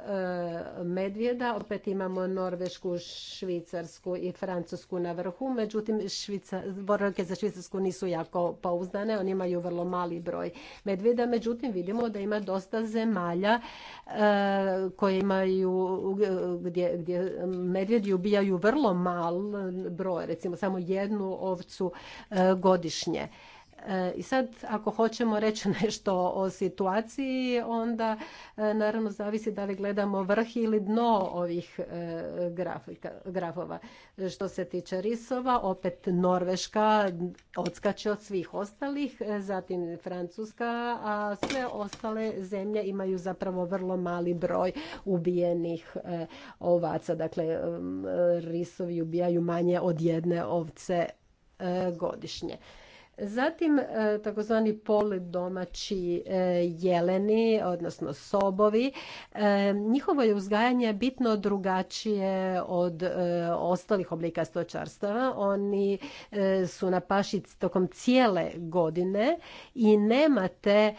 medvjeda opet imamo norvešku švicarsku i francusku na vrhu međutim borelke za švicarsku nisu jako pouzdane oni imaju vrlo mali broj medvjeda međutim vidimo da ima dosta zemalja e, koje imaju gdje, gdje medvjedi ubijaju vrlo mal broj recimo samo jednu ovcu e, godišnje i sad ako hoćemo reći [LAUGHS] nešto o situaciji, onda e, naravno zavisi da li gledamo vrh ili dno ovih e, grafova. Što se tiče risova, opet Norveška odskače od svih ostalih, e, zatim Francuska, a sve ostale zemlje imaju zapravo vrlo mali broj ubijenih ovaca. Dakle, risovi ubijaju manje od jedne ovce godišnje. Zatim e, takozvani domaći e, jeleni, odnosno sobovi. E, njihovo je uzgajanje bitno drugačije od ostalih oblika stočarstva. Oni su na pašici tokom cijele godine i nemate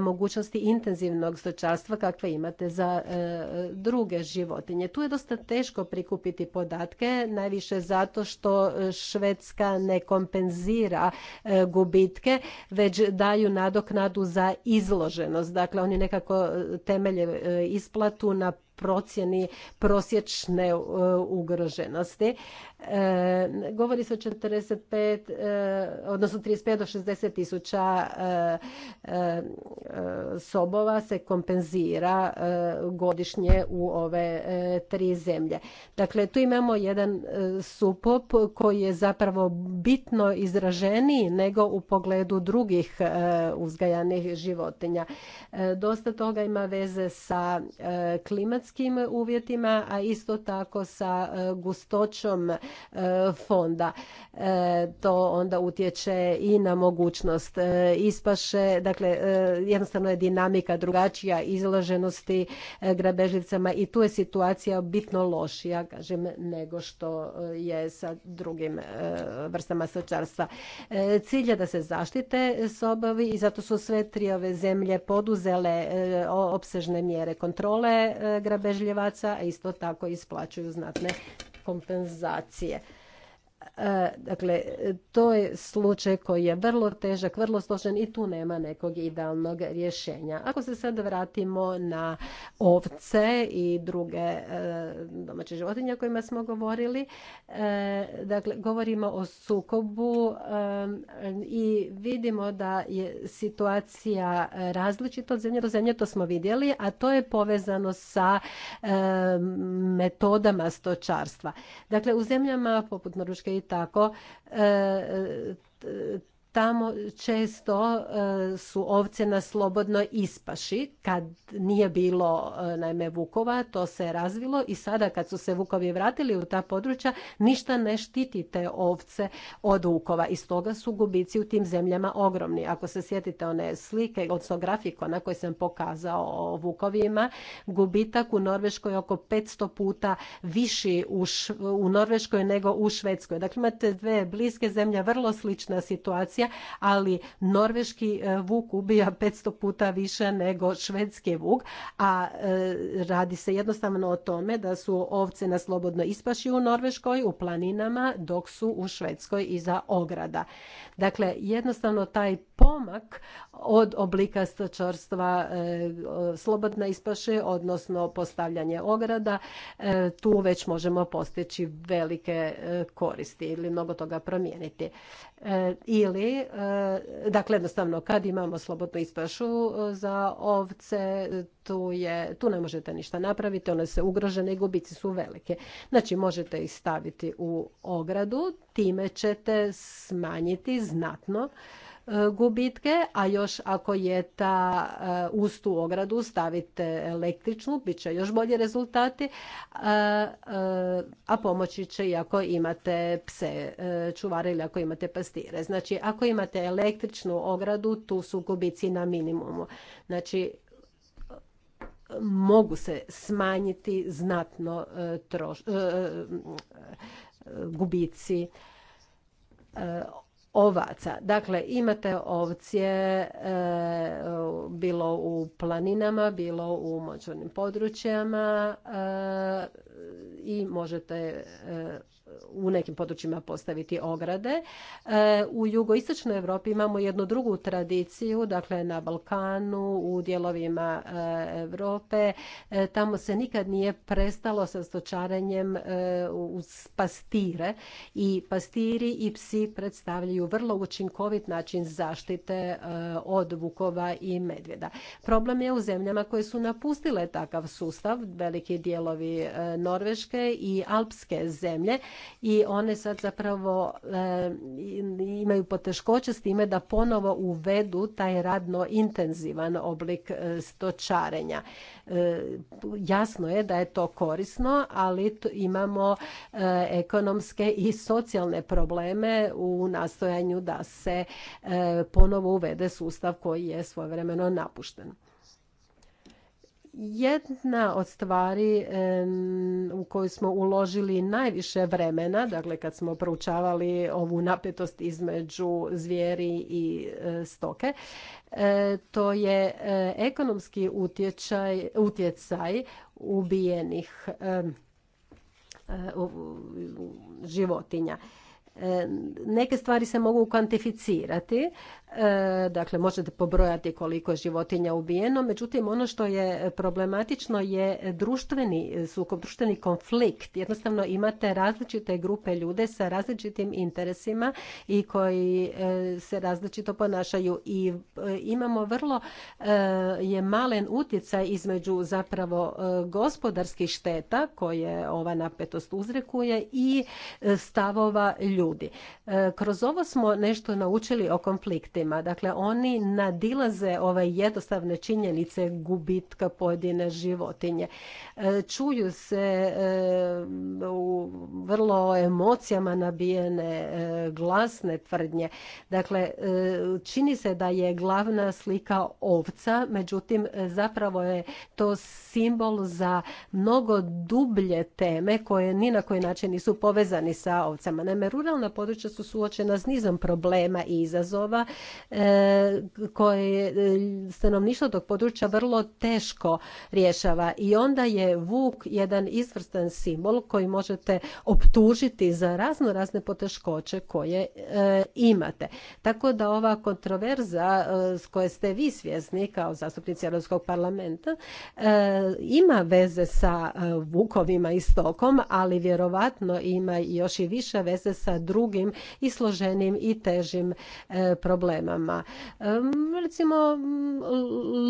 mogućnosti intenzivnog stočarstva kakve imate za druge životinje. Tu je dosta teško prikupiti podatke, najviše zato što Švedska ne kompenzira E, gubitke, već daju nadoknadu za izloženost. Dakle, oni nekako e, temelje e, isplatu na procjeni prosječne e, ugroženosti. E, govori se o 45, e, odnosno 35 do 60 tisuća sobova se kompenzira godišnje u ove tri zemlje. Dakle, tu imamo jedan supop koji je zapravo bitno izraženiji nego u pogledu drugih uzgajanih životinja. Dosta toga ima veze sa klimatskim klimatskim uvjetima, a isto tako sa e, gustoćom e, fonda. E, to onda utječe i na mogućnost ispaše, dakle jednostavno je dinamika drugačija izloženosti grabežljivcama i tu je situacija bitno lošija, kažem, nego što je sa drugim vrstama stočarstva. Cilj je da se zaštite sobovi i zato su sve tri ove zemlje poduzele opsežne mjere kontrole grabežljivca bežljevaca, a isto tako isplaćuju znatne kompenzacije. E, dakle, to je slučaj koji je vrlo težak, vrlo složen i tu nema nekog idealnog rješenja. Ako se sad vratimo na ovce i druge e, domaće životinje o kojima smo govorili, e, dakle, govorimo o sukobu i vidimo da je situacija različita od zemlje do zemlje, to smo vidjeli, a to je povezano sa metodama stočarstva. Dakle, u zemljama poput Norveške i tako e, e, tamo često e, su ovce na slobodno ispaši kad nije bilo e, naime vukova to se je razvilo i sada kad su se vukovi vratili u ta područja ništa ne štiti te ovce od vukova i stoga su gubici u tim zemljama ogromni ako se sjetite one slike odnosno na koji sam pokazao o vukovima gubitak u Norveškoj je oko 500 puta viši u, u Norveškoj nego u Švedskoj dakle imate dve bliske zemlje vrlo slična situacija ali norveški e, vuk ubija 500 puta više nego švedski vuk, a e, radi se jednostavno o tome da su ovce na slobodno ispaši u Norveškoj, u planinama, dok su u Švedskoj iza ograda. Dakle, jednostavno taj pomak od oblika stočarstva e, slobodna ispaše, odnosno postavljanje ograda, tu već možemo postići velike koristi ili mnogo toga promijeniti. E, ili, e, dakle jednostavno kad imamo slobodnu ispašu e, za ovce, tu, je, tu ne možete ništa napraviti, one se ugrožene i gubici su velike. Znači možete ih staviti u ogradu, time ćete smanjiti znatno gubitke, a još ako je ta e, uz tu ogradu stavite električnu, bit će još bolji rezultati, e, e, a pomoći će i ako imate pse čuvare ili ako imate pastire. Znači, ako imate električnu ogradu, tu su gubici na minimumu. Znači, mogu se smanjiti znatno gubici ovaca. Dakle, imate ovcije e, bilo u planinama, bilo u močvarnim područjama e, i možete e, u nekim područjima postaviti ograde. U jugoistočnoj Europi imamo jednu drugu tradiciju, dakle na Balkanu, u dijelovima Europe. Tamo se nikad nije prestalo sa stočarenjem uz pastire i pastiri i psi predstavljaju vrlo učinkovit način zaštite e, od vukova i medvjeda. Problem je u zemljama koje su napustile takav sustav, veliki dijelovi e, Norveške i Alpske zemlje i one sad zapravo e, imaju poteškoće s time da ponovo uvedu taj radno intenzivan oblik stočarenja. Jasno je da je to korisno, ali imamo ekonomske i socijalne probleme u nastojanju da se e, ponovo uvede sustav koji je svojevremeno napušten. Jedna od stvari e, u koju smo uložili najviše vremena, dakle kad smo proučavali ovu napetost između zvijeri i e, stoke, to je ekonomski utjecaj ubijenih životinja. E, neke stvari se mogu kvantificirati, e, dakle možete pobrojati koliko je životinja ubijeno, međutim ono što je problematično je društveni e, sukob, društveni konflikt. Jednostavno imate različite grupe ljude sa različitim interesima i koji se različito ponašaju i imamo vrlo je malen utjecaj između zapravo gospodarskih šteta koje ova napetost uzrekuje i stavova ljudi ljudi. E, kroz ovo smo nešto naučili o konfliktima. Dakle, oni nadilaze ove jednostavne činjenice gubitka pojedine životinje. E, čuju se e, u vrlo emocijama nabijene glasne tvrdnje. Dakle, čini se da je glavna slika ovca, međutim, zapravo je to simbol za mnogo dublje teme koje ni na koji način nisu povezani sa ovcama. Naime, ruralna na područja su suočena s nizom problema i izazova e, koje e, stanovništvo tog područja vrlo teško rješava i onda je vuk jedan izvrstan simbol koji možete optužiti za razno razne poteškoće koje e, imate. Tako da ova kontroverza s koje ste vi svjesni kao zastupnici Europskog parlamenta ima veze sa vukovima i stokom, ali vjerovatno ima još i više veze sa drugim i složenim i težim e, problemama. E, recimo, mm,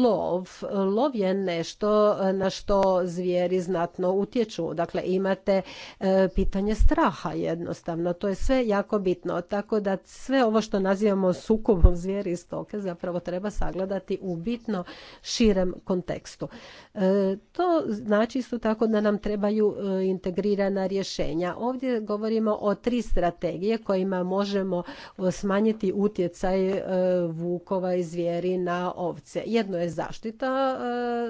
lov. Lov je nešto na što zvijeri znatno utječu. Dakle, imate e, pitanje straha jednostavno. To je sve jako bitno. Tako da sve ovo što nazivamo sukobom zvijeri i stoke zapravo treba sagledati u bitno širem kontekstu. To znači isto tako da nam trebaju integrirana rješenja. Ovdje govorimo o tri strategije strategije kojima možemo e, smanjiti utjecaj e, vukova i zvijeri na ovce. Jedno je zaštita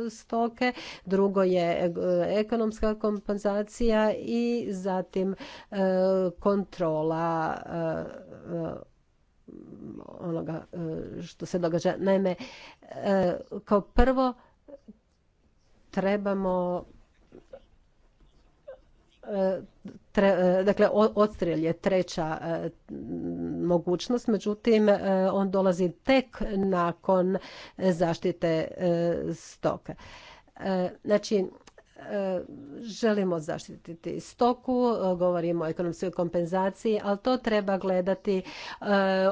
e, stoke, drugo je ekonomska kompenzacija i zatim kontrola onoga što se događa. Naime, kao prvo trebamo tre, e, dakle odstrel je treća e, mogućnost, međutim e, on dolazi tek nakon zaštite stoka. Znači želimo zaštititi stoku, govorimo o ekonomskoj kompenzaciji, ali to treba gledati e,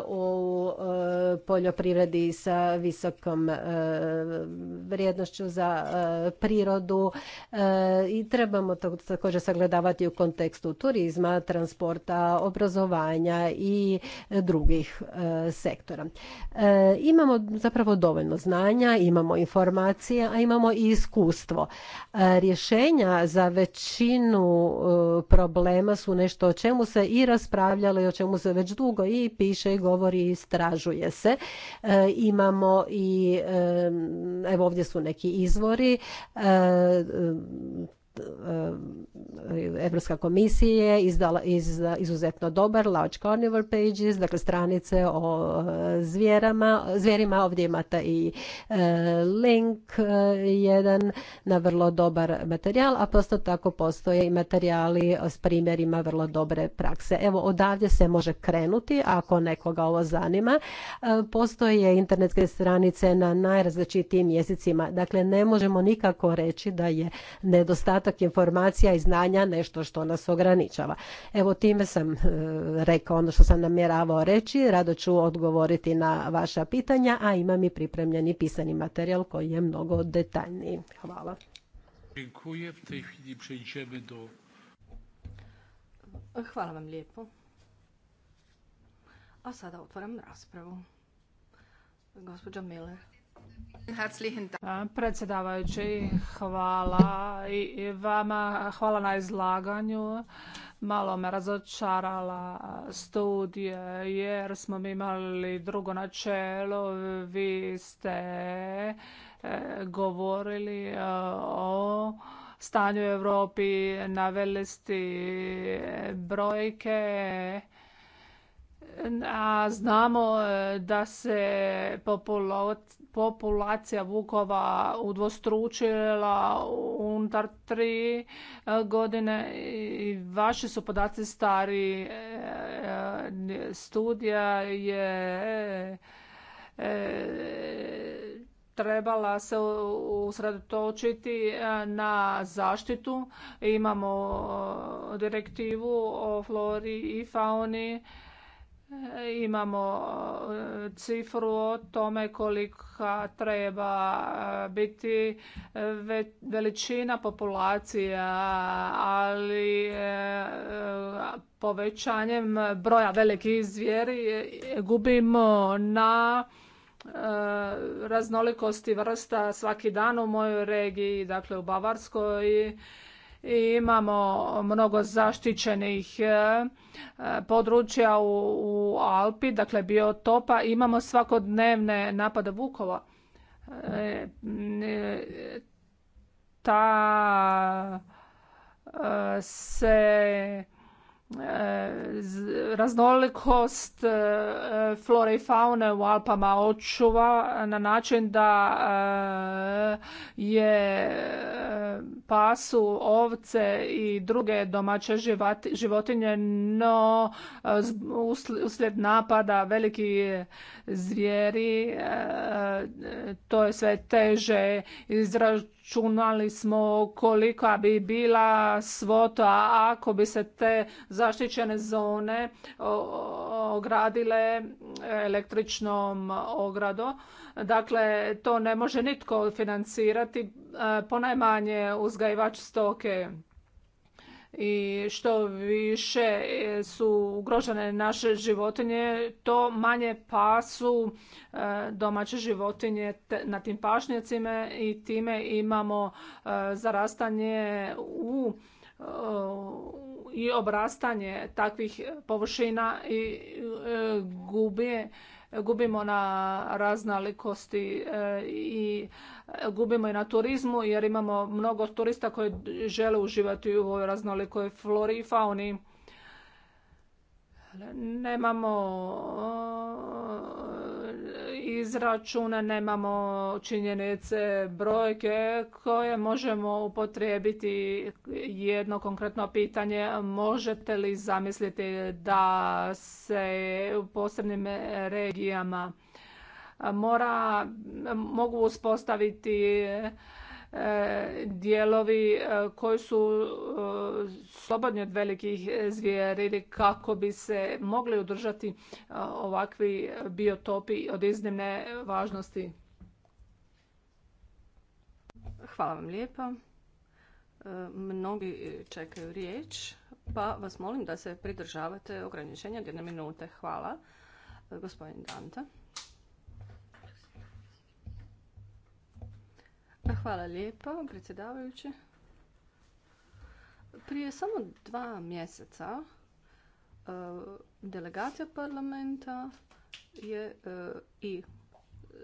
u e, poljoprivredi sa visokom e, vrijednošću za prirodu i trebamo to također sagledavati u kontekstu turizma, transporta, obrazovanja i drugih sektora. Imamo zapravo dovoljno znanja, imamo informacije, a imamo i iskustvo. rješenja rješenja za većinu e, problema su nešto o čemu se i raspravljalo i o čemu se već dugo i piše i govori i istražuje se. E, imamo i, e, evo ovdje su neki izvori, E, Evropska komisija je izdala iz, izuzetno dobar Large Carnival Pages, dakle stranice o e, zvjerama zvjerima. Ovdje imate i e, link jedan na vrlo dobar materijal, a posto tako postoje i materijali s primjerima vrlo dobre prakse. Evo odavdje se može krenuti ako nekoga ovo zanima. Postoje internetske stranice na najrazličitijim jezicima. Dakle, ne možemo nikako reći da je nedostatak nedostatak informacija i znanja nešto što nas ograničava. Evo time sam e, rekao ono što sam namjeravao reći, rado ću odgovoriti na vaša pitanja, a imam i pripremljeni pisani materijal koji je mnogo detaljniji. Hvala. Hvala vam lijepo. A sada otvaram raspravu. Gospođa Miller. Predsjedavajući, hvala i vama, hvala na izlaganju. Malo me razočarala studije jer smo mi imali drugo načelo, vi ste e, govorili e, o stanju u Europi, naveli ste brojke a znamo e, da se populacija vukova udvostručila unutar tri e, godine i vaši su podaci stari. E, studija je trebala se usredotočiti na zaštitu. Imamo direktivu o flori i fauni imamo e, cifru o tome kolika treba e, biti e, veličina populacija, ali povećanjem broja velikih zvijeri gubimo na raznolikosti vrsta svaki dan u mojoj regiji, dakle u Bavarskoj Imamo mnogo zaštićenih e, područja u Alpi, dakle biotopa. Imamo svakodnevne napade vukova. E, e, ta se raznolikost flore i faune u Alpama očuva na način da je pasu ovce i druge domaće životinje, no e, uslijed napada veliki zvijeri e, to je sve teže. Izračunali smo kolika bi bila svota ako bi se te zaštićene zone ogradile električnom ogradom. Dakle, to ne može nitko financirati E, ponajmanje uzgajivač stoke i što više su ugrožene naše životinje, to manje pasu e, domaće životinje na tim pašnjacima i time imamo e, zarastanje u i obrastanje takvih površina i gubije gubimo na raznolikosti e, i gubimo i na turizmu jer imamo mnogo turista koji žele uživati u ovoj raznolikoj flori i fauni nemamo izračuna, nemamo činjenice, brojke koje možemo upotrijebiti. Jedno konkretno pitanje, možete li zamisliti da se u posebnim regijama mora, mogu uspostaviti dijelovi e, koji su e, slobodni od velikih zvijeri kako bi se mogli održati e, ovakvi biotopi od iznimne važnosti. Hvala vam lijepa. Mnogi čekaju riječ, pa vas molim da se pridržavate ograničenja od jedne minute. Hvala, gospodin Danta. Hvala lijepo, predsjedavajući. Prije samo dva mjeseca e, delegacija parlamenta je e, i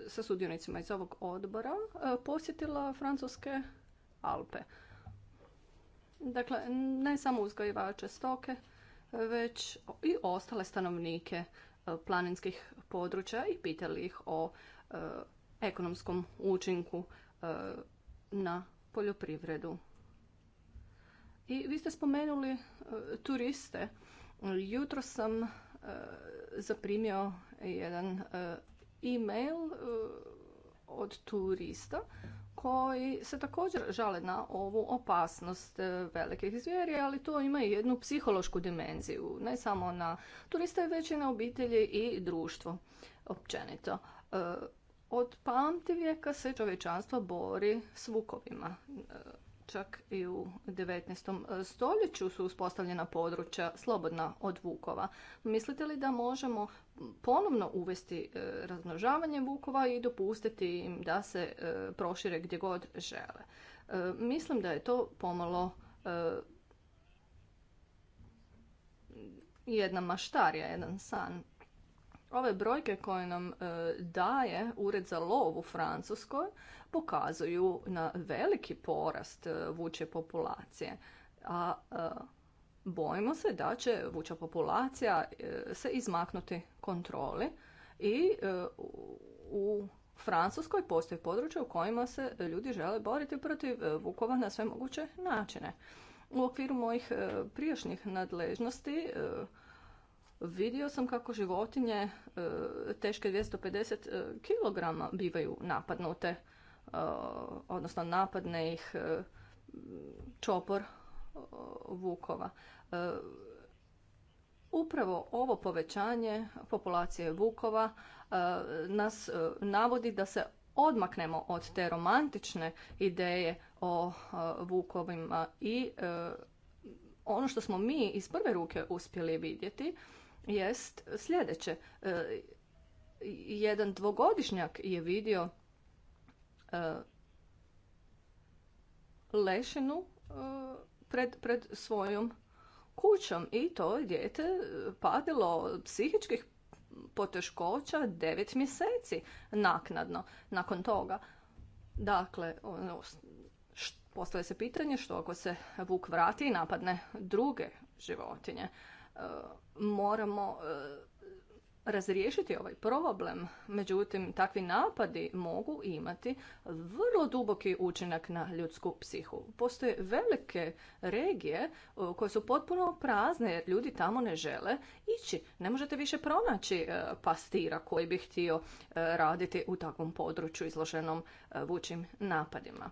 sa sudionicima iz ovog odbora e, posjetila francuske Alpe. Dakle, ne samo uzgajivače stoke, već i ostale stanovnike planinskih područja i pitali ih o ekonomskom učinku E, na poljoprivredu. I vi ste spomenuli e, turiste. Jutro sam e, zaprimio jedan e-mail od turista koji se također žale na ovu opasnost velikih zvijeri, ali to ima i jednu psihološku dimenziju, ne samo na turiste, već i na obitelji i društvo općenito. Od vijeka se čovječanstvo bori s vukovima. Čak i u 19. stoljeću su uspostavljena područja slobodna od vukova. Mislite li da možemo ponovno uvesti e, razmnožavanje vukova i dopustiti im da se e, prošire gdje god žele? E, mislim da je to pomalo jedna maštarija, jedan san. Ove brojke koje nam e, daje Ured za lov u Francuskoj pokazuju na veliki porast e, vuče populacije, a e, bojimo se da će vuča populacija se izmaknuti kontroli i u Francuskoj postoje područje u kojima se ljudi žele boriti protiv vukova na sve moguće načine. U okviru mojih prijašnjih nadležnosti vidio sam kako životinje e, teške 250 e, kg bivaju napadnute, e, odnosno napadne ih čopor vukova. Upravo ovo povećanje populacije vukova nas navodi da se odmaknemo od te romantične ideje o vukovima i ono što smo mi iz prve ruke uspjeli vidjeti jest sljedeće. E, jedan dvogodišnjak je vidio e, lešinu e, pred, pred svojom kućom i to je dijete padilo psihičkih poteškoća devet mjeseci naknadno nakon toga. Dakle, ono, postavlja se pitanje što ako se vuk vrati i napadne druge životinje. E, moramo e, razriješiti ovaj problem. Međutim, takvi napadi mogu imati vrlo duboki učinak na ljudsku psihu. Postoje velike regije e, koje su potpuno prazne jer ljudi tamo ne žele ići. Ne možete više pronaći pastira koji bi htio raditi u takvom području izloženom vučim napadima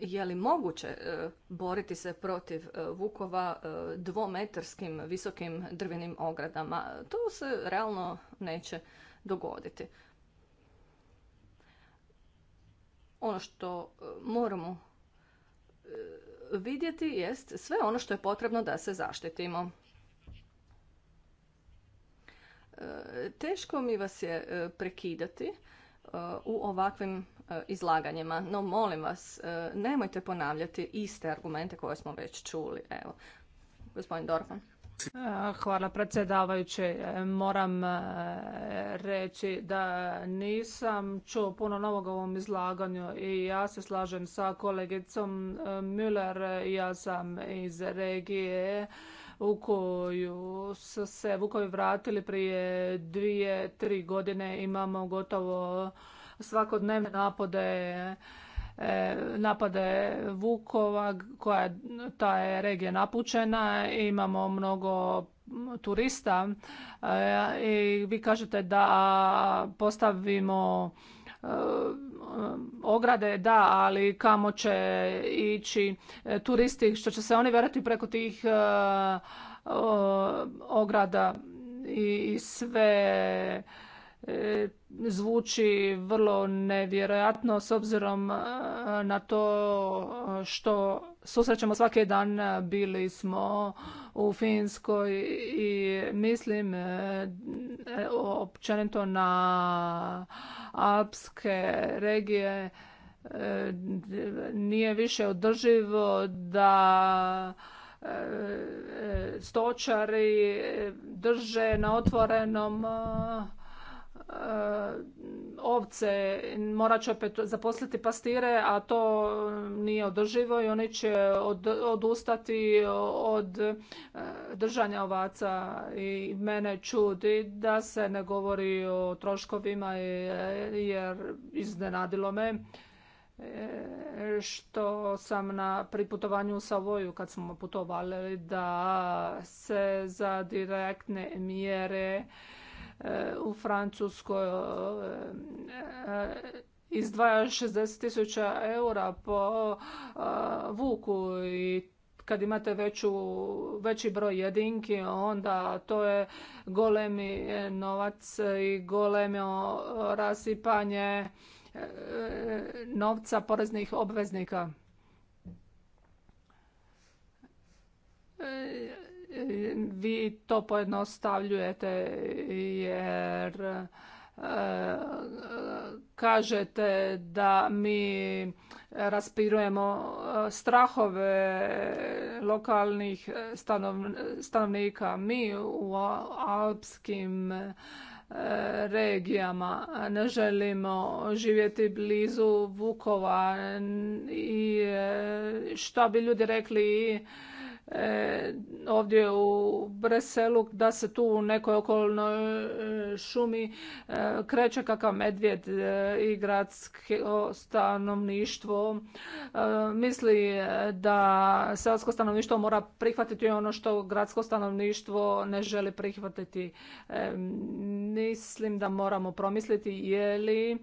je li moguće e, boriti se protiv e, vukova e, dvometarskim visokim drvenim ogradama? To se realno neće dogoditi. Ono što moramo vidjeti jest sve ono što je potrebno da se zaštitimo. Teško mi vas je prekidati u ovakvim E, izlaganjima, no molim vas, e, nemojte ponavljati iste argumente koje smo već čuli. Evo, gospodin Dorfan. E, hvala predsjedavajući. Moram reći da nisam čuo puno novog u ovom izlaganju i ja se slažem sa kolegicom Müller. Ja sam iz regije u koju su se Vukovi vratili prije dvije, tri godine. Imamo gotovo svakodnevne napade e, napade Vukova, koja ta je regija napučena, imamo mnogo turista e, i vi kažete da postavimo e, ograde, da, ali kamo će ići turisti, što će se oni verati preko tih ograda i sve E, zvuči vrlo nevjerojatno s obzirom e, na to e, što susrećemo svaki dan. Bili smo u Finskoj i mislim općenito na alpske regije nije više održivo da stočari drže na otvorenom E, ovce morat će opet zaposliti pastire, a to nije održivo i oni će odustati od e, držanja ovaca i mene čudi da se ne govori o troškovima e, jer iznenadilo me što sam na priputovanju u Savoju kad smo putovali da se za direktne mjere Eh, u Francuskoj eh, eh, izdvaja 60 tisuća eura po vuku i kad imate veći broj jedinki, onda to je golemi novac i golemo rasipanje novca poreznih obveznika vi to pojednostavljujete jer e, kažete da mi raspirujemo e, strahove lokalnih e, stanovnika. Mi u alpskim regijama ne želimo živjeti blizu Vukova i što bi ljudi rekli i E, ovdje u Breselu da se tu u nekoj okolnoj e, šumi e, kreće kakav medvjed i gradsko stanovništvo misli da seosko stanovništvo mora prihvatiti ono što gradsko stanovništvo ne želi prihvatiti. Mislim da moramo promisliti je li,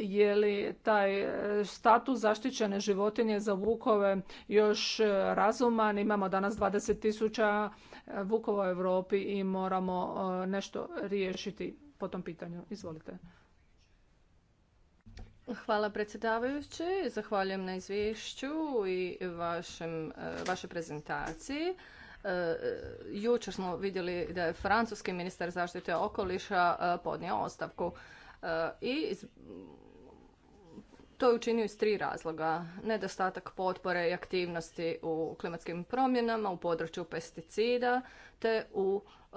je li taj status zaštićene životinje za vukove još razuman imamo danas 20.000 tisuća e, vukova u Europi i moramo e, nešto riješiti po tom pitanju. Izvolite. Hvala predsjedavajući, zahvaljujem na izvješću i e, vašoj prezentaciji. Jučer smo vidjeli da je francuski ministar zaštite okoliša podnio ostavku i to je učinio iz tri razloga. Nedostatak potpore i aktivnosti u klimatskim promjenama, u području pesticida te u e,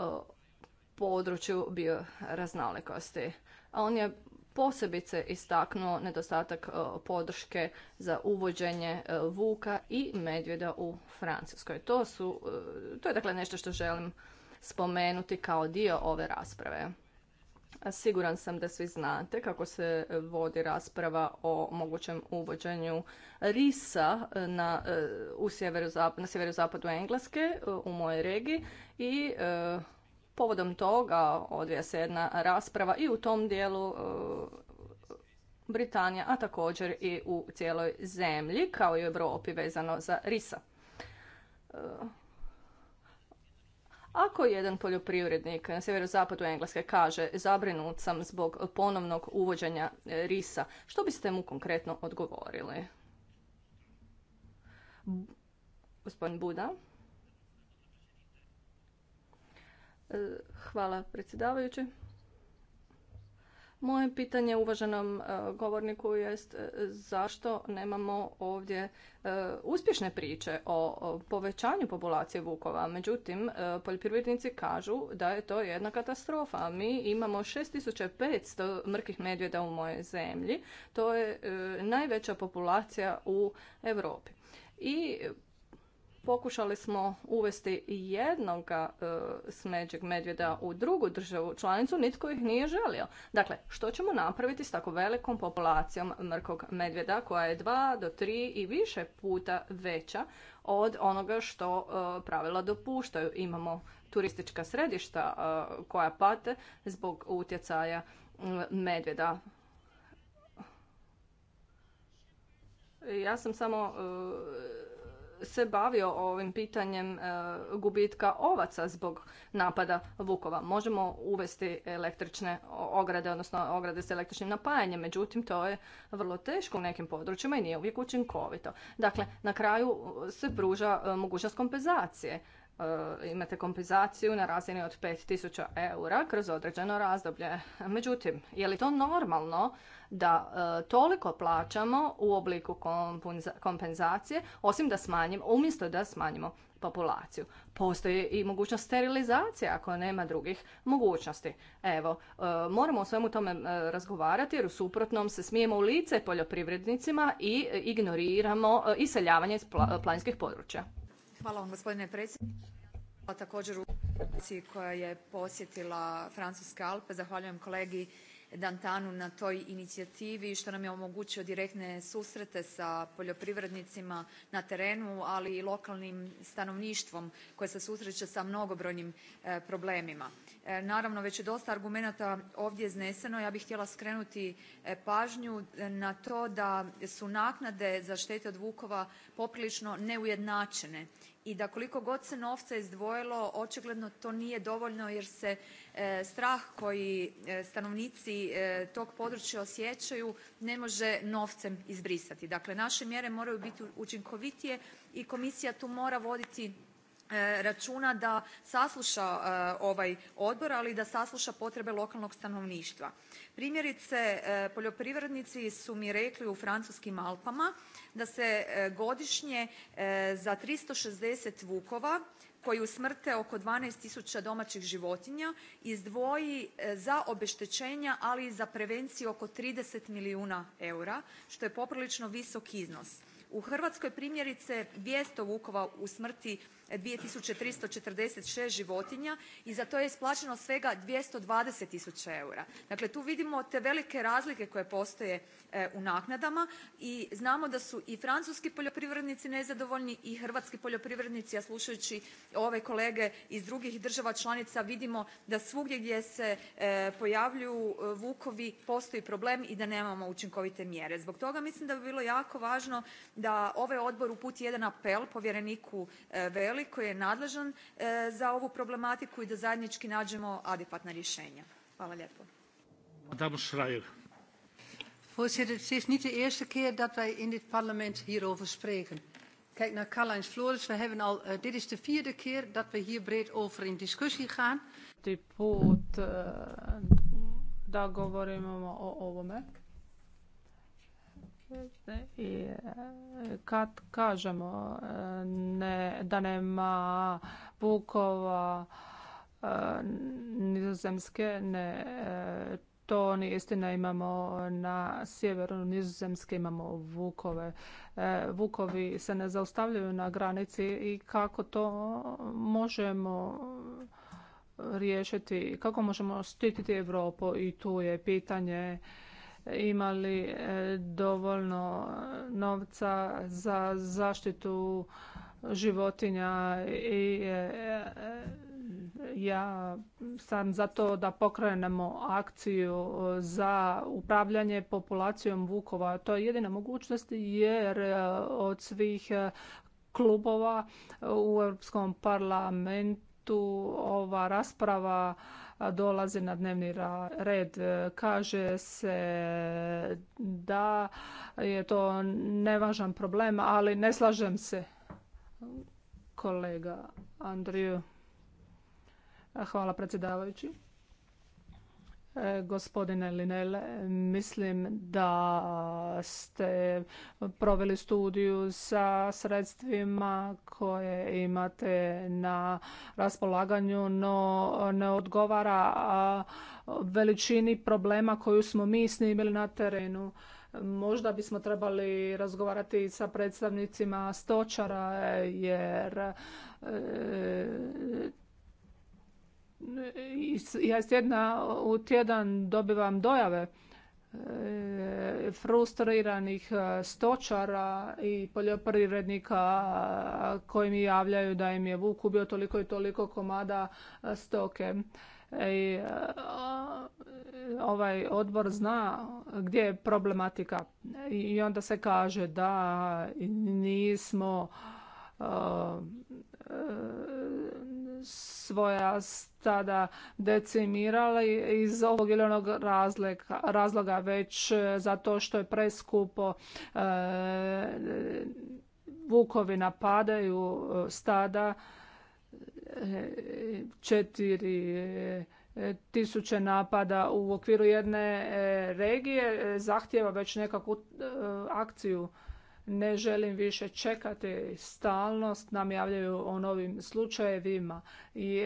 području bioraznolikosti. A on je posebice istaknuo nedostatak e, podrške za uvođenje e, vuka i medvjeda u Francuskoj. To, su, to je dakle nešto što želim spomenuti kao dio ove rasprave. Siguran sam da svi znate kako se vodi rasprava o mogućem uvođenju risa na, e, u sjeverozap, na sjeverozapadu Engleske e, u mojoj regiji i e, povodom toga odvija se jedna rasprava i u tom dijelu Britanija, a također i u cijeloj zemlji kao i u Europi vezano za risa. Ako jedan poljoprivrednik na sjeverozapadu Engleske kaže zabrinut sam zbog ponovnog uvođenja e, risa, što biste mu konkretno odgovorili? Gospodin Buda. E, hvala predsjedavajući. Moje pitanje uvaženom e, govorniku jest e, zašto nemamo ovdje e, uspješne priče o povećanju populacije vukova. Međutim, poljoprivrednici kažu da je to jedna katastrofa. Mi imamo 6500 mrkih medvjeda u mojoj zemlji. To je najveća populacija u Europi. I Pokušali smo uvesti jednoga e, smeđeg medvjeda u drugu državu članicu, nitko ih nije želio. Dakle, što ćemo napraviti s tako velikom populacijom mrkog medvjeda koja je dva do tri i više puta veća od onoga što e, pravila dopuštaju. Imamo turistička središta e, koja pate zbog utjecaja medvjeda. Ja sam samo se bavio ovim pitanjem e, gubitka ovaca zbog napada vukova. Možemo uvesti električne ograde, odnosno ograde s električnim napajanjem, međutim to je vrlo teško u nekim područjima i nije uvijek učinkovito. Dakle, na kraju se pruža e, mogućnost kompenzacije E, imate kompenzaciju na razini od 5000 eura kroz određeno razdoblje. Međutim, je li to normalno da e, toliko plaćamo u obliku kompenzacije, osim da smanjimo, umjesto da smanjimo populaciju. Postoji i mogućnost sterilizacije ako nema drugih mogućnosti. Evo, e, moramo o svemu tome razgovarati jer u suprotnom se smijemo u lice poljoprivrednicima i ignoriramo iseljavanje iz planinskih područja. Hvala vam gospodine predsjedniče. Hvala također u koja je posjetila Francuske Alpe. Zahvaljujem kolegi Dantanu na toj inicijativi što nam je omogućio direktne susrete sa poljoprivrednicima na terenu, ali i lokalnim stanovništvom koje se susreće sa mnogobrojnim e, problemima. E, naravno već je dosta argumenata ovdje izneseno. Ja bih htjela skrenuti e, pažnju na to da su naknade za štete od vukova poprilično neujednačene i da koliko god se novca izdvojilo očigledno to nije dovoljno jer se e, strah koji e, stanovnici e, tog područja osjećaju ne može novcem izbrisati. Dakle, naše mjere moraju biti učinkovitije i komisija tu mora voditi E, računa da sasluša e, ovaj odbor ali i da sasluša potrebe lokalnog stanovništva. primjerice e, poljoprivrednici su mi rekli u francuskim alpama da se godišnje za tristo šezdeset vukova koji usmrte oko dvanaest tisuća domaćih životinja izdvoji za obeštećenja ali i za prevenciju oko trideset milijuna eura što je poprilično visok iznos. u hrvatskoj primjerice dvjesto vukova usmrti 2346 životinja i za to je isplaćeno svega 220 tisuća eura. Dakle, tu vidimo te velike razlike koje postoje e, u naknadama i znamo da su i francuski poljoprivrednici nezadovoljni i hrvatski poljoprivrednici, a slušajući ove kolege iz drugih država članica vidimo da svugdje gdje se e, pojavljuju e, vukovi postoji problem i da nemamo učinkovite mjere. Zbog toga mislim da bi bilo jako važno da ovaj odbor uputi jedan apel povjereniku Veli tijeli koje je nadležan e, za ovu problematiku i da zajednički nađemo adekvatna rješenja. Hvala lijepo. Voorzitter, het is niet de eerste keer dat wij in dit parlement hierover spreken. Kijk naar Karl-Heinz Floris, we hebben al, uh, dit is de vierde keer dat we hier breed over in discussie gaan. Put, uh, eh, da govorimo o ovome i e, kad kažemo e, ne, da nema vukova e, nizozemske, ne, to ni istina. Imamo na sjeveru nizozemske, imamo vukove. Vukovi se ne zaustavljaju na granici i kako to možemo riješiti, kako možemo štititi Europu i tu je pitanje imali e, dovoljno novca za zaštitu životinja i e, e, ja sam za to da pokrenemo akciju za upravljanje populacijom vukova. To je jedina mogućnost jer od svih klubova u Europskom parlamentu ova rasprava dolaze na dnevni red. Kaže se da je to nevažan problem, ali ne slažem se. Kolega Andriju. Hvala predsjedavajući. E, gospodine Linel, mislim da ste proveli studiju sa sredstvima koje imate na raspolaganju, no ne odgovara veličini problema koju smo mi snimili na terenu. Možda bismo trebali razgovarati sa predstavnicima stočara jer e, ja iz jedna u tjedan dobivam dojave e, frustriranih e, stočara i poljoprivrednika koji mi javljaju da im je vuk ubio toliko i toliko komada e, stoke. I ovaj odbor zna gdje je problematika i onda se kaže da nismo svoja tada decimirali iz ovog ili onog razloga, već e, zato što je preskupo e, vukovi napadaju e, stada četiri tisuće napada u okviru jedne regije zahtjeva već nekakvu akciju. Ne želim više čekati stalnost, nam javljaju o novim slučajevima i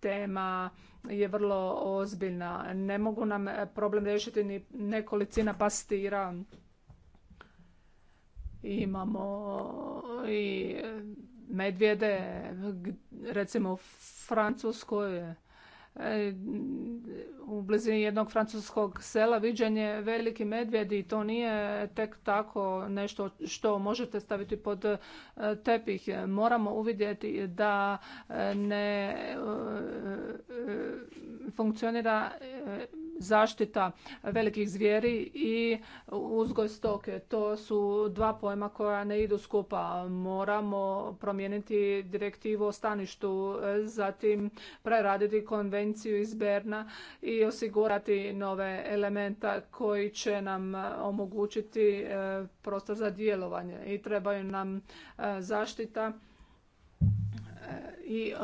tema je vrlo ozbiljna. Ne mogu nam problem riješiti ni nekolicina pastira. Imamo i medvjede, recimo u Francuskoj u blizini jednog francuskog sela viđen je veliki medvjed i to nije tek tako nešto što možete staviti pod e, tepih. Moramo uvidjeti da e, ne e, funkcionira zaštita velikih zvijeri i uzgoj stoke. To su dva pojma koja ne idu skupa. Moramo promijeniti direktivu o staništu, zatim preraditi konvenciju iz Berna i osigurati nove elementa koji će nam omogućiti e, prostor za djelovanje i trebaju nam e, zaštita e, i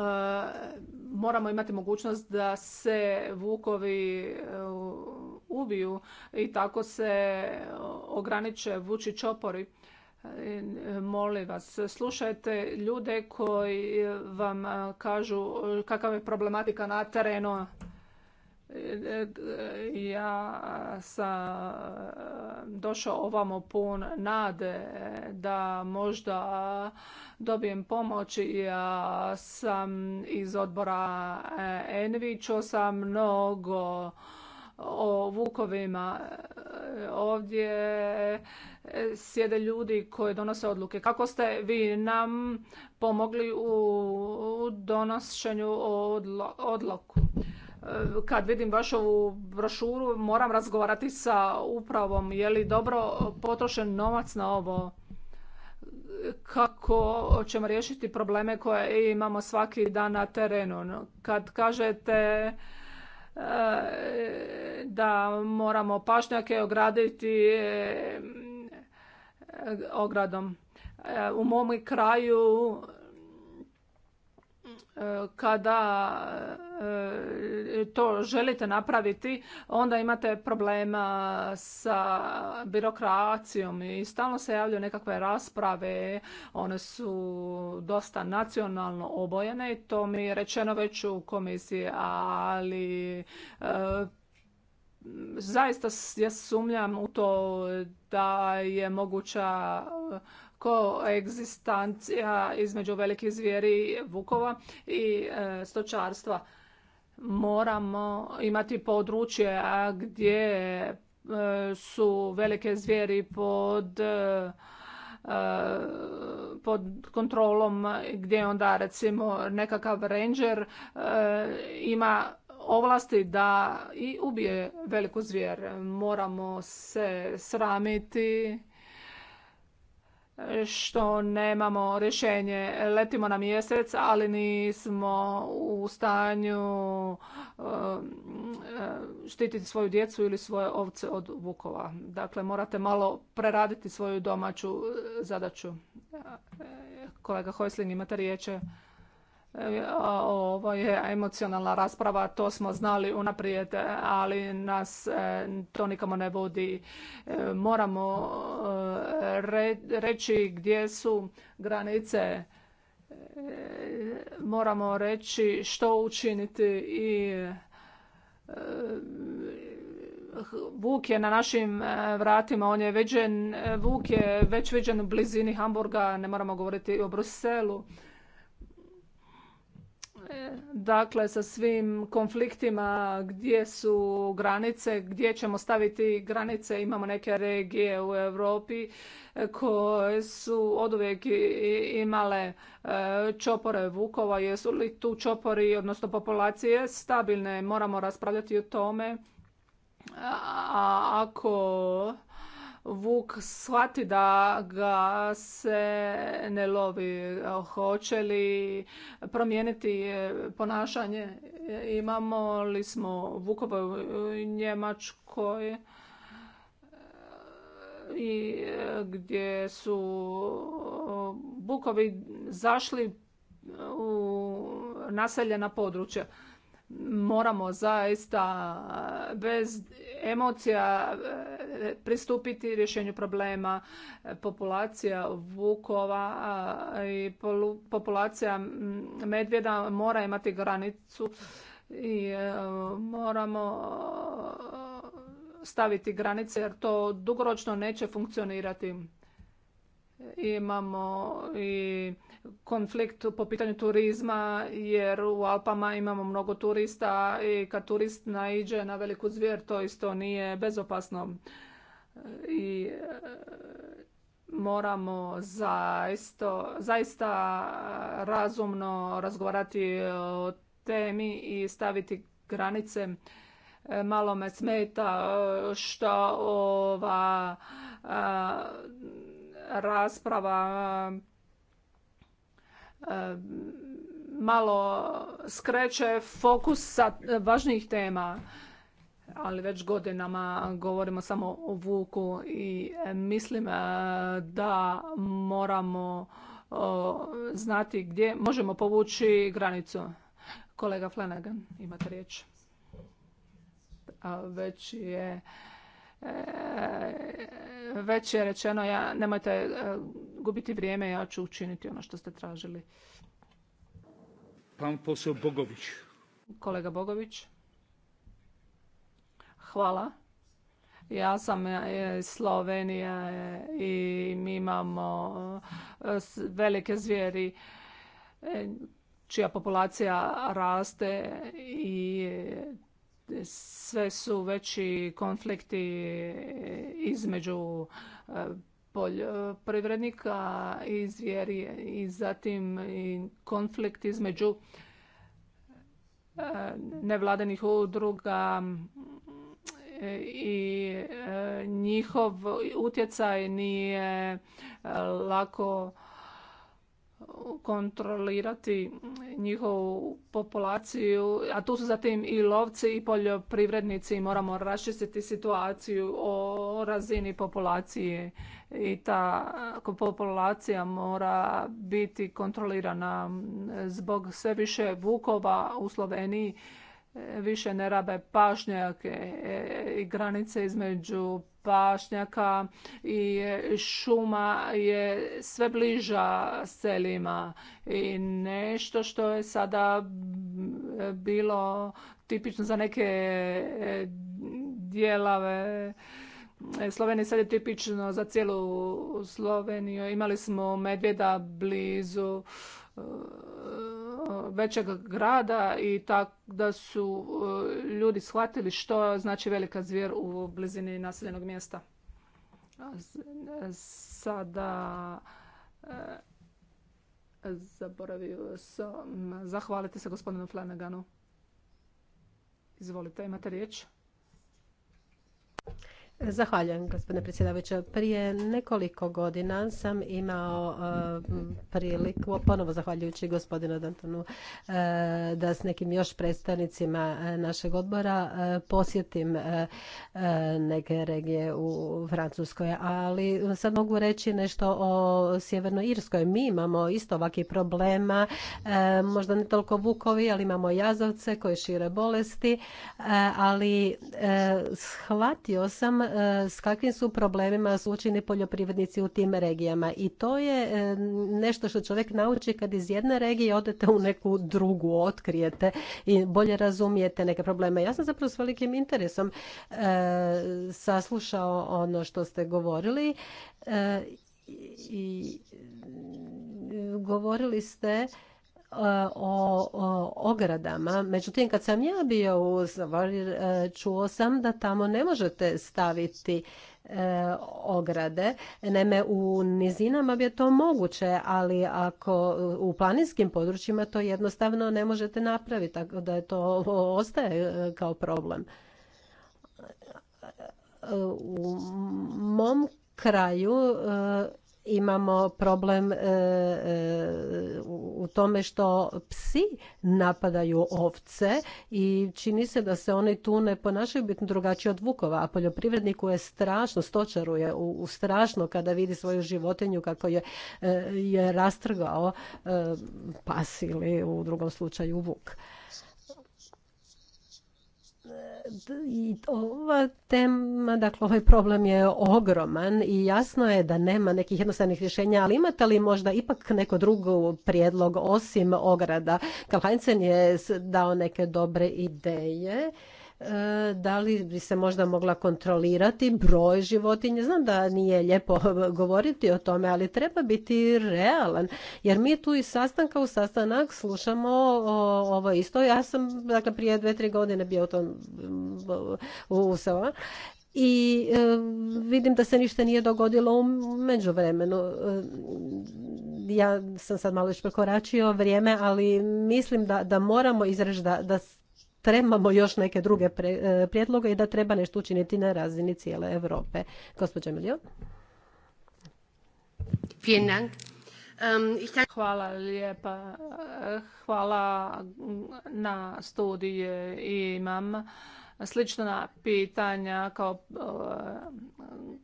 moramo imati mogućnost da se vukovi e, ubiju i tako se e, ograniče vuči čopori. E, molim vas, slušajte ljude koji vam kažu kakva je problematika na terenu ja sam došao ovamo pun nade da možda dobijem pomoć. Ja sam iz odbora eh, Envi, čuo sam mnogo o vukovima. Ovdje eh, sjede ljudi koji donose odluke. Kako ste vi nam pomogli u donošenju odluku? kad vidim vašu brošuru moram razgovarati sa upravom je li dobro potrošen novac na ovo kako ćemo riješiti probleme koje imamo svaki dan na terenu. Kad kažete e, da moramo pašnjake ograditi e, ogradom. E, u mom kraju Eh, kada eh, to želite napraviti, onda imate problema sa birokracijom i stalno se javljaju nekakve rasprave, one su dosta nacionalno obojene i to mi je rečeno već u komisiji, ali eh, zaista ja sumnjam u to da je moguća koegzistancija između velikih zvijeri vukova i e, stočarstva. Moramo imati područje gdje e, su velike zvijeri pod e, pod kontrolom gdje onda recimo nekakav ranger ima ovlasti da i ubije veliku zvijer. Moramo se sramiti što nemamo rješenje. Letimo na mjesec, ali nismo u stanju um, um, štititi svoju djecu ili svoje ovce od vukova. Dakle, morate malo preraditi svoju domaću uh, zadaću. Kolega Hojsling, imate riječe. E, ovo je emocionalna rasprava, to smo znali unaprijed, ali nas e, to nikamo ne vodi. E, moramo reći gdje su granice e, moramo reći što učiniti i e, Vuk je na našim e, vratima, on je viđen, Vuk je već viđen u blizini Hamburga, ne moramo govoriti o Bruselu dakle sa svim konfliktima gdje su granice, gdje ćemo staviti granice, imamo neke regije u Europi e, koje su uvijek imale e, čopore vukova, jesu li tu čopori, odnosno populacije stabilne, moramo raspravljati o tome. A ako vuk shvati da ga se ne lovi. Hoće li promijeniti e, ponašanje? Imamo li smo vukove u Njemačkoj? E, i e, gdje su vukovi zašli u naseljena područja. Moramo zaista bez emocija pristupiti rješenju problema. E, populacija vukova i populacija medvjeda mora imati granicu i e, moramo e, staviti granice jer to dugoročno neće funkcionirati. Imamo i konflikt po pitanju turizma jer u Alpama imamo mnogo turista i kad turist naiđe na veliku zvijer to isto nije bezopasno i e, moramo zaista, zaista razumno razgovarati o temi i staviti granice. E, malo me smeta e, što ova rasprava malo skreće fokus sa važnijih tema ali već godinama govorimo samo o vuku i e, mislim e, da moramo znati gdje možemo povući granicu. Kolega Flanagan, imate riječ. već je e, već je rečeno, ja, nemojte gubiti vrijeme, ja ću učiniti ono što ste tražili. Pan posao Bogović. Kolega Bogović. Hvala. Ja sam e, iz Slovenije e, i mi imamo e, velike zvijeri čija populacija raste i sve su veći konflikti između poljoprivrednika i zvijeri i zatim konflikt između nevladenih udruga i e, njihov utjecaj nije e, lako kontrolirati njihovu populaciju, a tu su zatim i lovci i poljoprivrednici moramo raščistiti situaciju o razini populacije i ta populacija mora biti kontrolirana zbog sve više vukova u Sloveniji više ne rabe pašnjake e, i granice između pašnjaka i šuma je sve bliža selima i nešto što je sada bilo tipično za neke e, dijelave e, Slovenije sad je tipično za cijelu Sloveniju. Imali smo medvjeda blizu većeg grada i tako da su e, ljudi shvatili što znači velika zvijer u blizini naseljenog mjesta. Sada e, zaboravio sam zahvaliti se gospodinu Flanaganu. Izvolite, imate riječ. Zahvaljujem, gospodine predsjedavajuća. Prije nekoliko godina sam imao e, priliku, ponovo zahvaljujući gospodinu Dantonu, e, da s nekim još predstavnicima e, našeg odbora posjetim neke regije u Francuskoj. Ali sad mogu reći nešto o Sjevernoj Irskoj. Mi imamo isto ovakvih problema, možda ne toliko vukovi, ali imamo jazavce koji šire bolesti, ali shvatio sam E, s kakvim su problemima suočeni poljoprivrednici u tim regijama. I to je e, nešto što čovjek nauči kad iz jedne regije odete u neku drugu, otkrijete i bolje razumijete neke probleme. Ja sam zapravo s velikim interesom e, saslušao ono što ste govorili i govorili ste o, ogradama. Međutim, kad sam ja bio u Zavori, e, čuo sam da tamo ne možete staviti e, ograde. Naime, u nizinama bi je to moguće, ali ako u planinskim područjima to jednostavno ne možete napraviti, tako da je to ostaje e, kao problem. U mom kraju imamo problem e, e, u tome što psi napadaju ovce i čini se da se oni tu ne ponašaju bitno drugačije od vukova, a poljoprivredniku je strašno, stočaru je u strašno kada vidi svoju životinju kako je, e, je rastrgao pas ili u drugom slučaju vuk i ova tema, dakle ovaj problem je ogroman i jasno je da nema nekih jednostavnih rješenja, ali imate li možda ipak neko drugo prijedlog osim ograda? Kalhajncen je dao neke dobre ideje E, da li bi se možda mogla kontrolirati broj životinja. Znam da nije lijepo [LAUGHS] govoriti o tome, ali treba biti realan, jer mi tu iz sastanka u sastanak slušamo ovo isto. Ja sam, dakle, prije dve, tri godine bio u tom u i e, vidim da se ništa nije dogodilo u međuvremenu. E, ja sam sad malo još prekoračio vrijeme, ali mislim da, da moramo izreći da, da spremamo još neke druge e, prijedloge i da treba nešto učiniti na razini cijele Europe. Gospođa Milijon. Ähm, Hvala lijepa. Hvala na studije i imam slična pitanja kao e,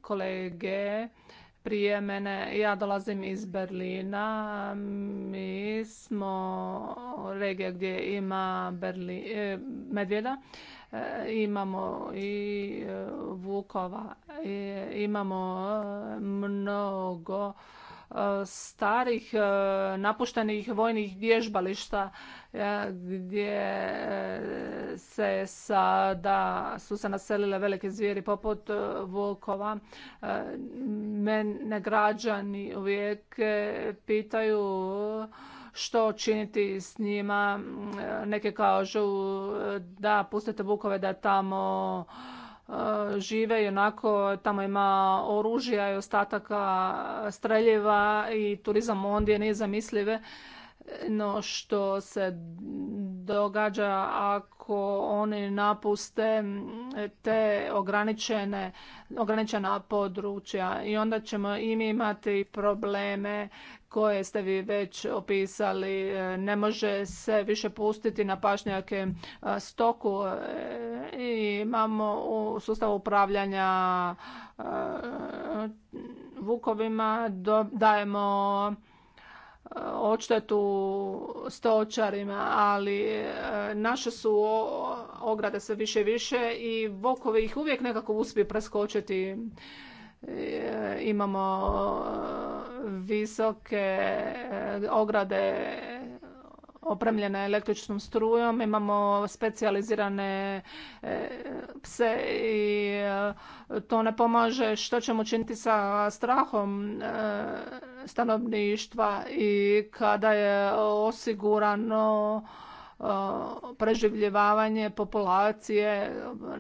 kolege prije mene. Ja dolazim iz Berlina. Mi smo regija gdje ima Berlin, e, medvjeda. E, imamo i e, vukova. Imamo mnogo starih e, napuštenih vojnih vježbališta e, gdje e, se sada su se naselile velike zvijeri poput vukova. Mene građani uvijek pitaju što činiti s njima. Neki kažu da pustite vukove da tamo žive i onako tamo ima oružja i ostataka streljiva i turizam ondje nezamislive no što se događa ako oni napuste te ograničene, ograničena područja i onda ćemo im imati probleme koje ste vi već opisali. E, ne može se više pustiti na pašnjake e, stoku e, i imamo u sustavu upravljanja vukovima dajemo Eh, odštetu stočarima, ali eh, naše su ograde sve više i više i vokovi ih uvijek nekako uspiju preskočiti. Eh, imamo visoke ograde opremljene električnom strujom, imamo specijalizirane pse i to ne pomaže što ćemo činiti sa strahom stanovništva i kada je osigurano e, preživljavanje populacije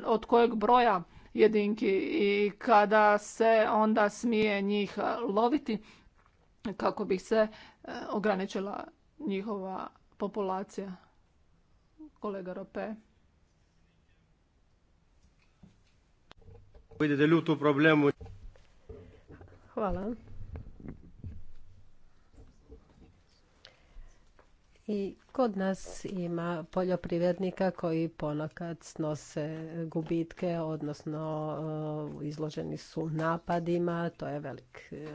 od kojeg broja jedinki i kada se onda smije njih loviti kako bi se e, ograničila njihova populacija. Kolega Rope. Hvala. i Kod nas ima poljoprivrednika koji ponakad snose gubitke, odnosno e, izloženi su napadima. To je velik, e,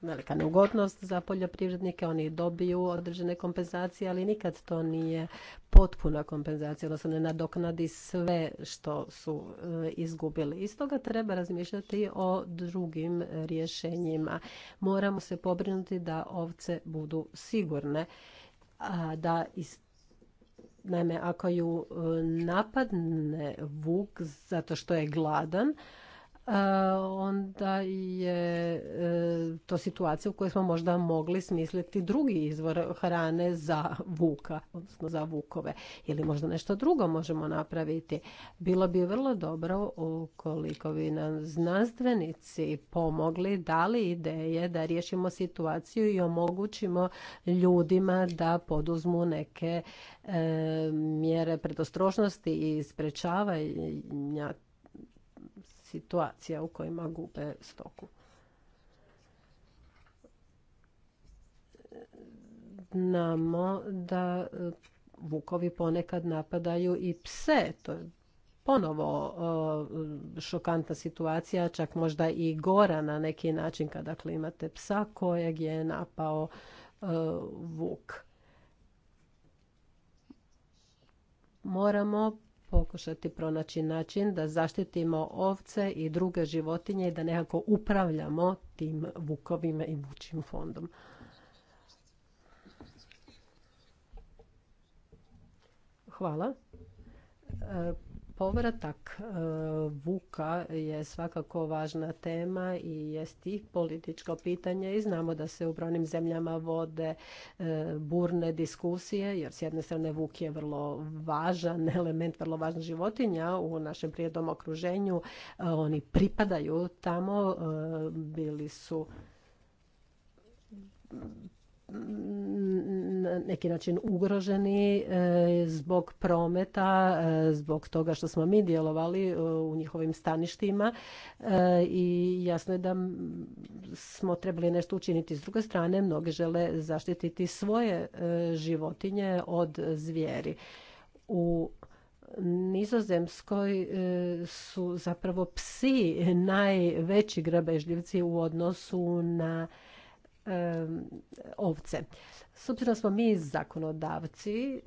velika neugodnost za poljoprivrednike. Oni dobiju određene kompenzacije, ali nikad to nije potpuna kompenzacija, odnosno ne nadoknadi sve što su e, izgubili. Iz toga treba razmišljati o drugim rješenjima. Moramo se pobrinuti da ovce budu sigurne a da iz Naime, ako ju e, napadne vuk zato što je gladan, onda je e, to situacija u kojoj smo možda mogli smisliti drugi izvor hrane za vuka, odnosno za vukove. Ili možda nešto drugo možemo napraviti. Bilo bi vrlo dobro ukoliko bi nam znanstvenici pomogli, dali ideje da riješimo situaciju i omogućimo ljudima da poduzmu neke e, mjere predostrošnosti i sprečavanja situacija u kojima gube stoku. Znamo da vukovi ponekad napadaju i pse. To je ponovo šokantna situacija, čak možda i gora na neki način kada imate psa kojeg je napao vuk. Moramo pokušati pronaći način da zaštitimo ovce i druge životinje i da nekako upravljamo tim vukovima i vučim fondom. Hvala. E, Povratak e, Vuka je svakako važna tema i jest i političko pitanje i znamo da se u brojnim zemljama vode e, burne diskusije jer s jedne strane Vuk je vrlo važan [LAUGHS] element, vrlo važna životinja u našem prijednom okruženju. E, oni pripadaju tamo, bili su na neki način ugroženi e, zbog prometa, e, zbog toga što smo mi djelovali e, u njihovim staništima i jasno je da smo trebali nešto učiniti. S druge strane, mnogi žele zaštititi svoje životinje od zvijeri. U Nizozemskoj su zapravo psi najveći grabežljivci u odnosu na ovce. S obzirom smo mi zakonodavci,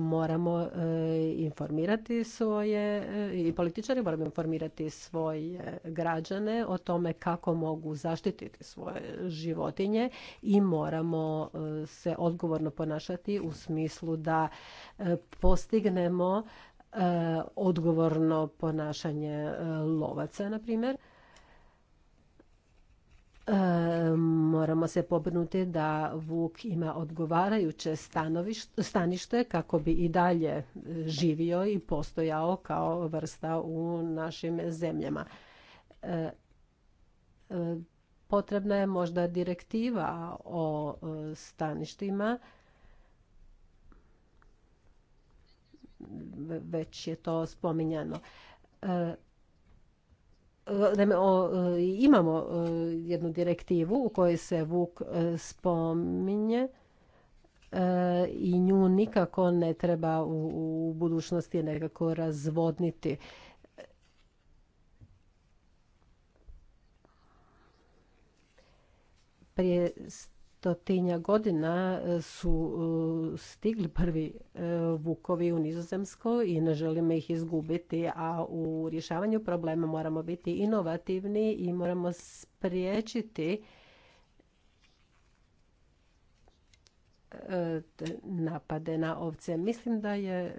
moramo eh, informirati svoje, eh, i političari moramo informirati svoje građane o tome kako mogu zaštititi svoje životinje i moramo eh, se odgovorno ponašati u smislu da postignemo odgovorno ponašanje lovaca, na primjer moramo se pobrinuti da vuk ima odgovarajuće stanište kako bi i dalje živio i postojao kao vrsta u našim zemljama. Potrebna je možda direktiva o staništima. Već je to spominjano Naime, e, imamo e, jednu direktivu u kojoj se Vuk e, spominje i nju nikako ne treba u budućnosti nekako razvodniti. Prije stotinja godina e, su e, stigli prvi e, vukovi u Nizozemsko i ne želimo ih izgubiti, a u rješavanju problema moramo biti inovativni i moramo spriječiti napade na ovce. Mislim da je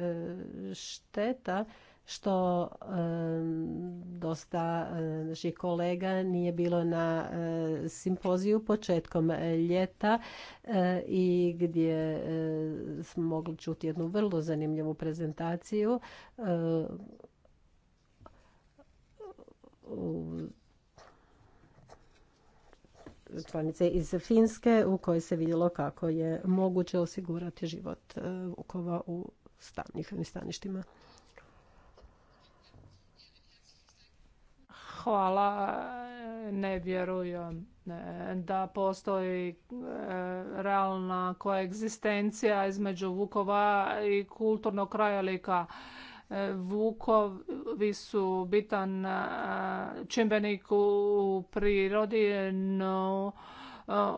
šteta što dosta e, naših kolega nije bilo na e, simpoziju početkom e, ljeta i gdje smo mogli čuti jednu vrlo zanimljivu prezentaciju članice iz Finske u kojoj se vidjelo kako je moguće osigurati život vukova u staništima. Hvala. Ne vjerujem e, da postoji e, realna koegzistencija između Vukova i kulturnog krajolika. E, Vukovi su bitan čimbenik u prirodi, no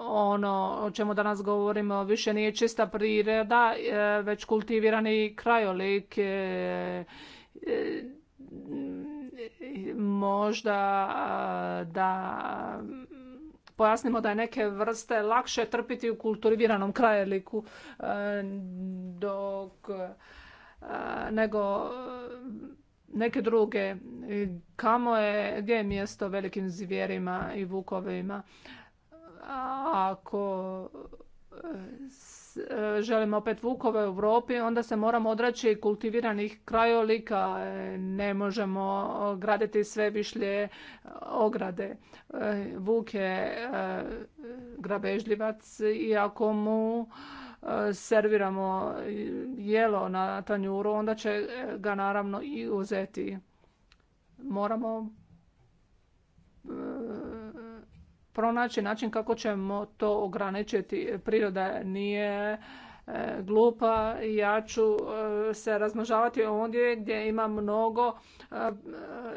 ono o čemu danas govorimo više nije čista priroda, već kultivirani krajolik možda da pojasnimo da je neke vrste lakše trpiti u kulturiranom krajeliku e, dok e, nego e, neke druge. Kamo je, gdje je mjesto velikim zvjerima i vukovima? Ako Eh, želimo opet vukove u Europi, onda se moramo odreći kultiviranih krajolika, eh, ne možemo graditi sve višlje eh, ograde. Vuk je grabežljivac i ako mu serviramo jelo na tanjuru, onda će ga naravno i uzeti. Moramo pronaći način kako ćemo to ograničiti. Priroda nije e, glupa ja ću e, se razmnožavati ondje gdje ima mnogo e,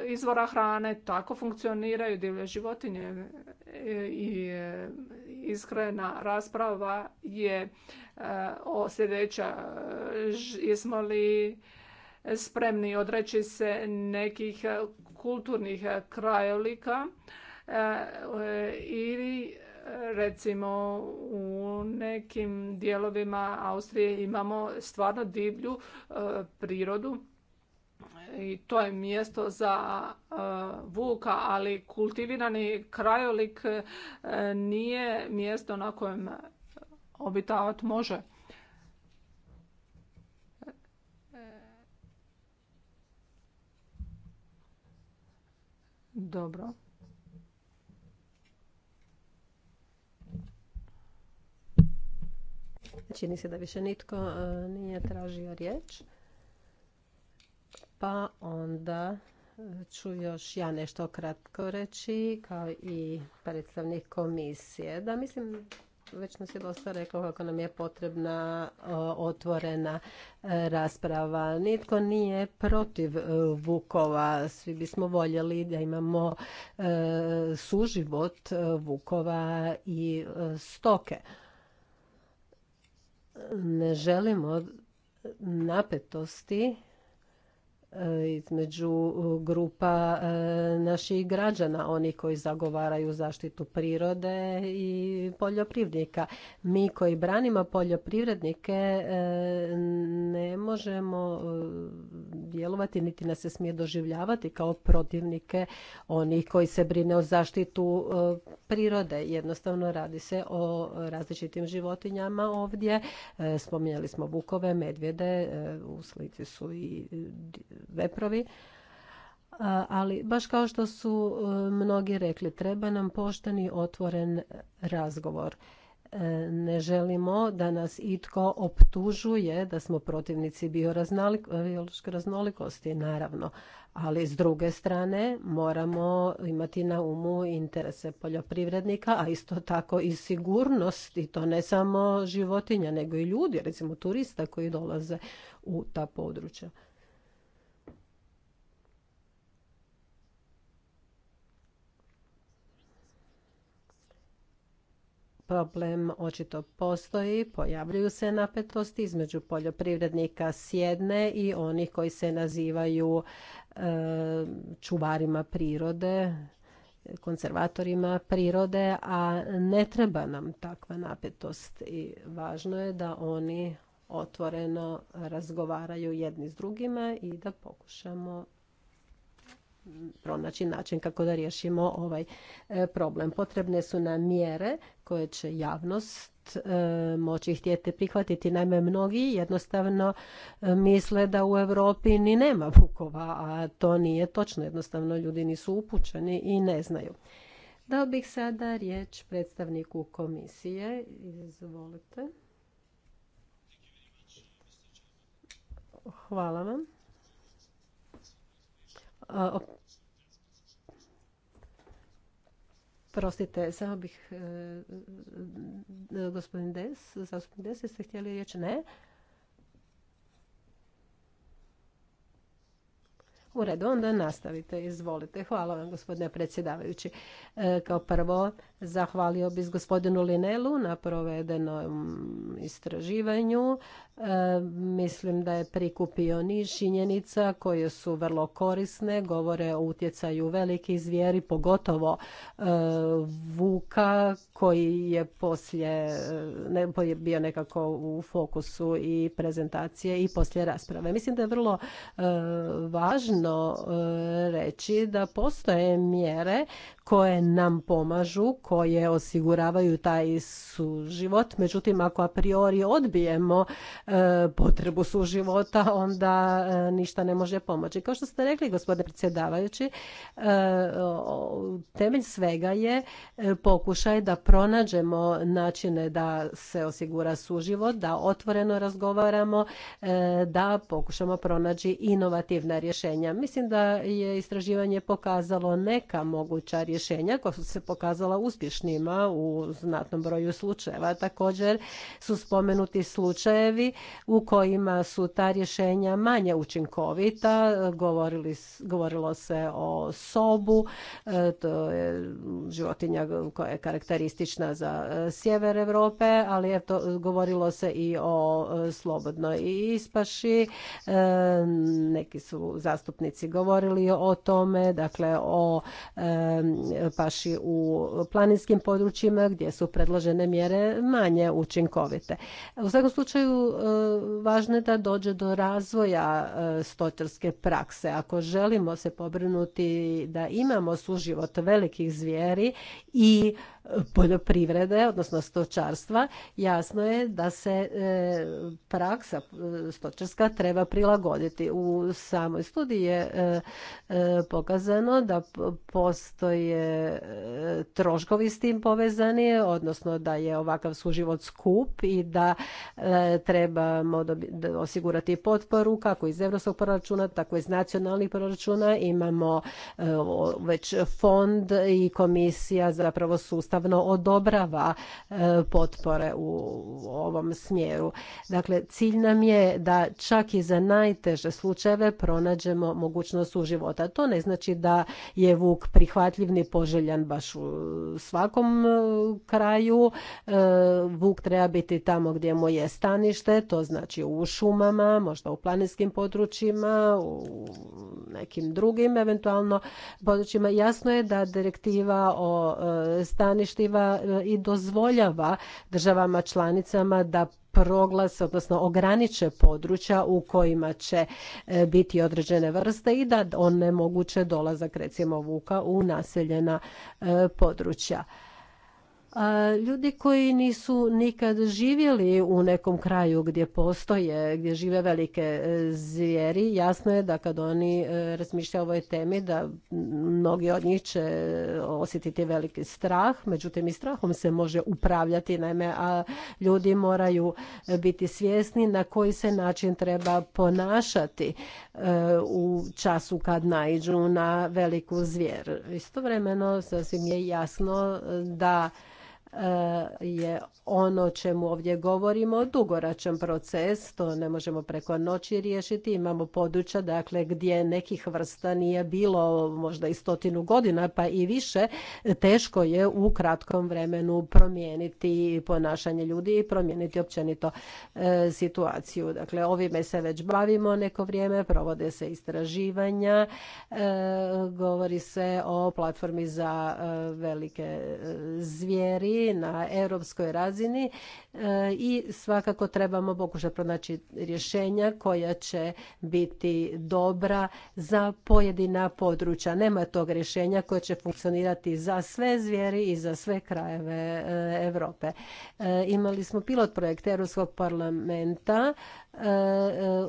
izvora hrane. Tako funkcioniraju divlje životinje i iskrena rasprava je o sljedeća. Jesmo li spremni odreći se nekih kulturnih krajolika Eh, eh, ili eh, recimo u nekim dijelovima Austrije imamo stvarno divlju prirodu i to je mjesto za vuka, ali kultivirani krajolik nije mjesto na kojem obitavat može. Dobro. Čini se da više nitko e, nije tražio riječ. Pa onda e, ću još ja nešto kratko reći, kao i predstavnik komisije. Da, mislim, već nas je dosta rekao kako nam je potrebna e, otvorena rasprava. Nitko nije protiv vukova. Svi bismo voljeli da imamo suživot vukova i stoke ne želimo napetosti Eh, između eh, grupa eh, naših građana, oni koji zagovaraju zaštitu prirode i poljoprivrednika. Mi koji branimo poljoprivrednike ne možemo djelovati niti nas se smije doživljavati kao protivnike onih koji se brine o zaštitu prirode. Jednostavno radi se o različitim životinjama ovdje. Spominjali smo bukove, medvjede, u slici su i veprovi ali baš kao što su e, mnogi rekli treba nam i otvoren razgovor e, ne želimo da nas itko optužuje da smo protivnici biološke raznolikosti, naravno. Ali s druge strane moramo imati na umu interese poljoprivrednika, a isto tako i sigurnost i to ne samo životinja nego i ljudi, recimo turista koji dolaze u ta područja. problem očito postoji, pojavljuju se napetosti između poljoprivrednika s jedne i onih koji se nazivaju e, čuvarima prirode, konzervatorima prirode, a ne treba nam takva napetost i važno je da oni otvoreno razgovaraju jedni s drugima i da pokušamo pronaći način kako da riješimo ovaj e, problem. Potrebne su nam mjere koje će javnost e, moći htjeti prihvatiti. Naime, mnogi jednostavno e, misle da u Europi ni nema vukova, a to nije točno. Jednostavno ljudi nisu upućeni i ne znaju. Dao bih sada riječ predstavniku komisije. Izvolite. Hvala vam. Prostite, samo bih, e, e, gospodin Des, zastupnik Des, jeste htjeli reći, Ne. U redu, onda nastavite, izvolite. Hvala vam, gospodine predsjedavajući. E, kao prvo, Zahvalio bih gospodinu Linelu na provedenom istraživanju. E, mislim da je prikupio niz činjenica koje su vrlo korisne, govore o utjecaju velikih zvijeri, pogotovo e, vuka koji je poslije ne, je bio nekako u fokusu i prezentacije i poslije rasprave. Mislim da je vrlo e, važno reći da postoje mjere koje nam pomažu, koje osiguravaju taj suživot. Međutim, ako a priori odbijemo e, potrebu suživota, onda e, ništa ne može pomoći. Kao što ste rekli, gospodine predsjedavajući, e, temelj svega je pokušaj da pronađemo načine da se osigura suživot, da otvoreno razgovaramo, da pokušamo pronaći inovativna rješenja. Mislim da je istraživanje pokazalo neka moguća rješenja rješenja koja su se pokazala uspješnima u znatnom broju slučajeva. Također su spomenuti slučajevi u kojima su ta rješenja manje učinkovita. govorilo se o sobu, e, to je životinja koja je karakteristična za e, sjever Europe, ali to govorilo se i o e, slobodnoj ispaši. Neki su zastupnici govorili o tome, dakle o paši u planinskim područjima gdje su predložene mjere manje učinkovite. U svakom slučaju e, važno je da dođe do razvoja e, stočarske prakse. Ako želimo se pobrinuti da imamo suživot velikih zvijeri i poljoprivrede, odnosno stočarstva, jasno je da se e, praksa e, stočarska treba prilagoditi. U samoj studiji je e, pokazano da postoje troškovi s tim povezani, odnosno da je ovakav suživot skup i da trebamo osigurati potporu kako iz europskog proračuna, tako iz nacionalnih proračuna. Imamo već fond i komisija zapravo sustav jednostavno odobrava e, potpore u ovom smjeru. Dakle, cilj nam je da čak i za najteže slučajeve pronađemo mogućnost suživota. To ne znači da je vuk prihvatljiv ni poželjan baš u svakom e, kraju. E, vuk treba biti tamo gdje mu je stanište, to znači u šumama, možda u planinskim područjima, u nekim drugim eventualno područjima. Jasno je da direktiva o staništu štiva e, i dozvoljava državama članicama da proglase, odnosno ograniče područja u kojima će e, biti određene vrste i da onemoguće dolazak recimo vuka u naseljena e, područja. Ljudi koji nisu nikad živjeli u nekom kraju gdje postoje, gdje žive velike e, zvijeri, jasno je da kad oni e, razmišljaju o ovoj temi da mnogi od njih će e, osjetiti veliki strah, međutim i strahom se može upravljati, naime, a ljudi moraju biti svjesni na koji se način treba ponašati u času kad naiđu na veliku zvjer. Istovremeno sasvim je jasno da E, je ono čemu ovdje govorimo dugoračan proces, to ne možemo preko noći riješiti. Imamo područja dakle, gdje nekih vrsta nije bilo možda i stotinu godina pa i više. Teško je u kratkom vremenu promijeniti ponašanje ljudi i promijeniti općenito e, situaciju. Dakle, ovime se već bavimo neko vrijeme, provode se istraživanja, e, govori se o platformi za velike zvijeri, na europskoj razini e, i svakako trebamo pokušati pronaći rješenja koja će biti dobra za pojedina područja. Nema tog rješenja koje će funkcionirati za sve zvijeri i za sve krajeve e, Europe. E, imali smo pilot projekt Europskog parlamenta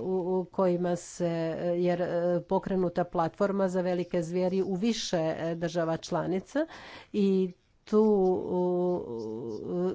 u kojima se jer pokrenuta platforma za velike zvijeri u više država članica i tu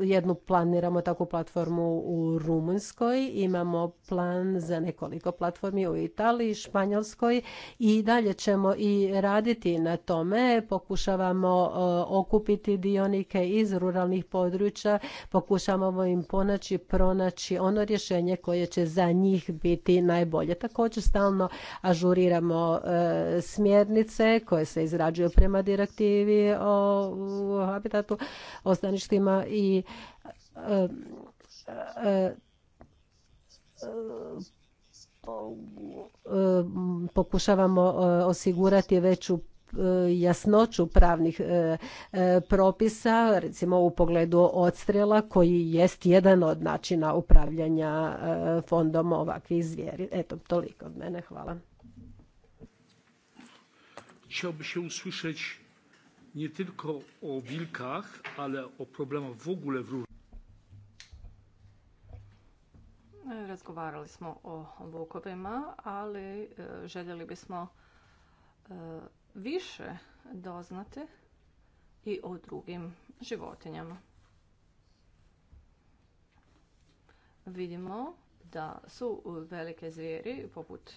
jednu planiramo takvu platformu u Rumunjskoj, imamo plan za nekoliko platformi u Italiji, Španjolskoj i dalje ćemo i raditi na tome. Pokušavamo e, okupiti dionike iz ruralnih područja, pokušavamo im ponaći, pronaći ono rješenje koje će za njih biti najbolje. Također stalno ažuriramo e, smjernice koje se izrađuju prema direktivi o habitatu, o staništima i e, e, e, pokušavamo osigurati veću jasnoću pravnih propisa, recimo u pogledu odstrela koji jest jedan od načina upravljanja fondom ovakvih zvijeri. Eto, toliko od mene. Hvala. Chciałby się nie tylko o wilkach, ale o problemach w ogóle w Razgovarali smo o vukovima, ali e, željeli bismo e, više doznati i o drugim životinjama. Vidimo da su velike zvijeri poput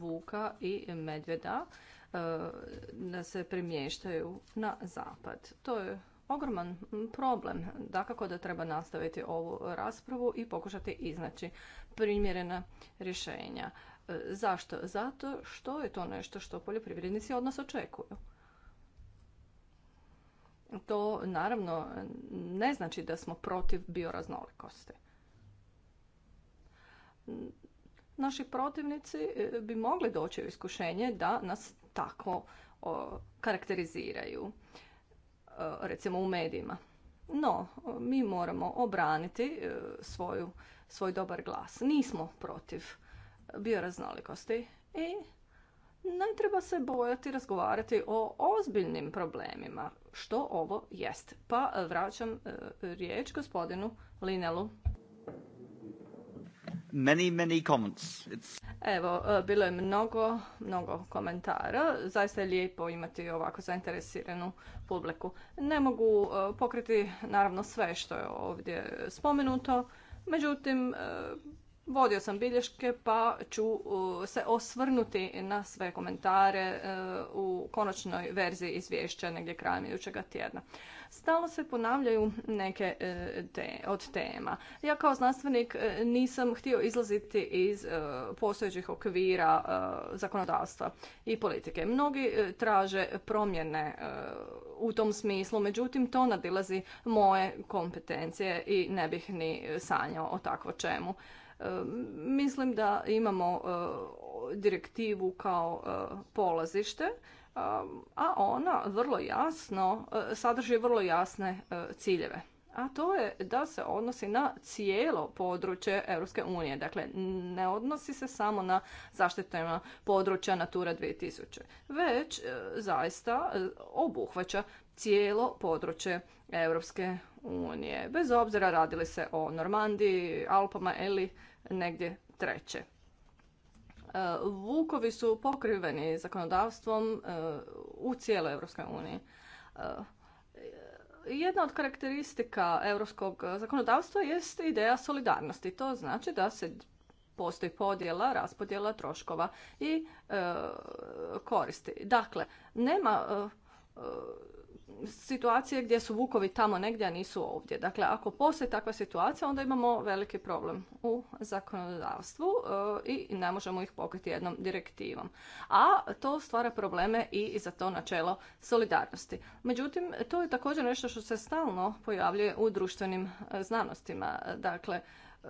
vuka i medvjeda E, da se premještaju na zapad. To je ogroman problem. Dakako da treba nastaviti ovu raspravu i pokušati iznaći primjerena rješenja. E, zašto? Zato što je to nešto što poljoprivrednici od nas očekuju. To naravno ne znači da smo protiv bioraznolikosti. Naši protivnici e, bi mogli doći u iskušenje da nas tako karakteriziraju, e, recimo u medijima. No, mi moramo obraniti e, svoju, svoj dobar glas. Nismo protiv bioraznolikosti i ne treba se bojati razgovarati o ozbiljnim problemima, što ovo jest. Pa vraćam e, riječ gospodinu Linelu. Many, Evo, e, bilo je mnogo, mnogo komentara. Zaista je lijepo imati ovako zainteresiranu publiku. Ne mogu e, pokriti naravno sve što je ovdje spomenuto, međutim e, Vodio sam bilješke pa ću se osvrnuti na sve komentare e, u konačnoj verziji izvješća negdje krajem idućega tjedna. Stalno se ponavljaju neke e, od tema. Ja kao znanstvenik e, nisam htio izlaziti iz postojećih okvira zakonodavstva i politike. Mnogi traže promjene u tom smislu, međutim to nadilazi moje kompetencije i ne bih ni sanjao o takvo čemu. Mislim da imamo e, direktivu kao e, polazište, e, a ona vrlo jasno, sadrži vrlo jasne ciljeve a to je da se odnosi na cijelo područje Europske unije. Dakle, ne odnosi se samo na zaštitama područja Natura 2000, već zaista obuhvaća cijelo područje Europske unije. Bez obzira radili se o Normandiji, Alpama ili negdje treće. E, Vukovi su pokriveni zakonodavstvom e, u cijeloj Europskoj uniji. E, jedna od karakteristika europskog zakonodavstva jest ideja solidarnosti. To znači da se postoji podjela, raspodjela troškova i koristi. Dakle, nema situacije gdje su vukovi tamo negdje, a nisu ovdje. Dakle, ako postoji takva situacija, onda imamo veliki problem u zakonodavstvu e, i ne možemo ih pokriti jednom direktivom. A to stvara probleme i za to načelo solidarnosti. Međutim, to je također nešto što se stalno pojavljuje u društvenim e, znanostima. Dakle, e,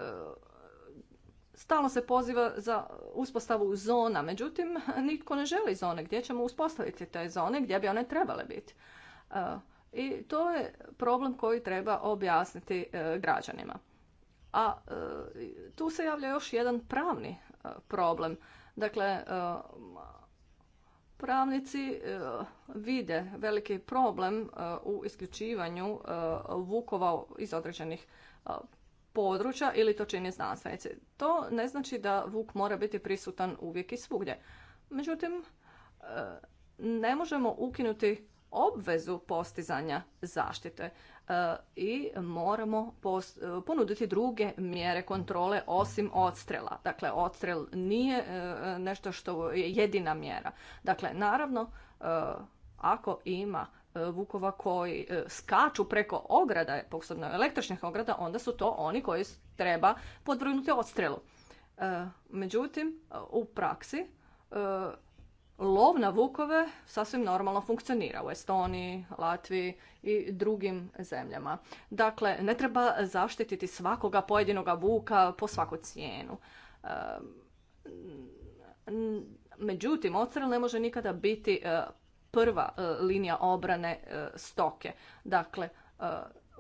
stalno se poziva za uspostavu zona, međutim nitko ne želi zone, gdje ćemo uspostaviti te zone, gdje bi one trebale biti. E, I to je problem koji treba objasniti e, građanima. A e, tu se javlja još jedan pravni problem. Dakle, pravnici vide veliki problem u isključivanju vukova iz određenih područja ili to čini znanstvenici. To ne znači da vuk mora biti prisutan uvijek i svugdje. Međutim, ne možemo ukinuti obvezu postizanja zaštite e, i moramo e, ponuditi druge mjere kontrole osim odstrela. Dakle, odstrel nije e, nešto što je jedina mjera. Dakle, naravno, ako ima vukova koji skaču preko ograda, posebno električnih ograda, onda su to oni koji treba podvrgnuti odstrelu. Međutim, u praksi lov na vukove sasvim normalno funkcionira u Estoniji, Latviji i drugim zemljama. Dakle, ne treba zaštititi svakoga pojedinoga vuka po svaku cijenu. Međutim, odstrel ne može nikada biti e, prva e, linija obrane e, stoke. Dakle,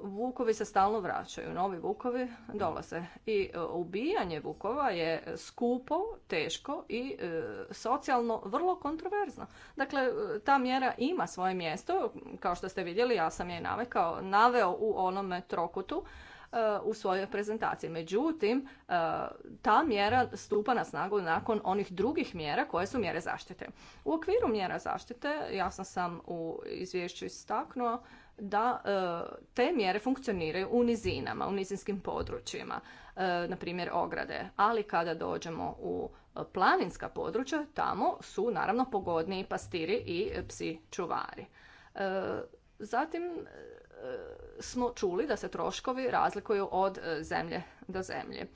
vukovi se stalno vraćaju, novi vukovi dolaze. I e, ubijanje vukova je skupo, teško i e, socijalno vrlo kontroverzno. Dakle, e, ta mjera ima svoje mjesto, kao što ste vidjeli, ja sam je navekao, naveo u onome trokutu u svojoj prezentaciji. Međutim, ta mjera stupa na snagu nakon onih drugih mjera koje su mjere zaštite. U okviru mjera zaštite, jasno sam u izvješću istaknuo, da e, te mjere funkcioniraju u nizinama, u nizinskim područjima, e, na primjer ograde. Ali kada dođemo u planinska područja, tamo su naravno pogodniji pastiri i psi čuvari. E, zatim smo čuli da se troškovi razlikuju od zemlje do zemlje.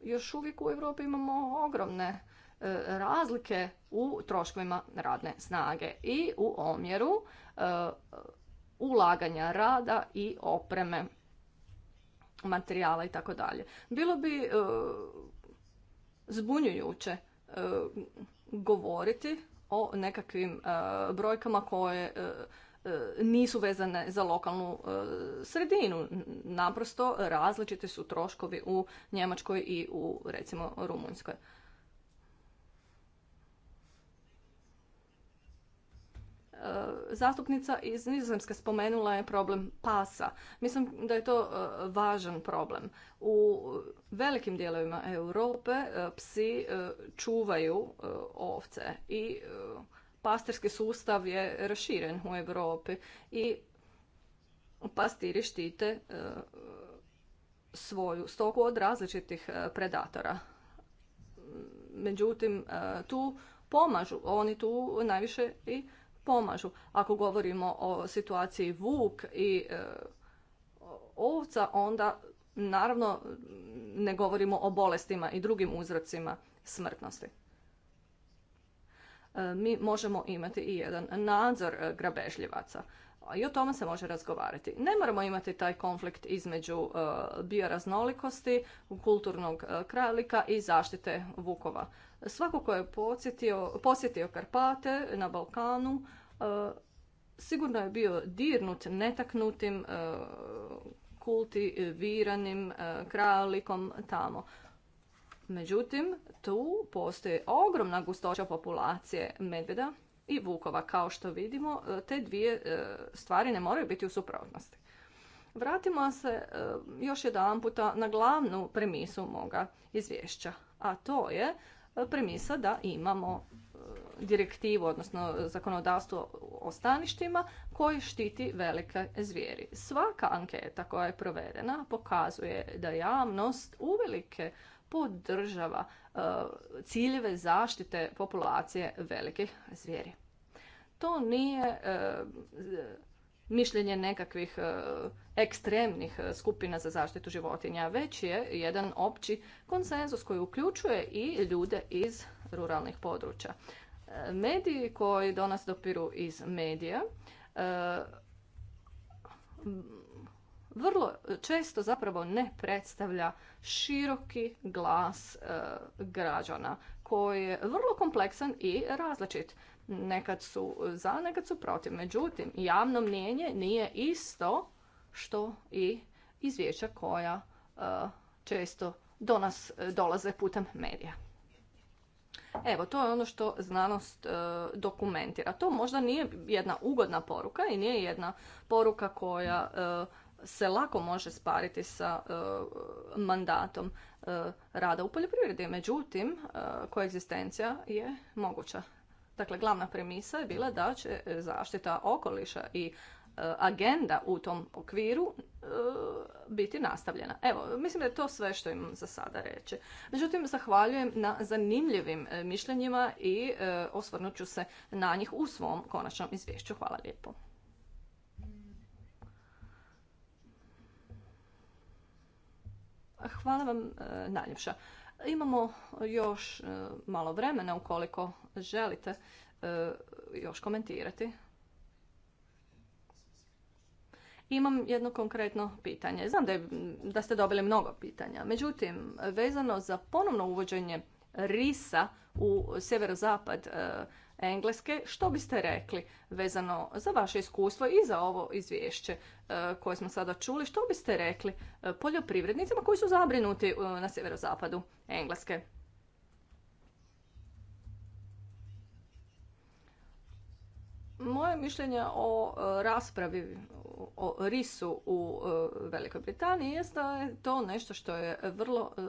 Još uvijek u Europi imamo ogromne razlike u troškovima radne snage i u omjeru ulaganja rada i opreme, materijala i tako dalje. Bilo bi e, zbunjujuće e, govoriti o nekakvim e, brojkama koje nisu vezane za lokalnu sredinu. Naprosto različiti su troškovi u Njemačkoj i u recimo Rumunjskoj. E, zastupnica iz Nizozemske spomenula je problem pasa. Mislim da je to e, važan problem. U velikim dijelovima Europe e, psi čuvaju ovce i pastirski sustav je raširen u Europi i pastiri štite svoju stoku od različitih predatora. Međutim, tu pomažu. Oni tu najviše i pomažu. Ako govorimo o situaciji vuk i e, ovca, onda naravno ne govorimo o bolestima i drugim uzrocima smrtnosti. E, mi možemo imati i jedan nadzor e, grabežljivaca i o tome se može razgovarati. Ne moramo imati taj konflikt između bioraznolikosti, kulturnog kralika i zaštite vukova. Svako ko je posjetio, posjetio Karpate na Balkanu e, sigurno je bio dirnut netaknutim e, kultiviranim e, krajolikom tamo. Međutim, tu postoji ogromna gustoća populacije medveda i vukova. Kao što vidimo, te dvije stvari ne moraju biti u suprotnosti. Vratimo se još jedan puta na glavnu premisu moga izvješća, a to je premisa da imamo e, direktivu, odnosno zakonodavstvo o staništima koji štiti velike zvijeri. Svaka anketa koja je provedena pokazuje da javnost uvelike podržava e, ciljeve zaštite populacije velikih zvijeri. To nije e, mišljenje nekakvih ekstremnih e, skupina za zaštitu životinja, već je jedan opći konsenzus koji uključuje i ljude iz ruralnih područja. E, mediji koji do nas dopiru iz medija e, vrlo često zapravo ne predstavlja široki glas građana koji je vrlo kompleksan i različit nekad su za, nekad su protiv. Međutim, javno mnijenje nije isto što i izvješća koja e, često do nas e, dolaze putem medija. Evo, to je ono što znanost e, dokumentira. To možda nije jedna ugodna poruka i nije jedna poruka koja se lako može spariti sa mandatom rada u poljoprivredi. Međutim, koegzistencija je moguća. Dakle, glavna premisa je bila da će zaštita okoliša i Eh, agenda u tom okviru eh, biti nastavljena. Evo, mislim da je to sve što imam za sada reći. Međutim, zahvaljujem na zanimljivim eh, mišljenjima i osvrnut ću se na njih u svom konačnom izvješću. Hvala lijepo. Hvala vam najljepša. Imamo još malo vremena ukoliko želite još komentirati. Imam jedno konkretno pitanje. Znam da, ste dobili mnogo pitanja. Međutim, vezano za ponovno uvođenje risa u sjeverozapad e, Engleske, što biste rekli vezano za vaše iskustvo i za ovo izvješće e, koje smo sada čuli? Što biste rekli e, poljoprivrednicima koji su zabrinuti na sjeverozapadu Engleske? Moje mišljenje o e, raspravi o risu u e, Velikoj Britaniji je da je to nešto što je vrlo e,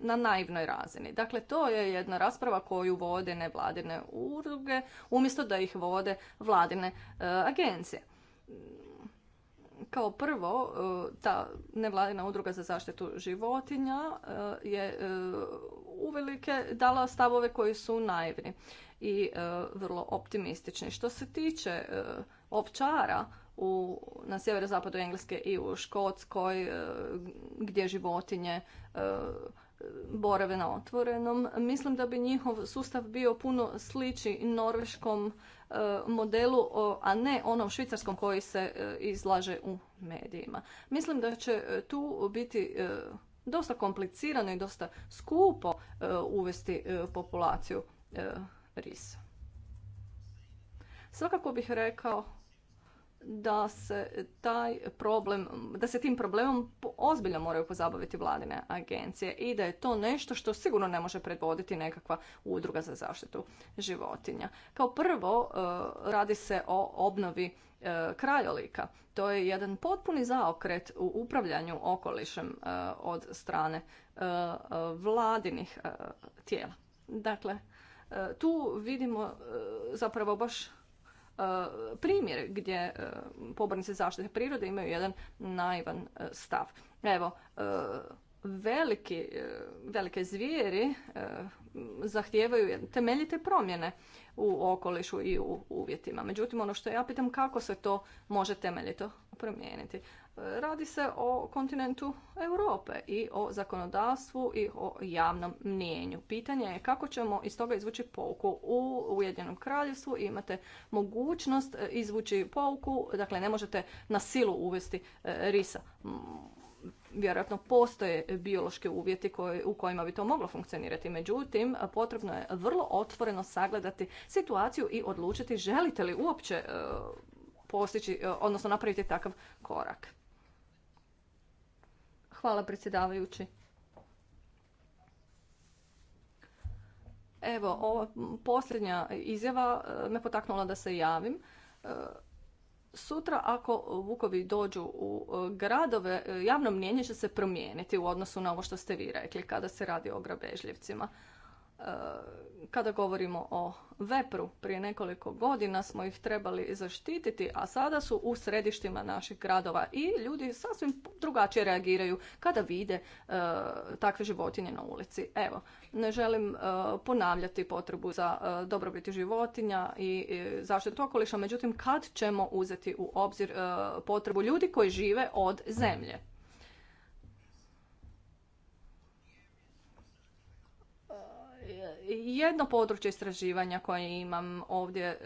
na naivnoj razini. Dakle, to je jedna rasprava koju vode nevladine udruge umjesto da ih vode vladine agencije. Kao prvo, ta nevladina udruga za zaštitu životinja je uvelike dala stavove koji su naivni i e, vrlo optimistični. Što se tiče e, ovčara u, na sjeverozapadu Engleske i u Škotskoj e, gdje životinje borave na otvorenom, mislim da bi njihov sustav bio puno sliči norveškom modelu, a ne onom švicarskom koji se izlaže u medijima. Mislim da će tu biti dosta komplicirano i dosta skupo uvesti populaciju risa Svakako bih rekao da se taj problem, da se tim problemom ozbiljno moraju pozabaviti vladine agencije i da je to nešto što sigurno ne može predvoditi nekakva udruga za zaštitu životinja. Kao prvo e, radi se o obnovi e, krajolika. To je jedan potpuni zaokret u upravljanju okolišem e, od strane vladinih tijela. Dakle, E, tu vidimo e, zapravo baš e, primjer gdje pobornice zaštite prirode imaju jedan naivan stav. Evo, veliki, e, velike zvijeri e, zahtijevaju temeljite promjene u okolišu i u uvjetima. Međutim, ono što ja pitam kako se to može temeljito promijeniti. E, radi se o kontinentu Europe i o zakonodavstvu i o javnom mnijenju. Pitanje je kako ćemo iz toga izvući pouku. U Ujedinjenom kraljevstvu imate mogućnost izvući pouku, dakle ne možete na silu uvesti risa vjerojatno postoje biološki uvjeti koji, u kojima bi to moglo funkcionirati. Međutim, potrebno je vrlo otvoreno sagledati situaciju i odlučiti želite li uopće e, postići, e, odnosno napraviti takav korak. Hvala predsjedavajući. Evo, ova posljednja izjava e, me potaknula da se javim sutra ako vukovi dođu u e, gradove, e, javno mnjenje će se promijeniti u odnosu na ovo što ste vi rekli kada se radi o grabežljivcima kada govorimo o vepru, prije nekoliko godina smo ih trebali zaštititi, a sada su u središtima naših gradova i ljudi sasvim drugačije reagiraju kada vide e, takve životinje na ulici. Evo, ne želim e, ponavljati potrebu za e, dobrobiti životinja i zaštitu okoliša, međutim kad ćemo uzeti u obzir potrebu ljudi koji žive od zemlje? jedno područje istraživanja koje imam ovdje e,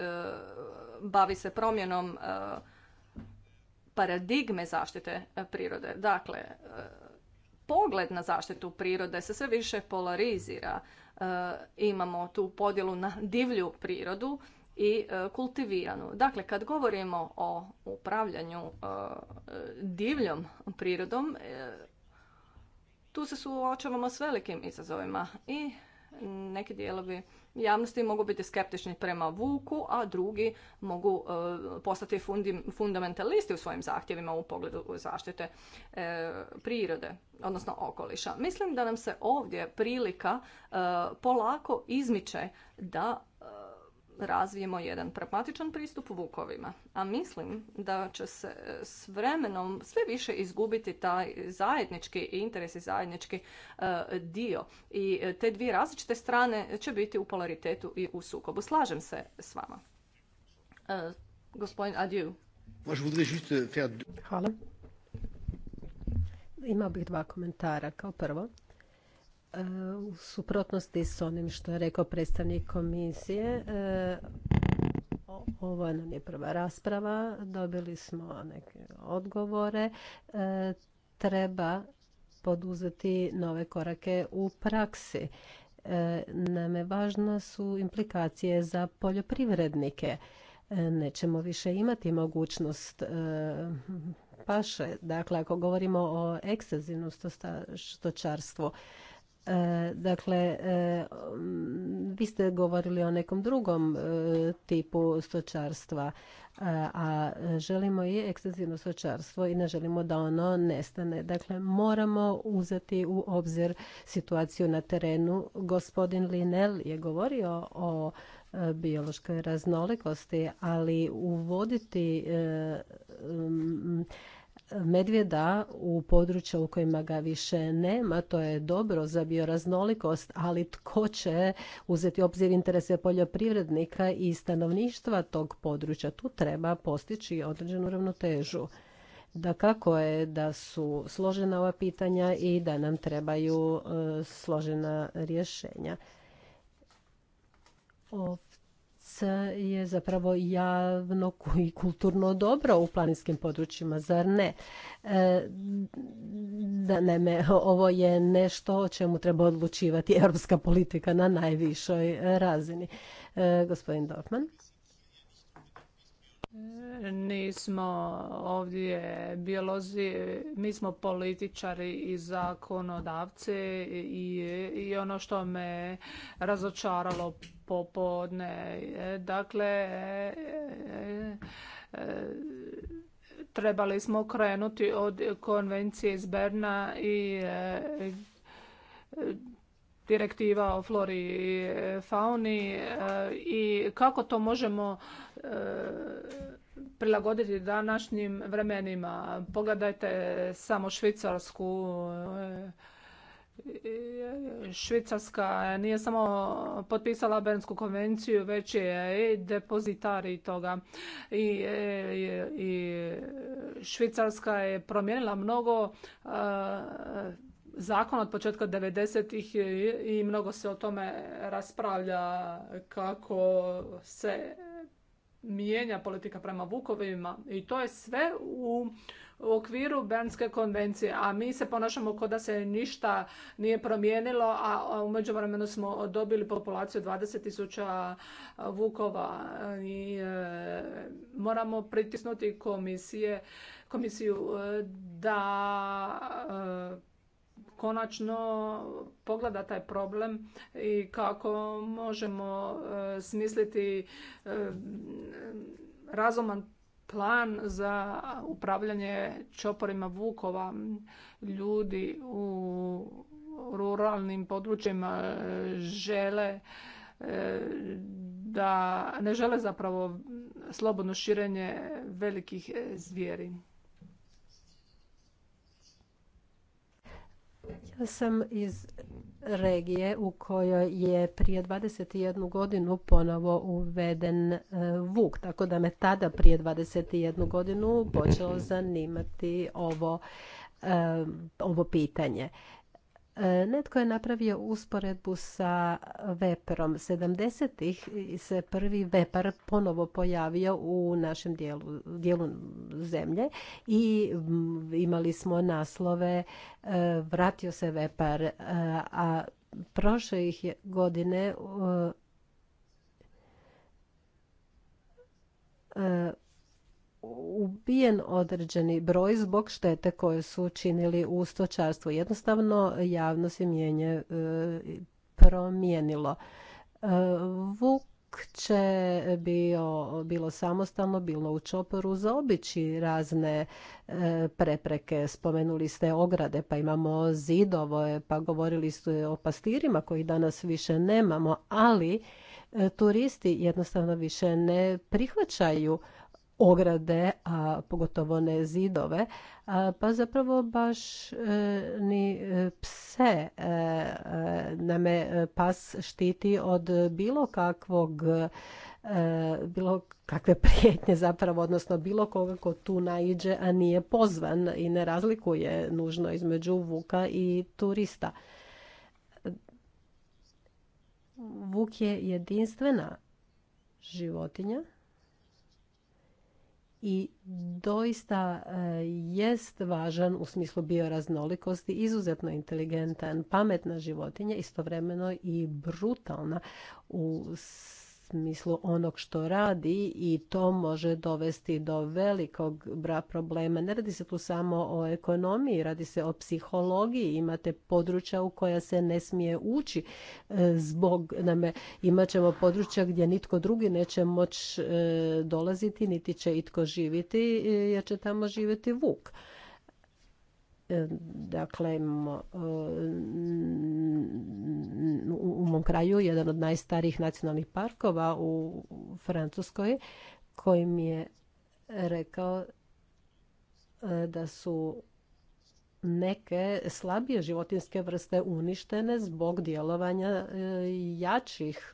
bavi se promjenom e, paradigme zaštite e, prirode. Dakle, pogled na zaštitu prirode se sve više polarizira. Imamo tu podjelu na divlju prirodu i kultiviranu. Dakle, kad govorimo o upravljanju divljom prirodom, tu se suočavamo s velikim izazovima i neki dijelovi javnosti mogu biti skeptični prema vuku, a drugi mogu e, postati fundamentalisti u svojim zahtjevima u pogledu zaštite e, prirode, odnosno okoliša. Mislim da nam se ovdje prilika e, polako izmiče da razvijemo jedan pragmatičan pristup vukovima. A mislim da će se s vremenom sve više izgubiti taj zajednički interes i zajednički e, dio. I e, te dvije različite strane će biti u polaritetu i u sukobu. Slažem se s vama. E, gospodin Adieu. Hvala. Imao bih dva komentara. Kao prvo, E, u suprotnosti s onim što je rekao predstavnik komisije. E, ovo nam je prva rasprava, dobili smo neke odgovore. E, treba poduzeti nove korake u praksi. Naime, važna su implikacije za poljoprivrednike. Nećemo više imati mogućnost paše. Dakle, ako govorimo o ekstenzivnom stočarstvu, E, dakle, e, vi ste govorili o nekom drugom e, tipu stočarstva, a želimo i ekstenzivno stočarstvo i ne želimo da ono nestane. Dakle, moramo uzeti u obzir situaciju na terenu. Gospodin Linel je govorio o biološkoj raznolikosti, ali uvoditi medvjeda u područja u kojima ga više nema. To je dobro za bioraznolikost, ali tko će uzeti obzir interese poljoprivrednika i stanovništva tog područja? Tu treba postići određenu ravnotežu da kako je da su složena ova pitanja i da nam trebaju e, složena rješenja je zapravo javno i kulturno dobro u planinskim područjima, zar ne? E, da ne, ovo je nešto o čemu treba odlučivati europska politika na najvišoj razini. E, gospodin Dorfman nismo ovdje biolozi, mi smo političari i zakonodavci i, i ono što me razočaralo popodne. Dakle, trebali smo krenuti od konvencije iz Berna i direktiva o flori i fauni eh, i kako to možemo eh, prilagoditi današnjim vremenima. Pogledajte samo Švicarsku. Eh, Švicarska nije samo potpisala Bernsku konvenciju, već je i depozitari toga. I, i, i Švicarska je promijenila mnogo zakon od početka 90-ih i mnogo se o tome raspravlja kako se mijenja politika prema vukovima i to je sve u okviru Bernske konvencije, a mi se ponašamo kao da se ništa nije promijenilo, a u međuvremenu smo dobili populaciju 20.000 vukova i e, moramo pritisnuti komisije, komisiju e, da e, konačno pogleda taj problem i kako možemo e, smisliti e, razuman plan za upravljanje čoporima vukova. Ljudi u ruralnim područjima e, žele da ne žele zapravo slobodno širenje velikih zvijeri. Ja sam iz regije u kojoj je prije 21 godinu ponovo uveden e, VUK, tako da me tada prije 21 godinu počelo [LAUGHS] zanimati ovo, e, ovo pitanje. E, netko je napravio usporedbu sa veperom. 70-ih se prvi vepar ponovo pojavio u našem dijelu, dijelu zemlje i mm, imali smo naslove e, vratio se vepar, e, a prošle ih je godine ubijen određeni broj zbog štete koje su učinili u stočarstvu. Jednostavno javno se mijenje e, promijenilo. E, Vuk će bio, bilo samostalno, bilo u čoporu obići razne e, prepreke. Spomenuli ste ograde, pa imamo zidove, pa govorili ste o pastirima koji danas više nemamo, ali turisti jednostavno više ne prihvaćaju ograde, a pogotovo ne zidove, pa zapravo baš e, ni e, pse e, name pas štiti od bilo kakvog bilo kakve [LAUGHS] prijetnje zapravo, odnosno bilo koga ko tu naiđe, a nije pozvan i ne razlikuje nužno između vuka i turista. Vuk je jedinstvena životinja i doista e, jest važan u smislu bioraznolikosti, izuzetno inteligentan, pametna životinja, istovremeno i brutalna u smislu onog što radi i to može dovesti do velikog bra problema. Ne radi se tu samo o ekonomiji, radi se o psihologiji. Imate područja u koja se ne smije ući e, zbog, naime, imat ćemo područja gdje nitko drugi neće moći e, dolaziti, niti će itko živjeti e, jer će tamo živjeti vuk. E, dakle, e, u mom kraju jedan od najstarijih nacionalnih parkova u Francuskoj koji mi je rekao e, da su neke slabije životinske vrste uništene zbog djelovanja jačih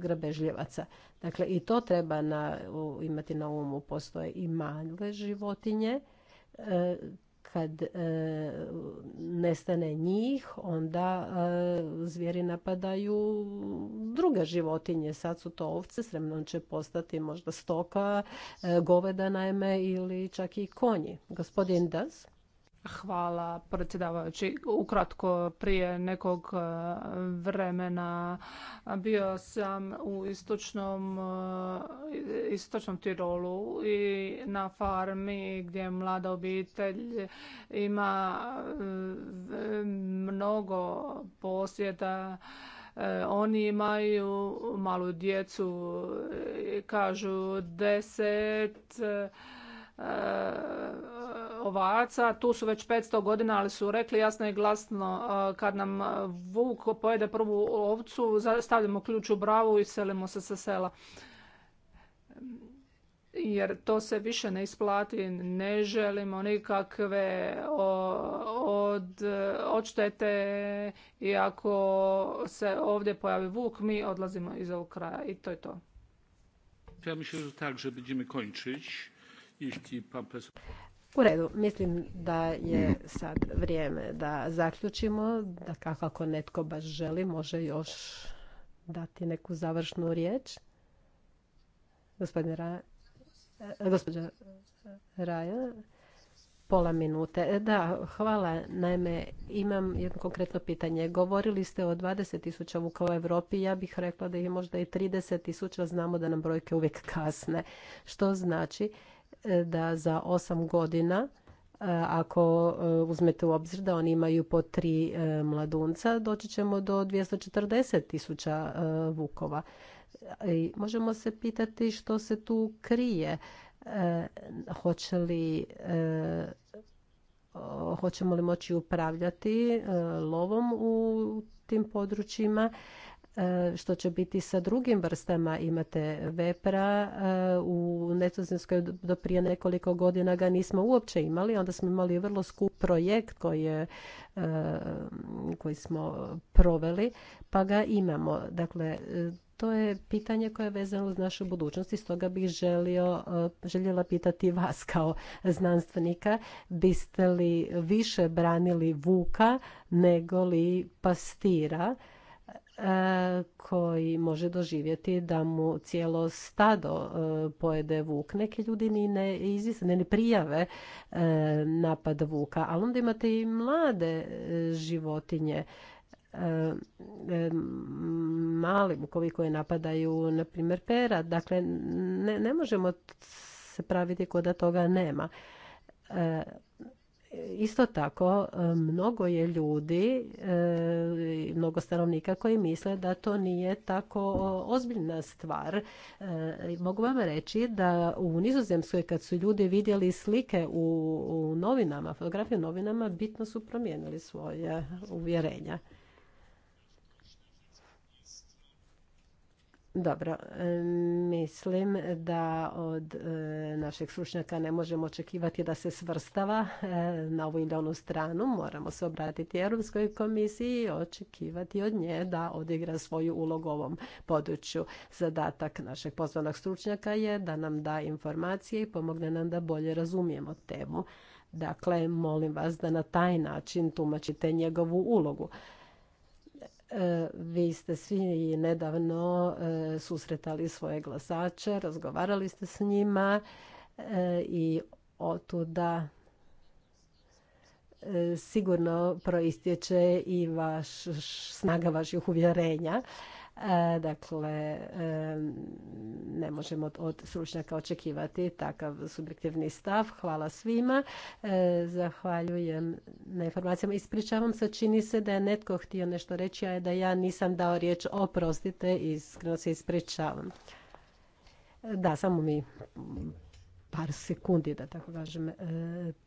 grabežljivaca. Dakle, i to treba na, imati na umu. Postoje i male životinje kad e, nestane njih, onda e, zvijeri napadaju druge životinje. Sad su to ovce, sremnom će postati možda stoka, e, goveda najme ili čak i konji. Gospodin Das. Hvala predsjedavajući. Ukratko prije nekog e, vremena bio sam u istočnom, e, istočnom Tirolu i na farmi gdje mlada obitelj ima e, mnogo posjeta, oni imaju malu djecu, kažu deset ovaca. Tu su već 500 godina, ali su rekli jasno i glasno e, kad nam e, vuk pojede prvu ovcu, stavljamo ključ u bravu i selimo se sa sela. Jer to se više ne isplati, ne želimo nikakve od e, odštete i ako se ovdje pojavi vuk, mi odlazimo iz ovog kraja i to je to. Ja mislim da tak, będziemy Jeśli pan u redu, mislim da je mm. sad vrijeme da zaključimo, da kako netko baš želi može još dati neku završnu riječ. Gospodina Ra... E, gospođa Raja, pola minute. E, da, hvala. Naime, imam jedno konkretno pitanje. Govorili ste o 20 tisuća vuka u Europi. Ja bih rekla da ih možda i 30 tisuća. Znamo da nam brojke uvijek kasne. Što znači da za osam godina e, ako e, uzmete u obzir da oni imaju po tri e, mladunca, doći ćemo do 240 tisuća vukova. I možemo se pitati što se tu krije. Hoće li, hoćemo li moći upravljati lovom u tim područjima E, što će biti sa drugim vrstama. Imate vepra, e, u Netozinskoj do prije nekoliko godina ga nismo uopće imali, onda smo imali vrlo skup projekt koji, je, e, koji smo proveli, pa ga imamo. Dakle, to je pitanje koje je vezano uz našu budućnost i stoga bih želio, željela pitati vas kao znanstvenika. Biste li više branili vuka nego li pastira? koji može doživjeti da mu cijelo stado e, pojede vuk. Neki ljudi ni ne izvise, ne prijave e, napad vuka, ali onda imate i mlade e, životinje mali vukovi koji napadaju, na primjer, pera. Dakle, ne, možemo se praviti kod da toga nema. Isto tako, e, mnogo je ljudi, e, mnogo stanovnika koji misle da to nije tako ozbiljna stvar. E, mogu vam reći da u Nizozemskoj kad su ljudi vidjeli slike u novinama, fotografije u novinama, bitno su promijenili svoje uvjerenja. Dobro, e, mislim da od e, našeg stručnjaka ne možemo očekivati da se svrstava e, na ovu ili stranu. Moramo se obratiti Europskoj komisiji i očekivati od nje da odigra svoju ulogu u ovom području. Zadatak našeg pozvanog stručnjaka je da nam da informacije i pomogne nam da bolje razumijemo temu. Dakle, molim vas da na taj način tumačite njegovu ulogu. E, vi ste svi nedavno e, susretali svoje glasače, razgovarali ste s njima e, i otuda sigurno proistječe i vaš snaga vaših uvjerenja. E, dakle, e, ne možemo od stručnjaka očekivati takav subjektivni stav. Hvala svima. E, zahvaljujem na informacijama. Ispričavam se, čini se da je netko htio nešto reći, a da ja nisam dao riječ. Oprostite, iskreno se ispričavam. Da, samo mi par sekundi, da tako kažem, e,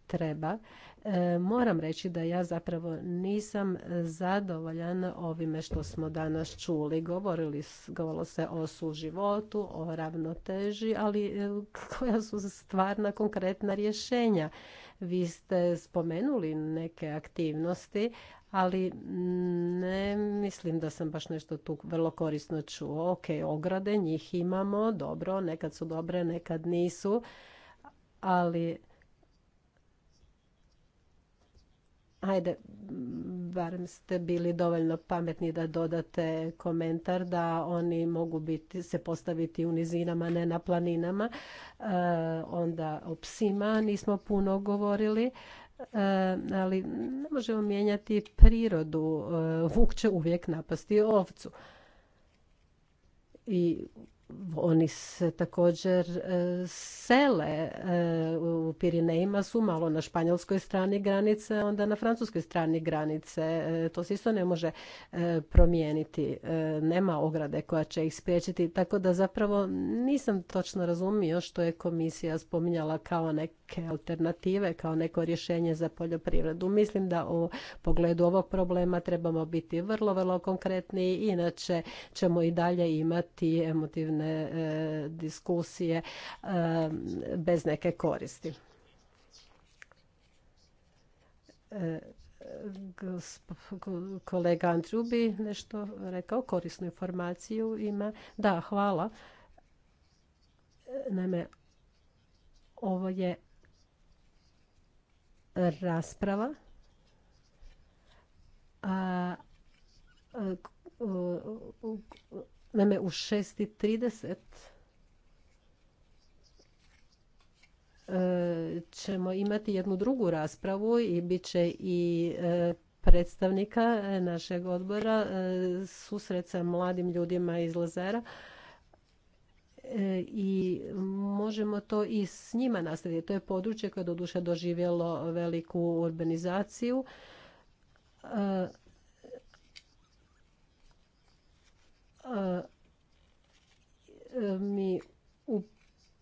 treba. E, moram reći da ja zapravo nisam zadovoljan ovime što smo danas čuli. Govorili, govorilo se o suživotu, o ravnoteži, ali e, koja su stvarna konkretna rješenja? Vi ste spomenuli neke aktivnosti, ali ne mislim da sam baš nešto tu vrlo korisno čuo. Ok, ograde, njih imamo, dobro, nekad su dobre, nekad nisu ali hajde, barem ste bili dovoljno pametni da dodate komentar da oni mogu biti, se postaviti u nizinama, ne na planinama. E, onda o psima nismo puno govorili, e, ali ne možemo mijenjati prirodu. E, vuk će uvijek napasti ovcu. I oni se također e, sele e, u Pirinejima su malo na španjolskoj strani granice, onda na francuskoj strani granice. E, to se isto ne može promijeniti. Nema ograde koja će ih spriječiti. Tako da zapravo nisam točno razumio što je komisija spominjala kao neke alternative, kao neko rješenje za poljoprivredu. Mislim da u pogledu ovog problema trebamo biti vrlo, vrlo konkretni. Inače ćemo i dalje imati emotivne e, diskusije e, bez neke koristi. E, kolega Antrubi bi nešto rekao, korisnu informaciju ima. Da, hvala. Naime, ovo je rasprava a, Naime, u 6.30 e, ćemo imati jednu drugu raspravu i bit će i e, predstavnika e, našeg odbora susret sa mladim ljudima iz Lazera i možemo to i s njima nastaviti. To je područje koje je doduše doživjelo veliku urbanizaciju mi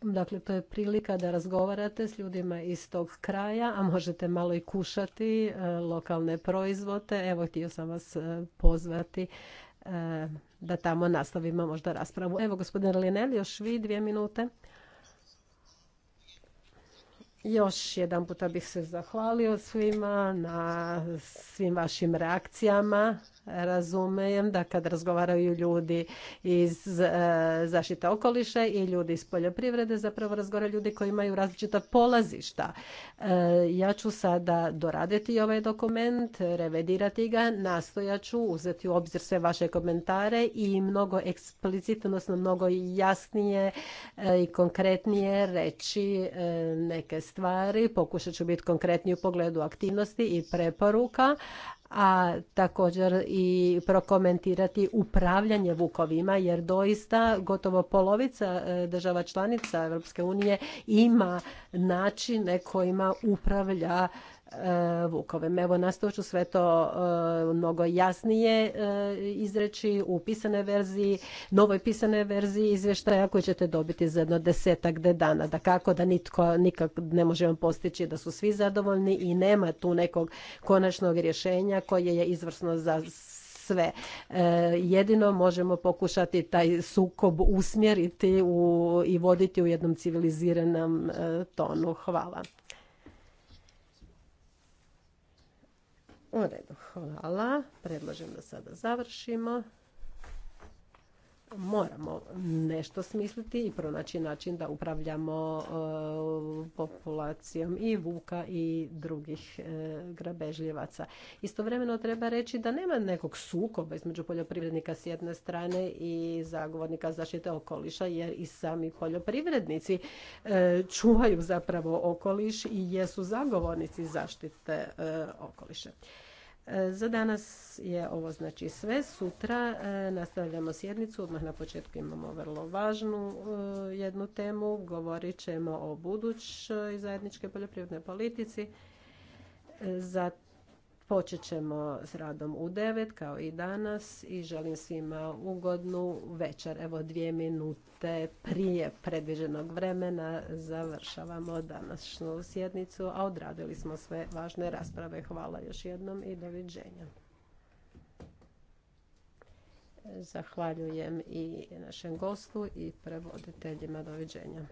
Dakle, to je prilika da razgovarate s ljudima iz tog kraja, a možete malo i kušati e, lokalne proizvode. Evo, htio sam vas e, pozvati e, da tamo nastavimo možda raspravu. Evo, gospodine Linel, još vi dvije minute. Još jedan puta bih se zahvalio svima na svim vašim reakcijama razumijem da kad razgovaraju ljudi iz e, zaštite okoliša i ljudi iz poljoprivrede, zapravo razgovaraju ljudi koji imaju različita polazišta. E, ja ću sada doraditi ovaj dokument, revidirati ga, nastojaću uzeti u obzir sve vaše komentare i mnogo eksplicitno, odnosno mnogo jasnije e, i konkretnije reći neke stvari. Pokušat ću biti konkretniji u pogledu aktivnosti i preporuka, a također i prokomentirati upravljanje vukovima jer doista gotovo polovica e, država članica Europske unije ima načine kojima upravlja E, Vukovem. Evo nastavit ću sve to e, mnogo jasnije e, izreći u pisane verziji, novoj pisane verziji izvještaja koju ćete dobiti za jedno desetak de dana. Da kako da nitko nikak ne vam postići da su svi zadovoljni i nema tu nekog konačnog rješenja koje je izvrsno za sve. jedino možemo pokušati taj sukob usmjeriti u, i voditi u jednom civiliziranom tonu. Hvala. U redu, hvala. Predlažem da sada završimo moramo nešto smisliti i pronaći način da upravljamo e, populacijom i vuka i drugih e, grabežljivaca. Istovremeno treba reći da nema nekog sukoba između poljoprivrednika s jedne strane i zagovornika zaštite okoliša jer i sami poljoprivrednici e, čuvaju zapravo okoliš i jesu zagovornici zaštite okoliša. Za danas je ovo znači sve. Sutra e, nastavljamo sjednicu. Odmah na početku imamo vrlo važnu e, jednu temu. Govorit ćemo o budućoj zajedničkoj poljoprivrednoj politici. E, Zatim Počet ćemo s radom u 9 kao i danas i želim svima ugodnu večer. Evo dvije minute prije predviđenog vremena završavamo današnju sjednicu, a odradili smo sve važne rasprave. Hvala još jednom i doviđenja. Zahvaljujem i našem gostu i prevoditeljima. Doviđenja.